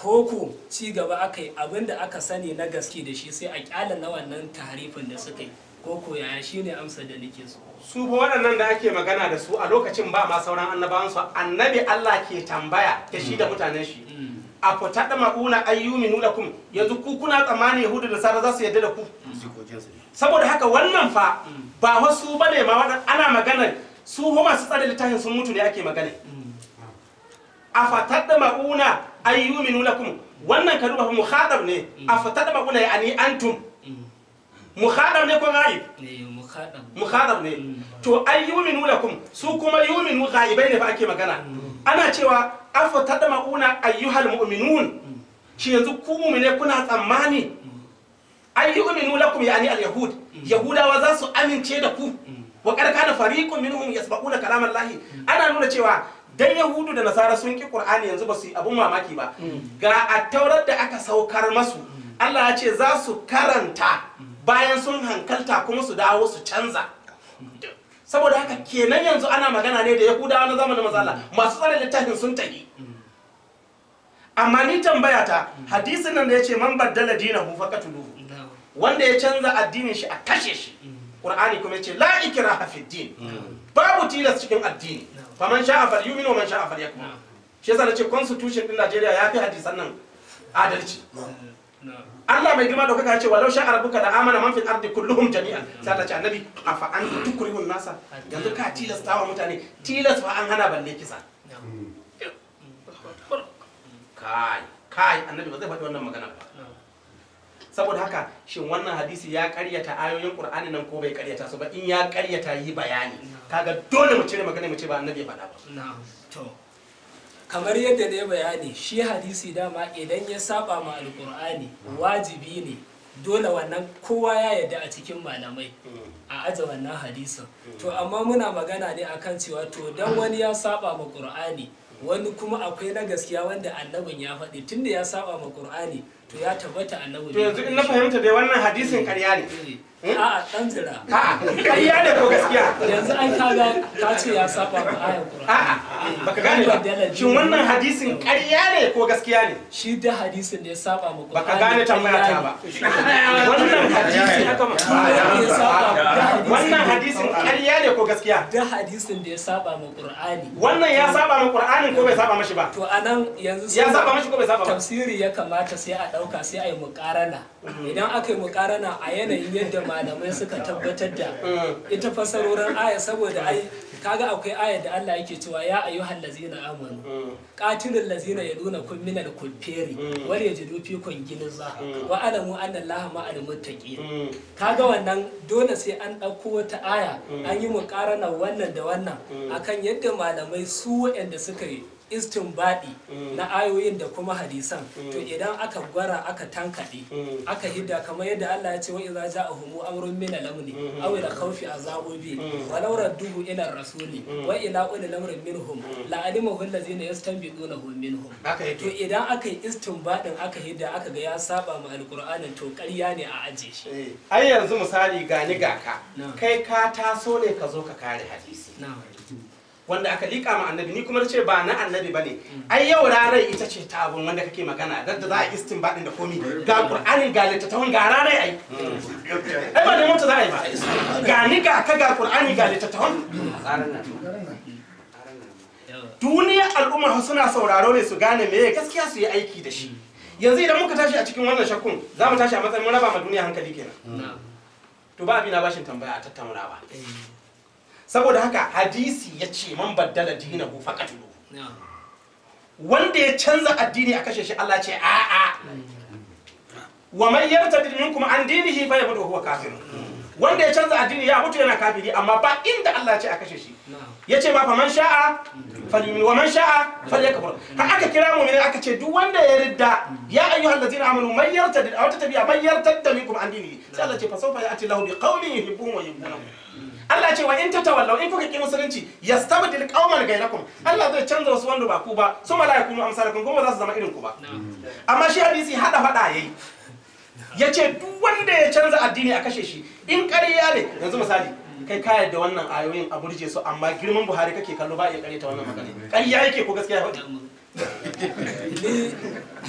koko ci gaba aka yi abin da aka sani na gaske da shi sai a kyala na wannan taharifin da suka yi koko ko yaya shine amsar da nake so su ba waɗannan da ake magana da su a lokacin ba ma sauran annabawansu annabi Allah ke tambaya da shi da mm. mutanen shi mm. a fata da mauna ayyumi kuma yanzu ku kuna tsammani yahudu da sara za su yadda da ku mm. saboda haka wannan fa ba wasu ba ne ma waɗanda ana maganar su kuma su tsare littafin sun mutu ne ake magana a fata da mauna ayyumi kuma wannan ka mu muhadab ne a fata da mauna ya ani antum mukhadar ne ko ghaib eh, mukhadar ne mm. to ai yuminu lakum su kuma yuminu ghaibai ne fa ake magana mm. ana cewa afa tadma'una ayyuhal mu'minun mm. shi yanzu ku mu'mine kuna tsammani ai yuminu lakum yani al yahud yahudawa za su amince da ku wa karkana fariqun minhum yasba'una kalam allah ana nuna cewa dan yahudu da nasara sun ki qur'ani yanzu ba su yi abun mamaki ba ga attaurar da aka saukar masu Allah ya ce za su karanta bayan sun hankalta kuma su dawo su canza saboda haka kenan yanzu ana magana ne da yahudawa na zamanin mazala masu tsare littafin sun tafi amma ni tambaya ta hadisin nan da ya ce man baddala dinahu faqatuluhu wanda ya canza addinin shi a kashe shi qur'ani kuma yace la ikraha fi din babu tilas cikin addini man sha'a falyumin wa man sha'a falyakfur shi yasa nace constitution din Najeriya ya fi hadisan nan adalci Allah mai girma daukaka ce walau sha'a rabbuka da amana man fil ardi kulluhum jami'an sai ta ce annabi afa an tukrihun nasa yanzu ka tilasta wa mutane tilas fa an hana balle kisa kai kai annabi ba zai faɗi wannan magana ba saboda haka shin wannan hadisi ya karyata ayoyin qur'ani nan ko bai karyata su ba in ya karyata yi bayani kaga dole mu cire magana mu ce ba annabi ya faɗa ba to kamar yadda dai bayani shi hadisi dama idan ya saba ma alkur'ani wajibi ne dole wannan kowa ya yadda a cikin malamai a aje wannan hadisin to amma muna magana ne akan cewa to dan wani ya saba ma qur'ani wani kuma akwai na gaskiya wanda annabin ya faɗi tunda ya saba ma qur'ani to ya tabbata annabin to yanzu in na fahimta dai wannan hadisin ƙarya ne eh. A'a ɗan jira. A'a ƙarya ne ko gaskiya. Yanzu ai ka ga ya saba ma ayan Qur'ani. A'a baka gane ba. Shin wannan hadisin ƙarya ne ko gaskiya ne? Shi da hadisin da ya saba ma Qur'ani. Baka gane tambaya ta ba. Wannan hadisin haka ma. Wannan hadisin ƙarya ne ko gaskiya? Da hadisin da ya saba ma Qur'ani. Wannan ya saba ma Qur'anin ko bai saba mashi ba? To anan yanzu ya saba mashi ko bai saba ba? Tafsiri ya kamata sai a ɗauka sai a yi muƙarana. idan aka yi mukarana a yanayin yadda malamai suka tabbatar da ita fasarorin aya saboda ai kaga akwai ayar da Allah yake cewa ya ayu ladzina amanu qatilul lazina yaduna kun minal kuffari wal yajidu fikum gilza wa alamu anna Allaha ma'al muttaqin kaga wannan dole sai an dauko wata aya an yi mukarana wannan da wannan akan yadda malamai su waɗanda suka yi Istin baɗi. Mm. na ayoyin da kuma hadisan mm. to idan aka gwara aka tankaɗe mm. aka hidda kamar yadda Allah ya ce wa idza humu amrun min al-amni aw ila khawfi azabu bi law radduhu ila rasuli wa ila ulil amri minhum la alimahu allazina yastanbidunahu minhum to idan aka yi istinbadin aka hidda aka ga ya saba ma alqur'anin to ƙarya ne a aje shi eh, ai yanzu misali gani gaka kai ka taso ne ka zo ka kare hadisi na'am wanda aka liƙa ma annabi ni kuma ce ba na annabi bane ai yau rarai ita ce ta abun wanda kake magana dan da za a istinbadin da komi ga qur'ani ga littattafan ga rarai ai ai ba da mutu za a yi ba ga ni ga ka ga qur'ani ga littattafan duniya al'ummar suna sauraro ne su gane me gaskiya su yi aiki da shi yanzu idan muka tashi a cikin wannan shakkun za mu tashi a matsayin mun raba ma duniya hankali kenan to ba abina bashin tambaya a ba eh. saboda haka hadisi ya ce man baddala hu faqatulu wanda ya canza addini a kashe shi Allah ce a a wa man yartadi minkum an dinihi fa yamutu huwa kafir wanda ya canza addini ya mutu yana kafiri amma ba inda Allah ce a kashe shi Ya ce ma fa man sha'a falyumin wa man sha'a falyakfur ha aka kira mu'mini aka ce duk wanda ya ridda ya ayyuhal ladzina amanu man yartadi aw tatabi'a man yartadi minkum an dinihi sai Allah ce fa sawfa ya'ti lahu biqawmin yuhibbuhum wa yuhibbunahu Allah ce wa in tatawallau in kuka ki musulunci yastabdil qauman gairakum Allah zai canza wasu wanda ba ku ba su malaiku mu kun kuma za su zama irin ku ba amma shi hadisi hada fada yayi yace duk wanda ya canza addini a kashe shi in ƙarya ne yanzu misali kai ka yadda wannan ayoyin a burje su amma girman Buhari kake kallo ba ya ƙarya ta wannan magana ƙarya yake ko gaskiya faɗi ne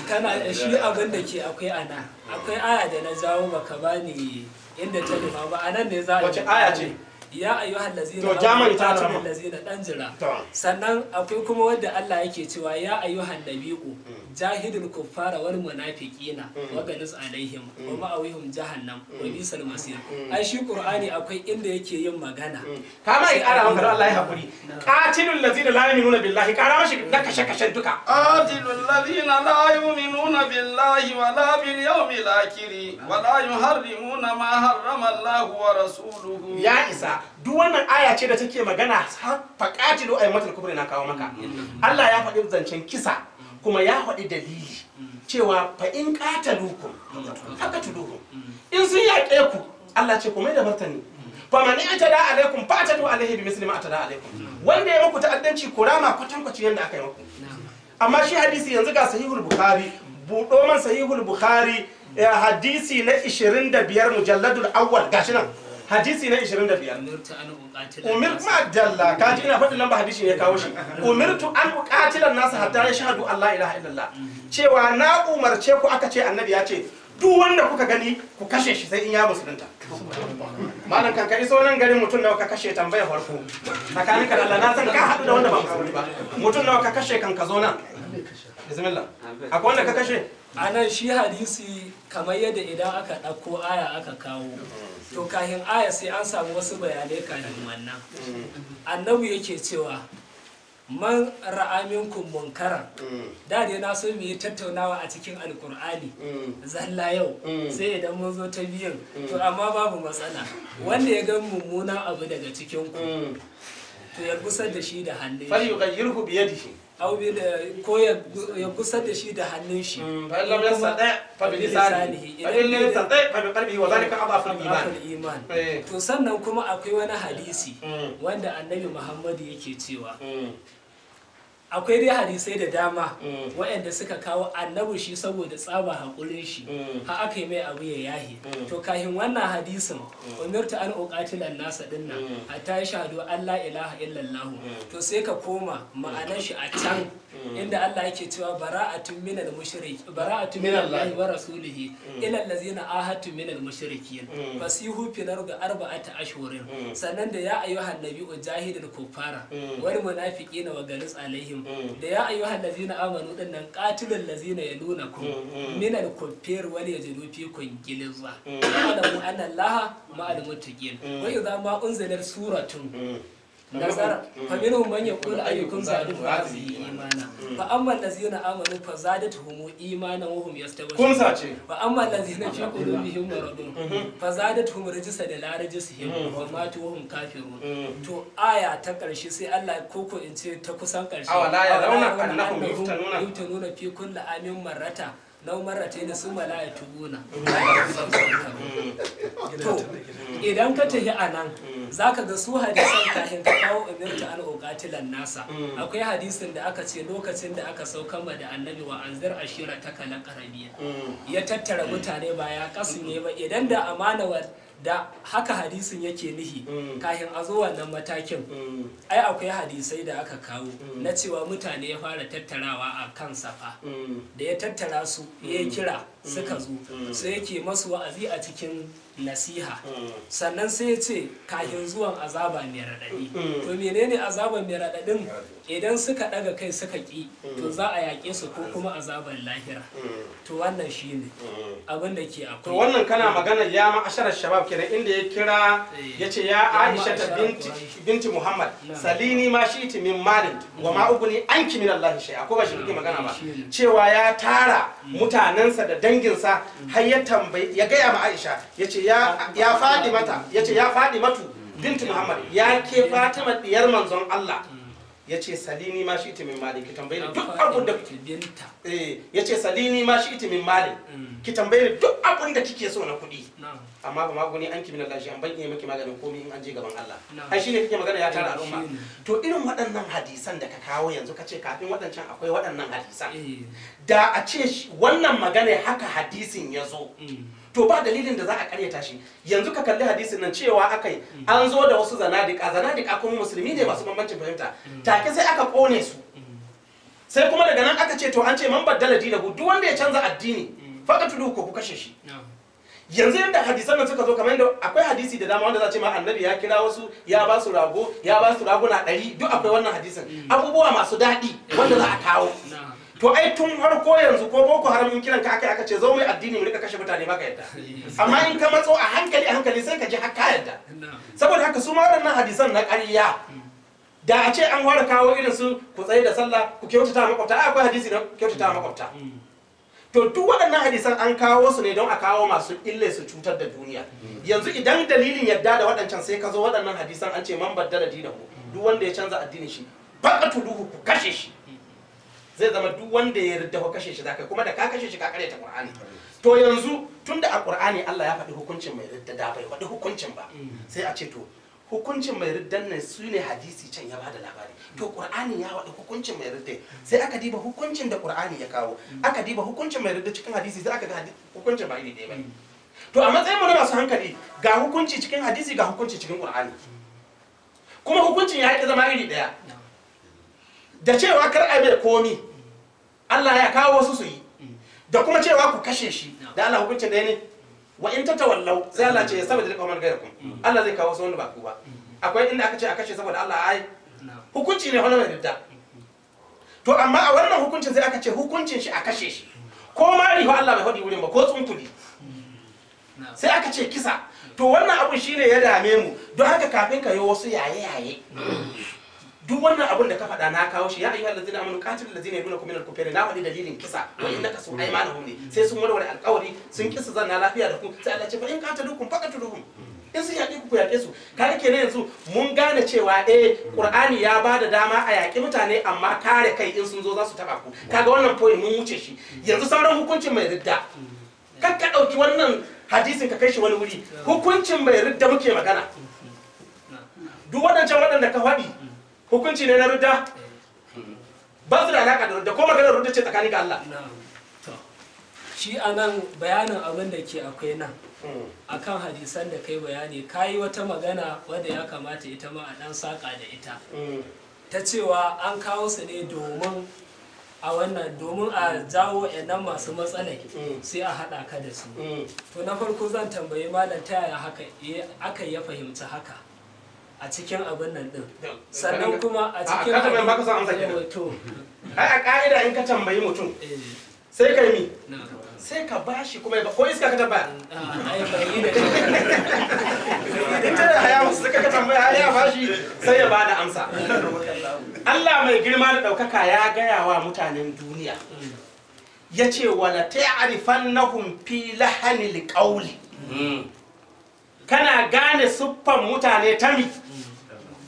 kana shi abin da ke akwai ana akwai aya da na zawo baka bani yadda ta lima ba anan ne za a wace aya ce ya ayyuhal lazina to jamani ta lazina dan jira sannan akwai kuma wanda Allah yake cewa ya ayyuhan nabiqu mm. jahidul kuffara wal munafiqina hmm. wa galis alaihim wa hmm. ma'awihum jahannam wa hmm. bisal masir ai shi qur'ani akwai inda yake yin magana ka ma ara hankali Allah ya hakuri qatilul ladina la yu'minuna billahi kara mashi na kashe kashen duka qatilul ladina la yu'minuna billahi wa la bil yawmil akhir wa la yuharrimuna ma harrama Allah wa rasuluhu ya isa duk wannan aya ce da take magana fa qatilu aymatul kubri na kawo maka Allah ya faɗi zancen kisa kuma ya faɗi dalili cewa fa in qatalukum faqatuluhum in sun yaƙe ku Allah ce ku mai da martani fa man atada alaikum fa atadu alaihi bimisli ma atada alaikum wanda ya muku ta'addanci ku rama kwatankwacin yanda aka yi muku amma shi hadisi yanzu ga sahihul bukhari buɗo man sahihul bukhari eh, hadisi na 25 mujalladul awwal gashi nan hadisi na 25 umir ma dalla ka ji ina faɗin lamba hadisi ne kawo shi tu an uqatila nasu hatta ya shahadu Allah ilaha illallah mm-hmm. cewa na umarce ku aka ce annabi ya ce duk wanda kuka gani ku kashe shi sai in ya musulunta malam kan ka iso nan garin mutum nawa ka kashe tambaya farko tsakanin ka Allah na san ka haɗu da wanda ba musulmi ba mutum nawa ka kashe kan ka zo nan bismillah akwai wanda ka kashe anan shi hadisi kamar yadda idan aka ɗauko aya aka kawo to kahin aya sai an samu wasu bayanai kahin wannan mm. annabi yake cewa man ra'aminkun munkara mm. da dai na so mu yi tattaunawa a cikin alkur'ani mm. zalla yau sai idan mun zo ta biyan to amma babu matsala wanda ya ga mummunan abu daga cikin ku to ya gusar da shi da hannun fal yughayyirhu bi shi. aw bi ko ya gusar da shi da hannun shi mm, fa lam yastata fa bi lisanihi in lam yastata fa bi qalbihi wa zalika adhafu al-iman eh. to sannan kuma akwai wani hadisi mm. wanda annabi Muhammad yake cewa mm. akwai dai hadisai da dama mm. waɗanda suka kawo annabi shi saboda tsaba haƙurin shi mm. ha aka yi mai abu ya yahi mm. to kahin wannan hadisin umirtu an uqatilan nasa dinnan hatta yashhadu an la ilaha illallah to sai ka koma ma'anar shi a can Hmm. inda Allah yake cewa bara'atun minal mushrik bara'atun lahi wa rasulihi hmm. ila allazina ahatu minal mushrikin hmm. fasihu ga ga arba'ata ashhurin sannan da ya ayyuhan nabiyyu jahidul kufara wal munafiqina wa galis alaihim da ya ayyuhan allazina amanu dinnan qatilul allazina yalunakum minal kufir wal yajidu fikum gilza wa anna laha ma'al muttaqin wa idha ma unzilat suratun nazar zara fa minhum man yaqulu ayyukum zadatu imana fa amma allazina amanu fa zadatuhum imana wa hum yastabshirun kun sace fa amma allazina fi qulubihim maradun mm-hmm. fa zadatuhum rijsa da la hum mm-hmm. wa matu wa hum kafirun mm-hmm. to aya ta karshe sai Allah ko ko in ce ta kusan karshe awala ya rauna annakum yuftanuna yuftanuna fi kulli amin marrata lau marrate na su malaya tubuna to idan ka tafi a nan za ka ga su hadisan kafin ka kawo umirta an uqatilan nasa akwai hadisin da aka ce lokacin da aka sauka ma da annabi wa anzir ashira ta kala qarabiya ya tattara mutane ba ya ne ba idan da amana da haka hadisin yake nihi mm. kafin a zo wannan matakin mm. ai akwai hadisai da aka kawo mm. na cewa mutane ya fara tattarawa a kan safa da ya tattara su ya kira suka zo sai yake masu wa'azi a cikin nasiha sannan sai ya ce kafin zuwan azaba mai raɗaɗi to menene azaban mai raɗaɗin idan suka ɗaga kai suka ƙi to mm. za a yaƙe su ko kuma zaben lahira mm. to wannan shi ne mm. abin da ke akwai to wannan kana magana ya ma'asharar shabab kenan inda ya kira eh. ya ce ya aisha ta binti muhammad salini ma shi iti min malin wa ma uguni an ki allahi shay'a ko ba shi kike magana ba eh, cewa ya tara mutanensa da danginsa har ya tambayi ya gaya ma aisha ya ce ya faɗi mata ya ce ya faɗi matu binti muhammad ya ke fatima diyar manzon allah ya ce salini ma shi itimin mali ki tambaye ni duk abun da eh, ya ce salini ma shi itimin mali mm. ki tambaye ni duk abun da kike so na kuɗi amma ba maguni an kimin Allah shi an ban miki maganin komai in an je gaban Allah ai shine kike magana ya tara al'umma to irin waɗannan hadisan da ka kawo yanzu ka ce kafin waɗancan akwai waɗannan hadisan eh. da a ce wannan magana haka hadisin ya zo mm. to ba dalilin da za a karyata shi yanzu ka kalli hadisin nan cewa akai mm. an zo da wasu zanadika zanadika kuma musulmi ne mm. masu bambancin fahimta mm. take sai aka kone su sai kuma daga nan aka ce to an ce man baddala ku duk wanda ya canza addini faka tudu ko ku kashe shi yanzu yadda hadisan nan suka zo kamar yadda akwai hadisi da dama wanda za ce ma annabi ya kira wasu ya ba su rago ya ba su raguna ɗari duk akwai wannan hadisin abubuwa masu daɗi wanda za a kawo to ai tun farko yanzu ko boko haram kiran ka aka aka ce zo mai addini mu rika kashe mutane maka yadda amma in ka matso a hankali a hankali sai ka ji har ka yadda saboda haka su ma wannan hadisan na ƙarya mm. da a ce an fara kawo irin su ku tsaye da sallah ku kyautata makwabta akwai hadisi na kyautata mm. makwabta mm. to duk waɗannan hadisan an kawo su ne don a kawo masu ille su cutar da duniya yanzu idan dalilin yadda da waɗancan sai ka zo waɗannan hadisan an ce man baddala ku duk wanda ya canza addinin shi baka tuduhu ku kashe shi zai zama duk wanda ya yarda ka kashe shi zaka kuma da ka kashe shi ka karyata Qur'ani to yanzu tunda a Qur'ani Allah ya faɗi hukuncin mai ridda da bai faɗi hukuncin ba sai a ce to hukuncin mai riddan ne su ne hadisi can ya bada labari to qur'ani ya wada hukuncin mai riddan sai aka diba hukuncin da qur'ani ya kawo aka diba hukuncin mai ridda cikin hadisi sai aka ga hukuncin ba iri ɗaya ba to a matsayin mu na masu hankali ga hukunci cikin hadisi ga hukunci cikin qur'ani kuma hukuncin ya haɗa zama iri daya da cewa kar a bai komi Allah ya kawo wasu su yi da kuma cewa ku kashe shi da Allah hukunci da ne wa in ta tawallau sai Allah ce ya saboda da kamar gairakum Allah zai kawo wasu wani baku ba akwai inda aka ce a kashe saboda Allah ai hukunci ne wani mai da to amma a wannan hukuncin sai aka ce hukuncin shi a kashe shi ko ma riho Allah bai hadi wurin ba ko tsuntuli sai aka ce kisa to wannan abu shine ya dame mu don haka kafin ka yi wasu yaye yaye duk wannan abun da ka faɗa na kawo shi ya ayyuhal ladzina amanu qatilul ladzina yadunukum min al-kufari na faɗi dalilin kisa wa innaka su aymanuhum ne sai sun warware alƙawari sun kisa zanna lafiya da ku sai Allah ce fa in qatalukum faqatuluhum in sun yaƙi ku yaƙe su kaga kenan yanzu mun gane cewa eh qur'ani ya ba da dama a yaƙi mutane amma kare kai in sun zo za su taba ku kaga wannan point mun wuce shi yanzu sauran hukuncin mai ridda kar ka ɗauki wannan hadisin ka kai shi wani wuri hukuncin mai ridda muke magana duk waɗancan waɗanda ka faɗi hukunci ne na rudda ba su da alaka da rudda ko maganar rudda ce tsakani ga Allah shi a nan bayanin abin da ke akwai nan hmm. akan hadisan da kai bayani ka yi wata magana wadda ya kamata ita ma a dan saƙa da ita hmm. ta cewa an kawo su ne domin a wannan domin a jawo yanan masu matsalai hmm. sai a haɗa ka da su to na farko zan tambayi malam ta yaya haka eh, aka ya fahimci haka a cikin abin nan din sannan kuma a cikin abin nan baka son amsa kenan to ai a ka'ida in ka tambayi mutum eh. sai ka yi mi sai ka bashi kuma ko iska ka tambaya ah, ai bai da ita da haya musu suka ka tambaya ya bashi sai ya bada amsa Allah mai girma da ɗaukaka ya gaya wa mutanen duniya ya ce wala ta'rifannahum fi lahanil qawli hmm. kana gane siffan mutane ta mi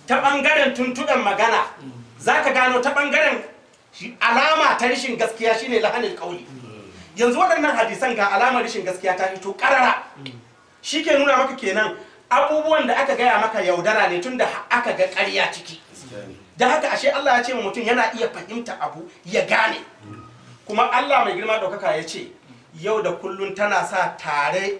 ta ɓangaren tuntuɗan magana za ka gano ta ɓangaren alama ta rishin gaskiya shine lahanin kauli yanzu waɗannan hadisan ga alamar rishin gaskiya ta fito ƙarara shi ke nuna maka kenan abubuwan da aka gaya maka yaudara ne tun da aka ga ƙarya ciki da haka ashe Allah ya ce ma mutum yana iya fahimta abu ya gane kuma Allah mai girma ɗaukaka ya ce yau da kullum tana sa tare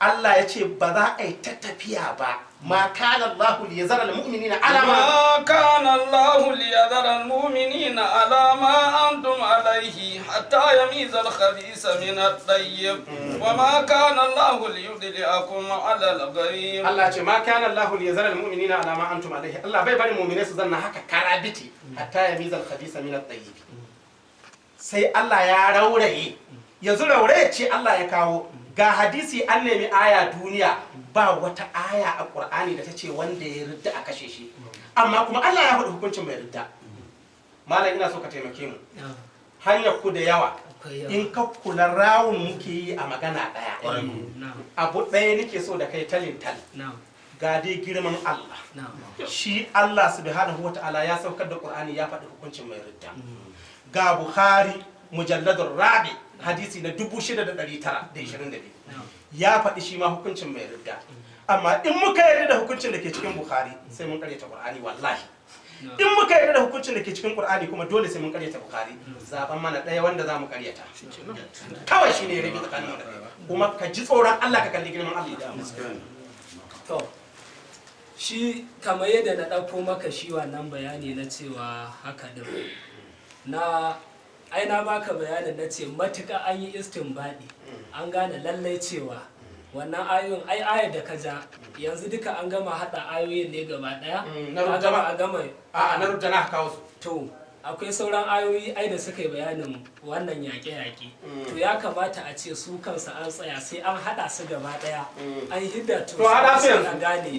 Allah ya ce ba za a yi ta tafiya ba ma kana Allah li yazara al mu'minina ala ma kana Allah li yazara al mu'minina ala ma antum alayhi hatta yamiza al khabisa min na tayyib mm. wa ma kana Allah li yudliakum ala al ghaib Allah ce ma kana Allah li yazara al mu'minina ala ma antum alayhi Allah bai bari mu'mine su zanna haka karabiti hatta yamiza al khabisa min na tayyib sai Allah ya rauraye yanzu rauraye ce Allah ya kawo ga hadisi an nemi aya duniya ba wata aya a ƙur'ani da ta ce wanda ya ridda a kashe shi amma kuma Allah ya faɗi hukuncin mai ridda malam ina so ka taimake mu hanyar ku da yawa in ka kula rawun muke yi a magana ɗaya abu ɗaya nake so da kai talintal ga dai girman Allah shi Allah subhanahu ta'ala ya saukar da ƙur'ani ya faɗi hukuncin mai ridda mm. ga buhari mujalladun rabi' hadisi na 6922 ya faɗi shi ma hukuncin mai ridda amma in muka yarda da hukuncin da ke cikin bukhari sai mun karyata kur'ani wallahi in muka yarda da hukuncin da ke cikin kur'ani kuma dole sai mun karyata bukhari zaban mana ɗaya wanda za mu karyata kawai shine ya rage tsakanin da kuma ka ji tsoron Allah ka kalli girman Allah to shi kamar yadda na ɗauko maka shi wannan bayani na cewa haka din na Aina baka bayanin na ce matuƙa an yi istinbadi an gane lallai cewa wannan ayoyin ai ayar da ka ja yanzu duka an gama haɗa ayoyin ne gaba ɗaya mm, na gama a gama a na rubuta na kawo su to akwai sauran ayoyi ai da suka yi bayanin wannan yaƙe-yaƙe mm. to ya kamata a ce su kansa an tsaya sai an haɗa su gaba ɗaya mm. an hidda to haɗa su yanzu gane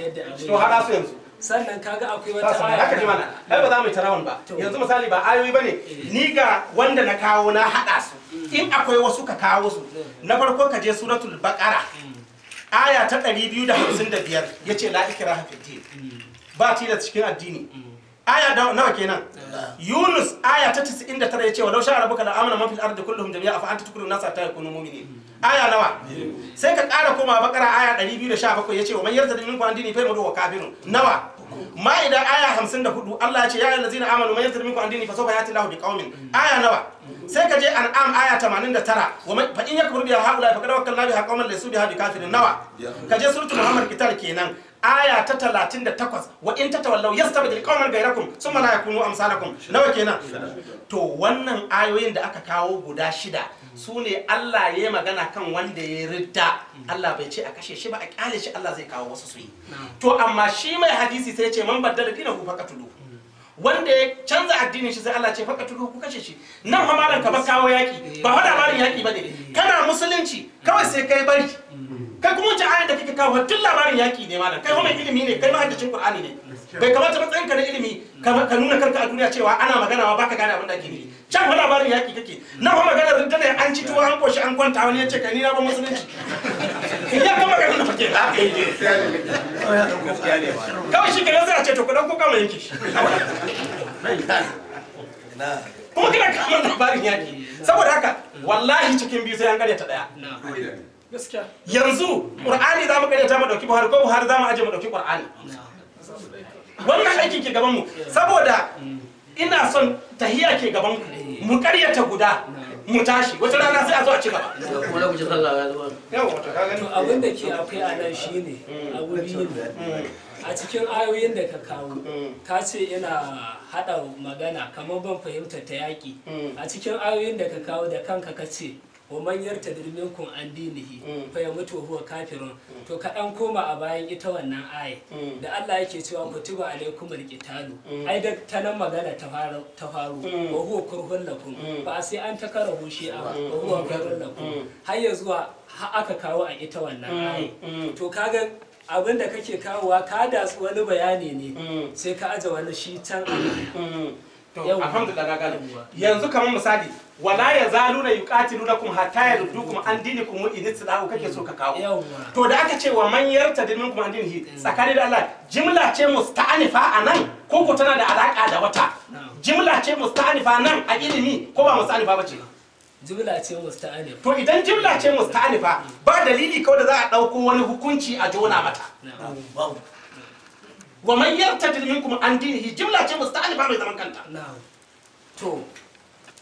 yadda to haɗa su yanzu sannan kaga akwai wata aya haka ji mana ai ba za mu yi ba yanzu misali ba ayoyi bane eh. ni ga wanda na kawo na hada su mm. in akwai wasu ka kawo su eh. na farko ka je suratul baqara mm. aya ta 255 yace la ikraha fid din mm. ba tilas cikin addini aya da nawa kenan eh. yunus aya ta 99 yace walau sha rabbuka la amana man fil ardi kulluhum jami'a fa anta tukunu nasa ta yakunu mu'minin aya nawa sai ka kara koma bakara aya 217 yace wa man yarda minkum an dini fa mudu wa kafirun nawa ma'ida aya 54 Allah ya ce ya ayyuhal ladzina amanu man yartad minkum an dini fa sawfa yati Allahu biqaumin aya nawa sai ka je an'am aya 89 wa man fa in yakfur biha haula fa kad wakkalna biha qauman laysu biha bikafirin nawa ka je suratul muhammad kitar kenan aya ta 38 wa in tatawallaw yastabdil qauman ghayrakum thumma la yakunu amsalakum nawa kenan to wannan ayoyin da aka kawo guda shida su ne Allah ya yi magana kan wanda ya ridda Allah bai ce a kashe shi ba a kyale shi Allah zai kawo wasu su yi to amma shi mai hadisi sai ce man baddala dinahu tulu. wanda ya canza addinin shi sai Allah ce tulu ku kashe shi nan ma malam ba kawo yaki ba fa labarin yaki bane kana musulunci kawai sai kai bari kai kuma wace ayan da kake kawo tun labarin yaki ne malan kai kuma ilimi ne kai mahaddacin Qur'ani ne bai kamata matsayin ka na ilimi ka nuna karka a duniya cewa ana magana ma baka gane abin da ake nufi can fa labarin yaki kake na fa magana da ne an ci tuwa an koshi an kwanta wani ya ce kai ni na ba musulunci ya ka magana na fake kawai shi ka zai a ce to ku dauko kama yanki shi kuma kana kama labarin yaki saboda haka wallahi cikin biyu sai an ta daya yanzu qur'ani za mu ta mu dauki buhari ko buhari za mu aje mu dauki qur'ani wannan aikin ke gaban mu saboda ina son tahiya ke gaban ku mu karyata guda mu tashi wata rana sai a zo a ci gaba ko da sallah ya zuwa ka gani abin da ke akwai a nan shine mm. a wurin a cikin ayoyin da ka kawo mm. ka ce ina hada magana kamar ban fahimta ta yaki mm. a cikin ayoyin da ka kawo da kanka ka ce wa man dirmin kun an dinihi mm. fa yamutu huwa kafirun mm. to ka dan koma a bayan ita wannan ayi. Mm. da Allah yake cewa kutiba alaikum alqitalu ai da ta nan magana ta faru ta wa huwa kurhun lakum ba sai an ta karahu shi a wa huwa kurhun lakum har ya zuwa aka kawo a ita wannan ayi. to kaga abin da kake kawowa ka da wani bayani ne sai ka aje wani shi can a alhamdulillah na gane yanzu kamar misali wala ya zalu na yuqatilunakum hatta yardukum an dinikum kuma in istidau kake so ka kawo to da aka ce wa man yartadil kuma an dinihi mm. tsakani da Allah jimla ce musta'anifa anan ko ko tana da alaka da wata jimla ce musta'anifa nan a ilimi ko ba musta'anifa bace jimla ce musta'anifa to idan jimla ce musta'anifa ba dalili kawai da za a dauko wani hukunci a jona mata wa man yartadil minkum an dinihi jimla ce alifa mai zaman kanta na'am to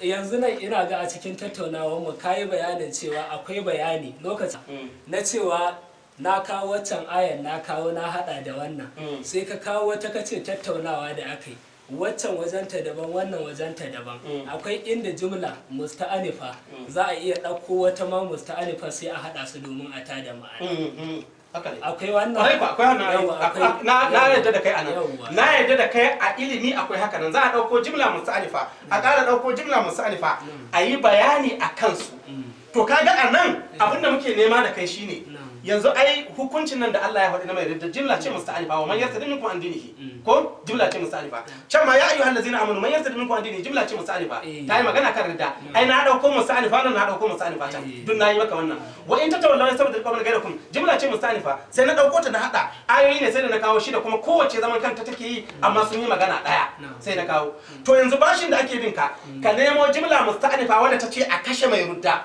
yanzu nan ina ga a cikin tattaunawar mu kayi bayanin cewa akwai bayani lokaci hmm. na cewa na kawo waccan ayan na kawo na hada da wannan hmm. sai ka kawo wata kace tattaunawa da aka yi waccan wajenta daban wannan wajenta daban hmm. akwai inda jumla alifa za a iya ɗauko wata ma musta'anifa sai a hada su domin a tada ma'ana akwai wannan akwai wannan na yadda da kai nan, na yadda da kai a ilimi akwai haka nan za a ɗauko jimla alifa, a mm. ƙara ɗauko jimla alifa, mm. a yi bayani a kansu mm. to kaga anan abinda muke nema da kai shine yanzu ai hukuncin nan da Allah ya faɗi na mai ridda jimla ce musta'anifa wa man yartadi minkum an dinihi mm. ko jimla ce musta'anifa can ma ya ayyuhal allazina amanu man yartadi minkum an dinihi jimla ce musta'anifa eh. ta yi magana kan ridda ai na dauko musta'anifa nan na dauko musta'anifa can eh. duk na yi maka wannan wa in tatawallaw saboda da gairakum jimla ce musta'anifa sai na dauko ta na hada ayoyi ne sai da na kawo shida kuma kowace zaman kanta take yi mm. amma sun yi magana daya sai na kawo to yanzu bashin da ake bin ka mm. ka nemo jimla musta'anifa wanda ta ce a kashe mai rudda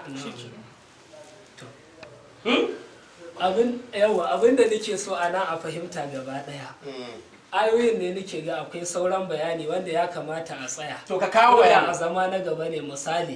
Hmm? abin yawa abin da nake so a nan a fahimta gaba daya mm. ayoyin ne nake ga akwai sauran bayani wanda ya kamata a tsaya to ka kawo ya a zama na gaba ne misali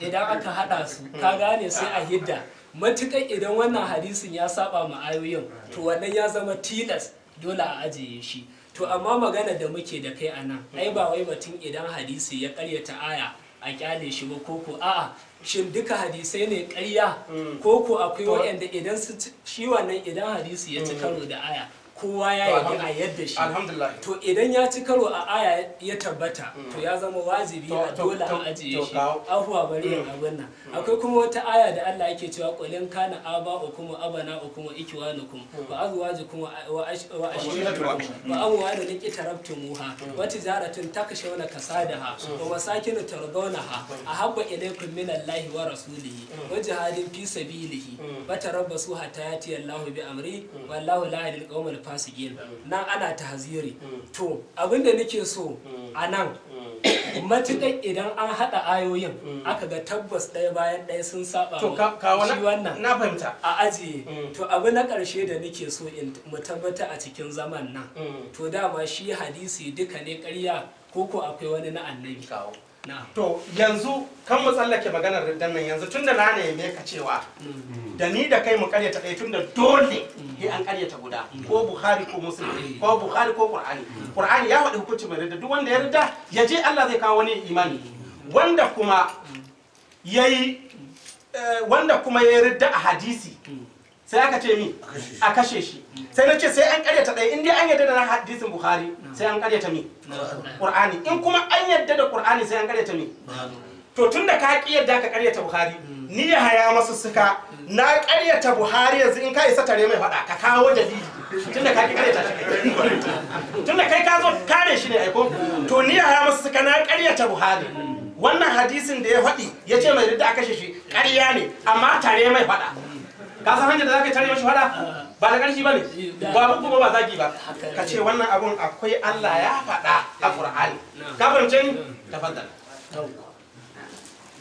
idan aka hada su mm. ka gane sai a hidda matukan idan wannan hadisin ya saba ma ayoyin to wannan ya zama tilas dole a ajiye shi to amma magana da muke da kai anan ai ba wai batun idan hadisi ya karyata aya a kyale shi ba koko a'a shin duka hadisai ne ƙarya koko mm. akwai waɗanda idan shi wannan idan hadisi ya ci mm. karo da aya kowa ya yi a yadda shi to idan ya ci karo a aya ya tabbata to mm. ya zama wajibi a dole a ajiye shi ahuwa bari yin mm. abin nan mm. akwai kuma wata aya da Allah yake cewa qulin kana aba kuma abana ukum ikwanukum wa azwajukum wa ashiratukum wa amwalu likitarabtumuha wa tijaratun takshawna kasadaha wa masakin tardawnaha ahabba ilaykum min Allahi wa rasulihi wa jihadin fi sabilihi fatarabbasu hatta yati Allahu bi amri wallahu la yahdil qawmal fasikin nan ana ta haziri to abinda nake so a nan matuƙar idan an haɗa ayoyin aka ga tabbas ɗaya bayan ɗaya sun saba to ka wannan na fahimta a ajiye mm. to abu na ƙarshe da nake so in mu tabbata a cikin zaman nan mm. to dama shi hadisi duka ne ƙarya ko ko akwai wani na annabi kawo to yanzu kan mu tsallake maganar riddan nan yanzu tunda na me ka cewa mm. da ni da kai mu karyata ɗaya tunda dole sai mm. an karyata guda mm. ko bukhari ko muslim ko bukhari ko qur'ani qur'ani ya wadi hukunci mai ridda duk wanda ya ridda ya je Allah zai kawo wani imani wanda kuma yayi eh, wanda kuma ya ridda a hadisi sai aka ce mi a kashe shi sai na ce sai an karyata ɗaya in dai an yadda da na hadisin bukhari sai an karyata mi qur'ani in kuma an yadda da qur'ani sai an karyata mi to tunda ka ki yadda ka karyata bukhari ni ya haya masu suka na karyata buhari yanzu in ka isa tare mai faɗa ka kawo dalili tunda ka ki karyata shi tunda kai ka zo kare shi ne aiko to ni ya haya masu suka na karyata buhari wannan hadisin da ya faɗi ya ce mai ridda a kashe shi ƙarya ne amma tare mai faɗa ka san hanyar da zaka tare mashi fada ba da karshi bane ba kuma ba zaki ba ka ce wannan abun akwai Allah ya faɗa a Qur'ani ka fahimce ni tafaddal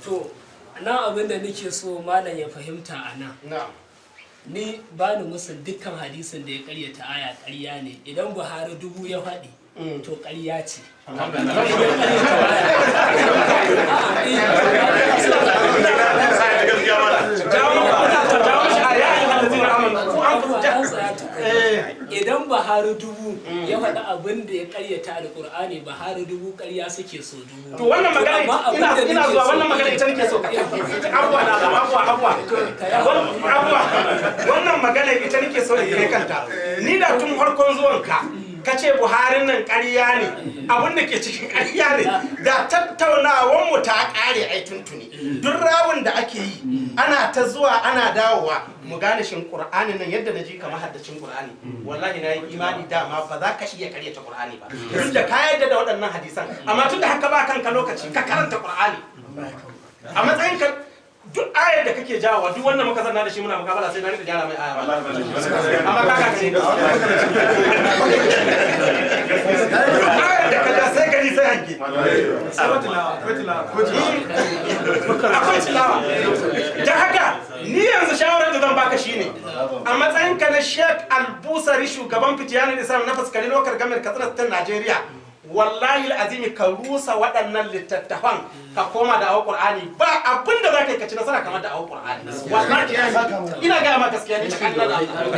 to nan abin da nake so malam ya fahimta a nan ni ba ni musul dukkan hadisin da ya karyata aya ƙarya ne idan buhari dubu ya faɗi mm. to karya ce Eh. idan bahari dubu ya faɗi abin da ya ƙaryata alƙur'ani bahari dubu ƙarya suke so dubu to wannan magana ina ina zuwa wannan magana ita nake so abuwa na da abuwa abuwa abuwa wannan magana ita nake so in kanta ni da tun farkon ka ka ce buharin nan ƙarya ne abun da ke cikin ƙarya ne da tattaunawar mu ta ƙare ai tuntuni duk rawun da ake yi ana ta zuwa ana dawowa mu gane shin qur'ani nan yadda na ji kamar haddacin qur'ani wallahi na yi imani dama ba za ka iya karyata qur'ani ba duk da ka yadda da waɗannan hadisan amma tun da haka ba kanka lokaci ka karanta qur'ani a matsayin ka duk ayar da kake jawa duk wannan muka zanna da shi muna mukabala sai na rika gyara mai aya amma kaka ce ayar da kaja sai gani sai hange akwai tilawa da haka ni yanzu shawarar da zan baka shine a matsayin ka na Sheikh Albusari shugaban fitiyanin Islam na fuskari lokar gamar Katsina ta Najeriya wallahi azimi ka rusa waɗannan littattafan ka koma da awon qur'ani ba abinda za ka yi ka nasara kamar da awon qur'ani wallahi ina gaya ma gaskiya ne ta kallon